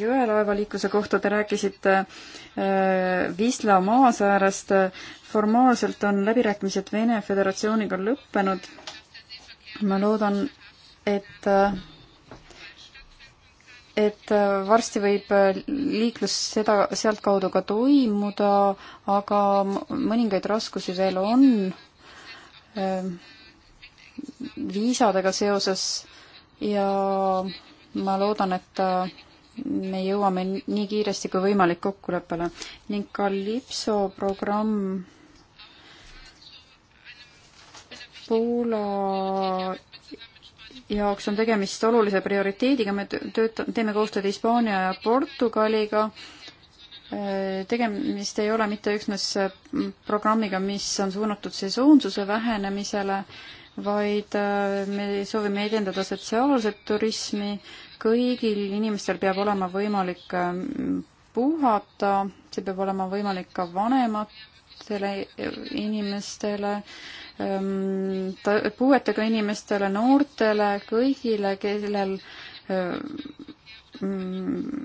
jõelaevaliikluse kohta te rääkisite äh, Wisla maasäärest. formaalselt on läbirääkimised Vene Föderatsiooniga lõppenud. ma loodan, et äh, et äh, varsti võib äh, liiklus seda, sealtkaudu ka toimuda, aga mõningaid raskusi veel on äh, viisadega seoses ja ma loodan, et äh, me jõuame nii kiiresti kui võimalik kokkuleppele ning Calypso programm Poola jaoks on tegemist olulise prioriteediga, me tööta-, teeme koostööd Hispaania ja Portugaliga, äh, tegemist ei ole mitte üksnes äh, programmiga, mis on suunatud sesoonsuse vähenemisele, vaid äh, me soovime edendada sotsiaalset turismi, kõigil inimestel peab olema võimalik ähm, puhata, see peab olema võimalik ka vanematele äh, inimestele, ähm, puuetega inimestele, noortele, kõigile, kellel äh, mm,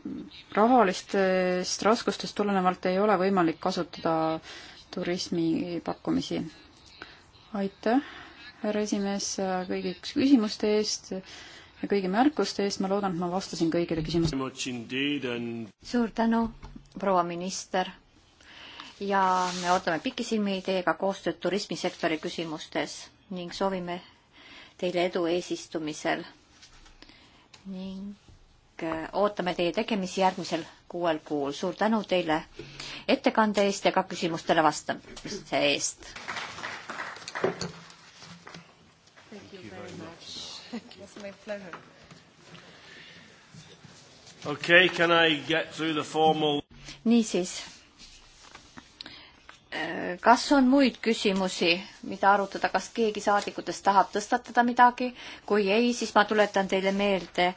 rahalistest raskustest tulenevalt ei ole võimalik kasutada turismipakkumisi. aitäh härra esimees, kõigiks küsimuste eest ja kõigi märkuste eest, ma loodan, et ma vastasin kõigile küsimustele. suur tänu, proua minister ja me ootame pikisilmi teiega koostööd turismisektori küsimustes ning soovime teile edu eesistumisel ning äh, ootame teie tegemisi järgmisel kuuel kuul. suur tänu teile ettekande eest ja ka küsimustele vastamise eest. may flow home. Okay, can I get through the formal... niisiis, äh, kas on muid küsimusi, mida arutada, kas keegi saadikutest tahab tõstatada midagi? kui ei, siis ma tuletan teile meelde,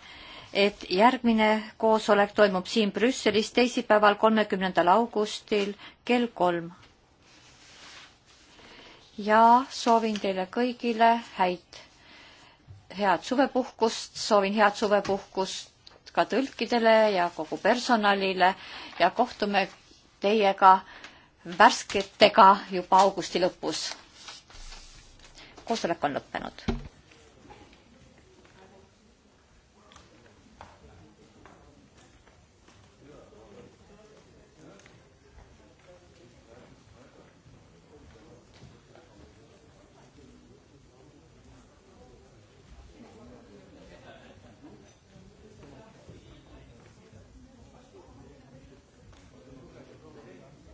et järgmine koosolek toimub siin Brüsselis teisipäeval, kolmekümnendal augustil kell kolm. ja soovin teile kõigile häid head suvepuhkust, soovin head suvepuhkust ka tõlkidele ja kogu personalile ja kohtume teiega värsketega juba augusti lõpus. koosolek on lõppenud.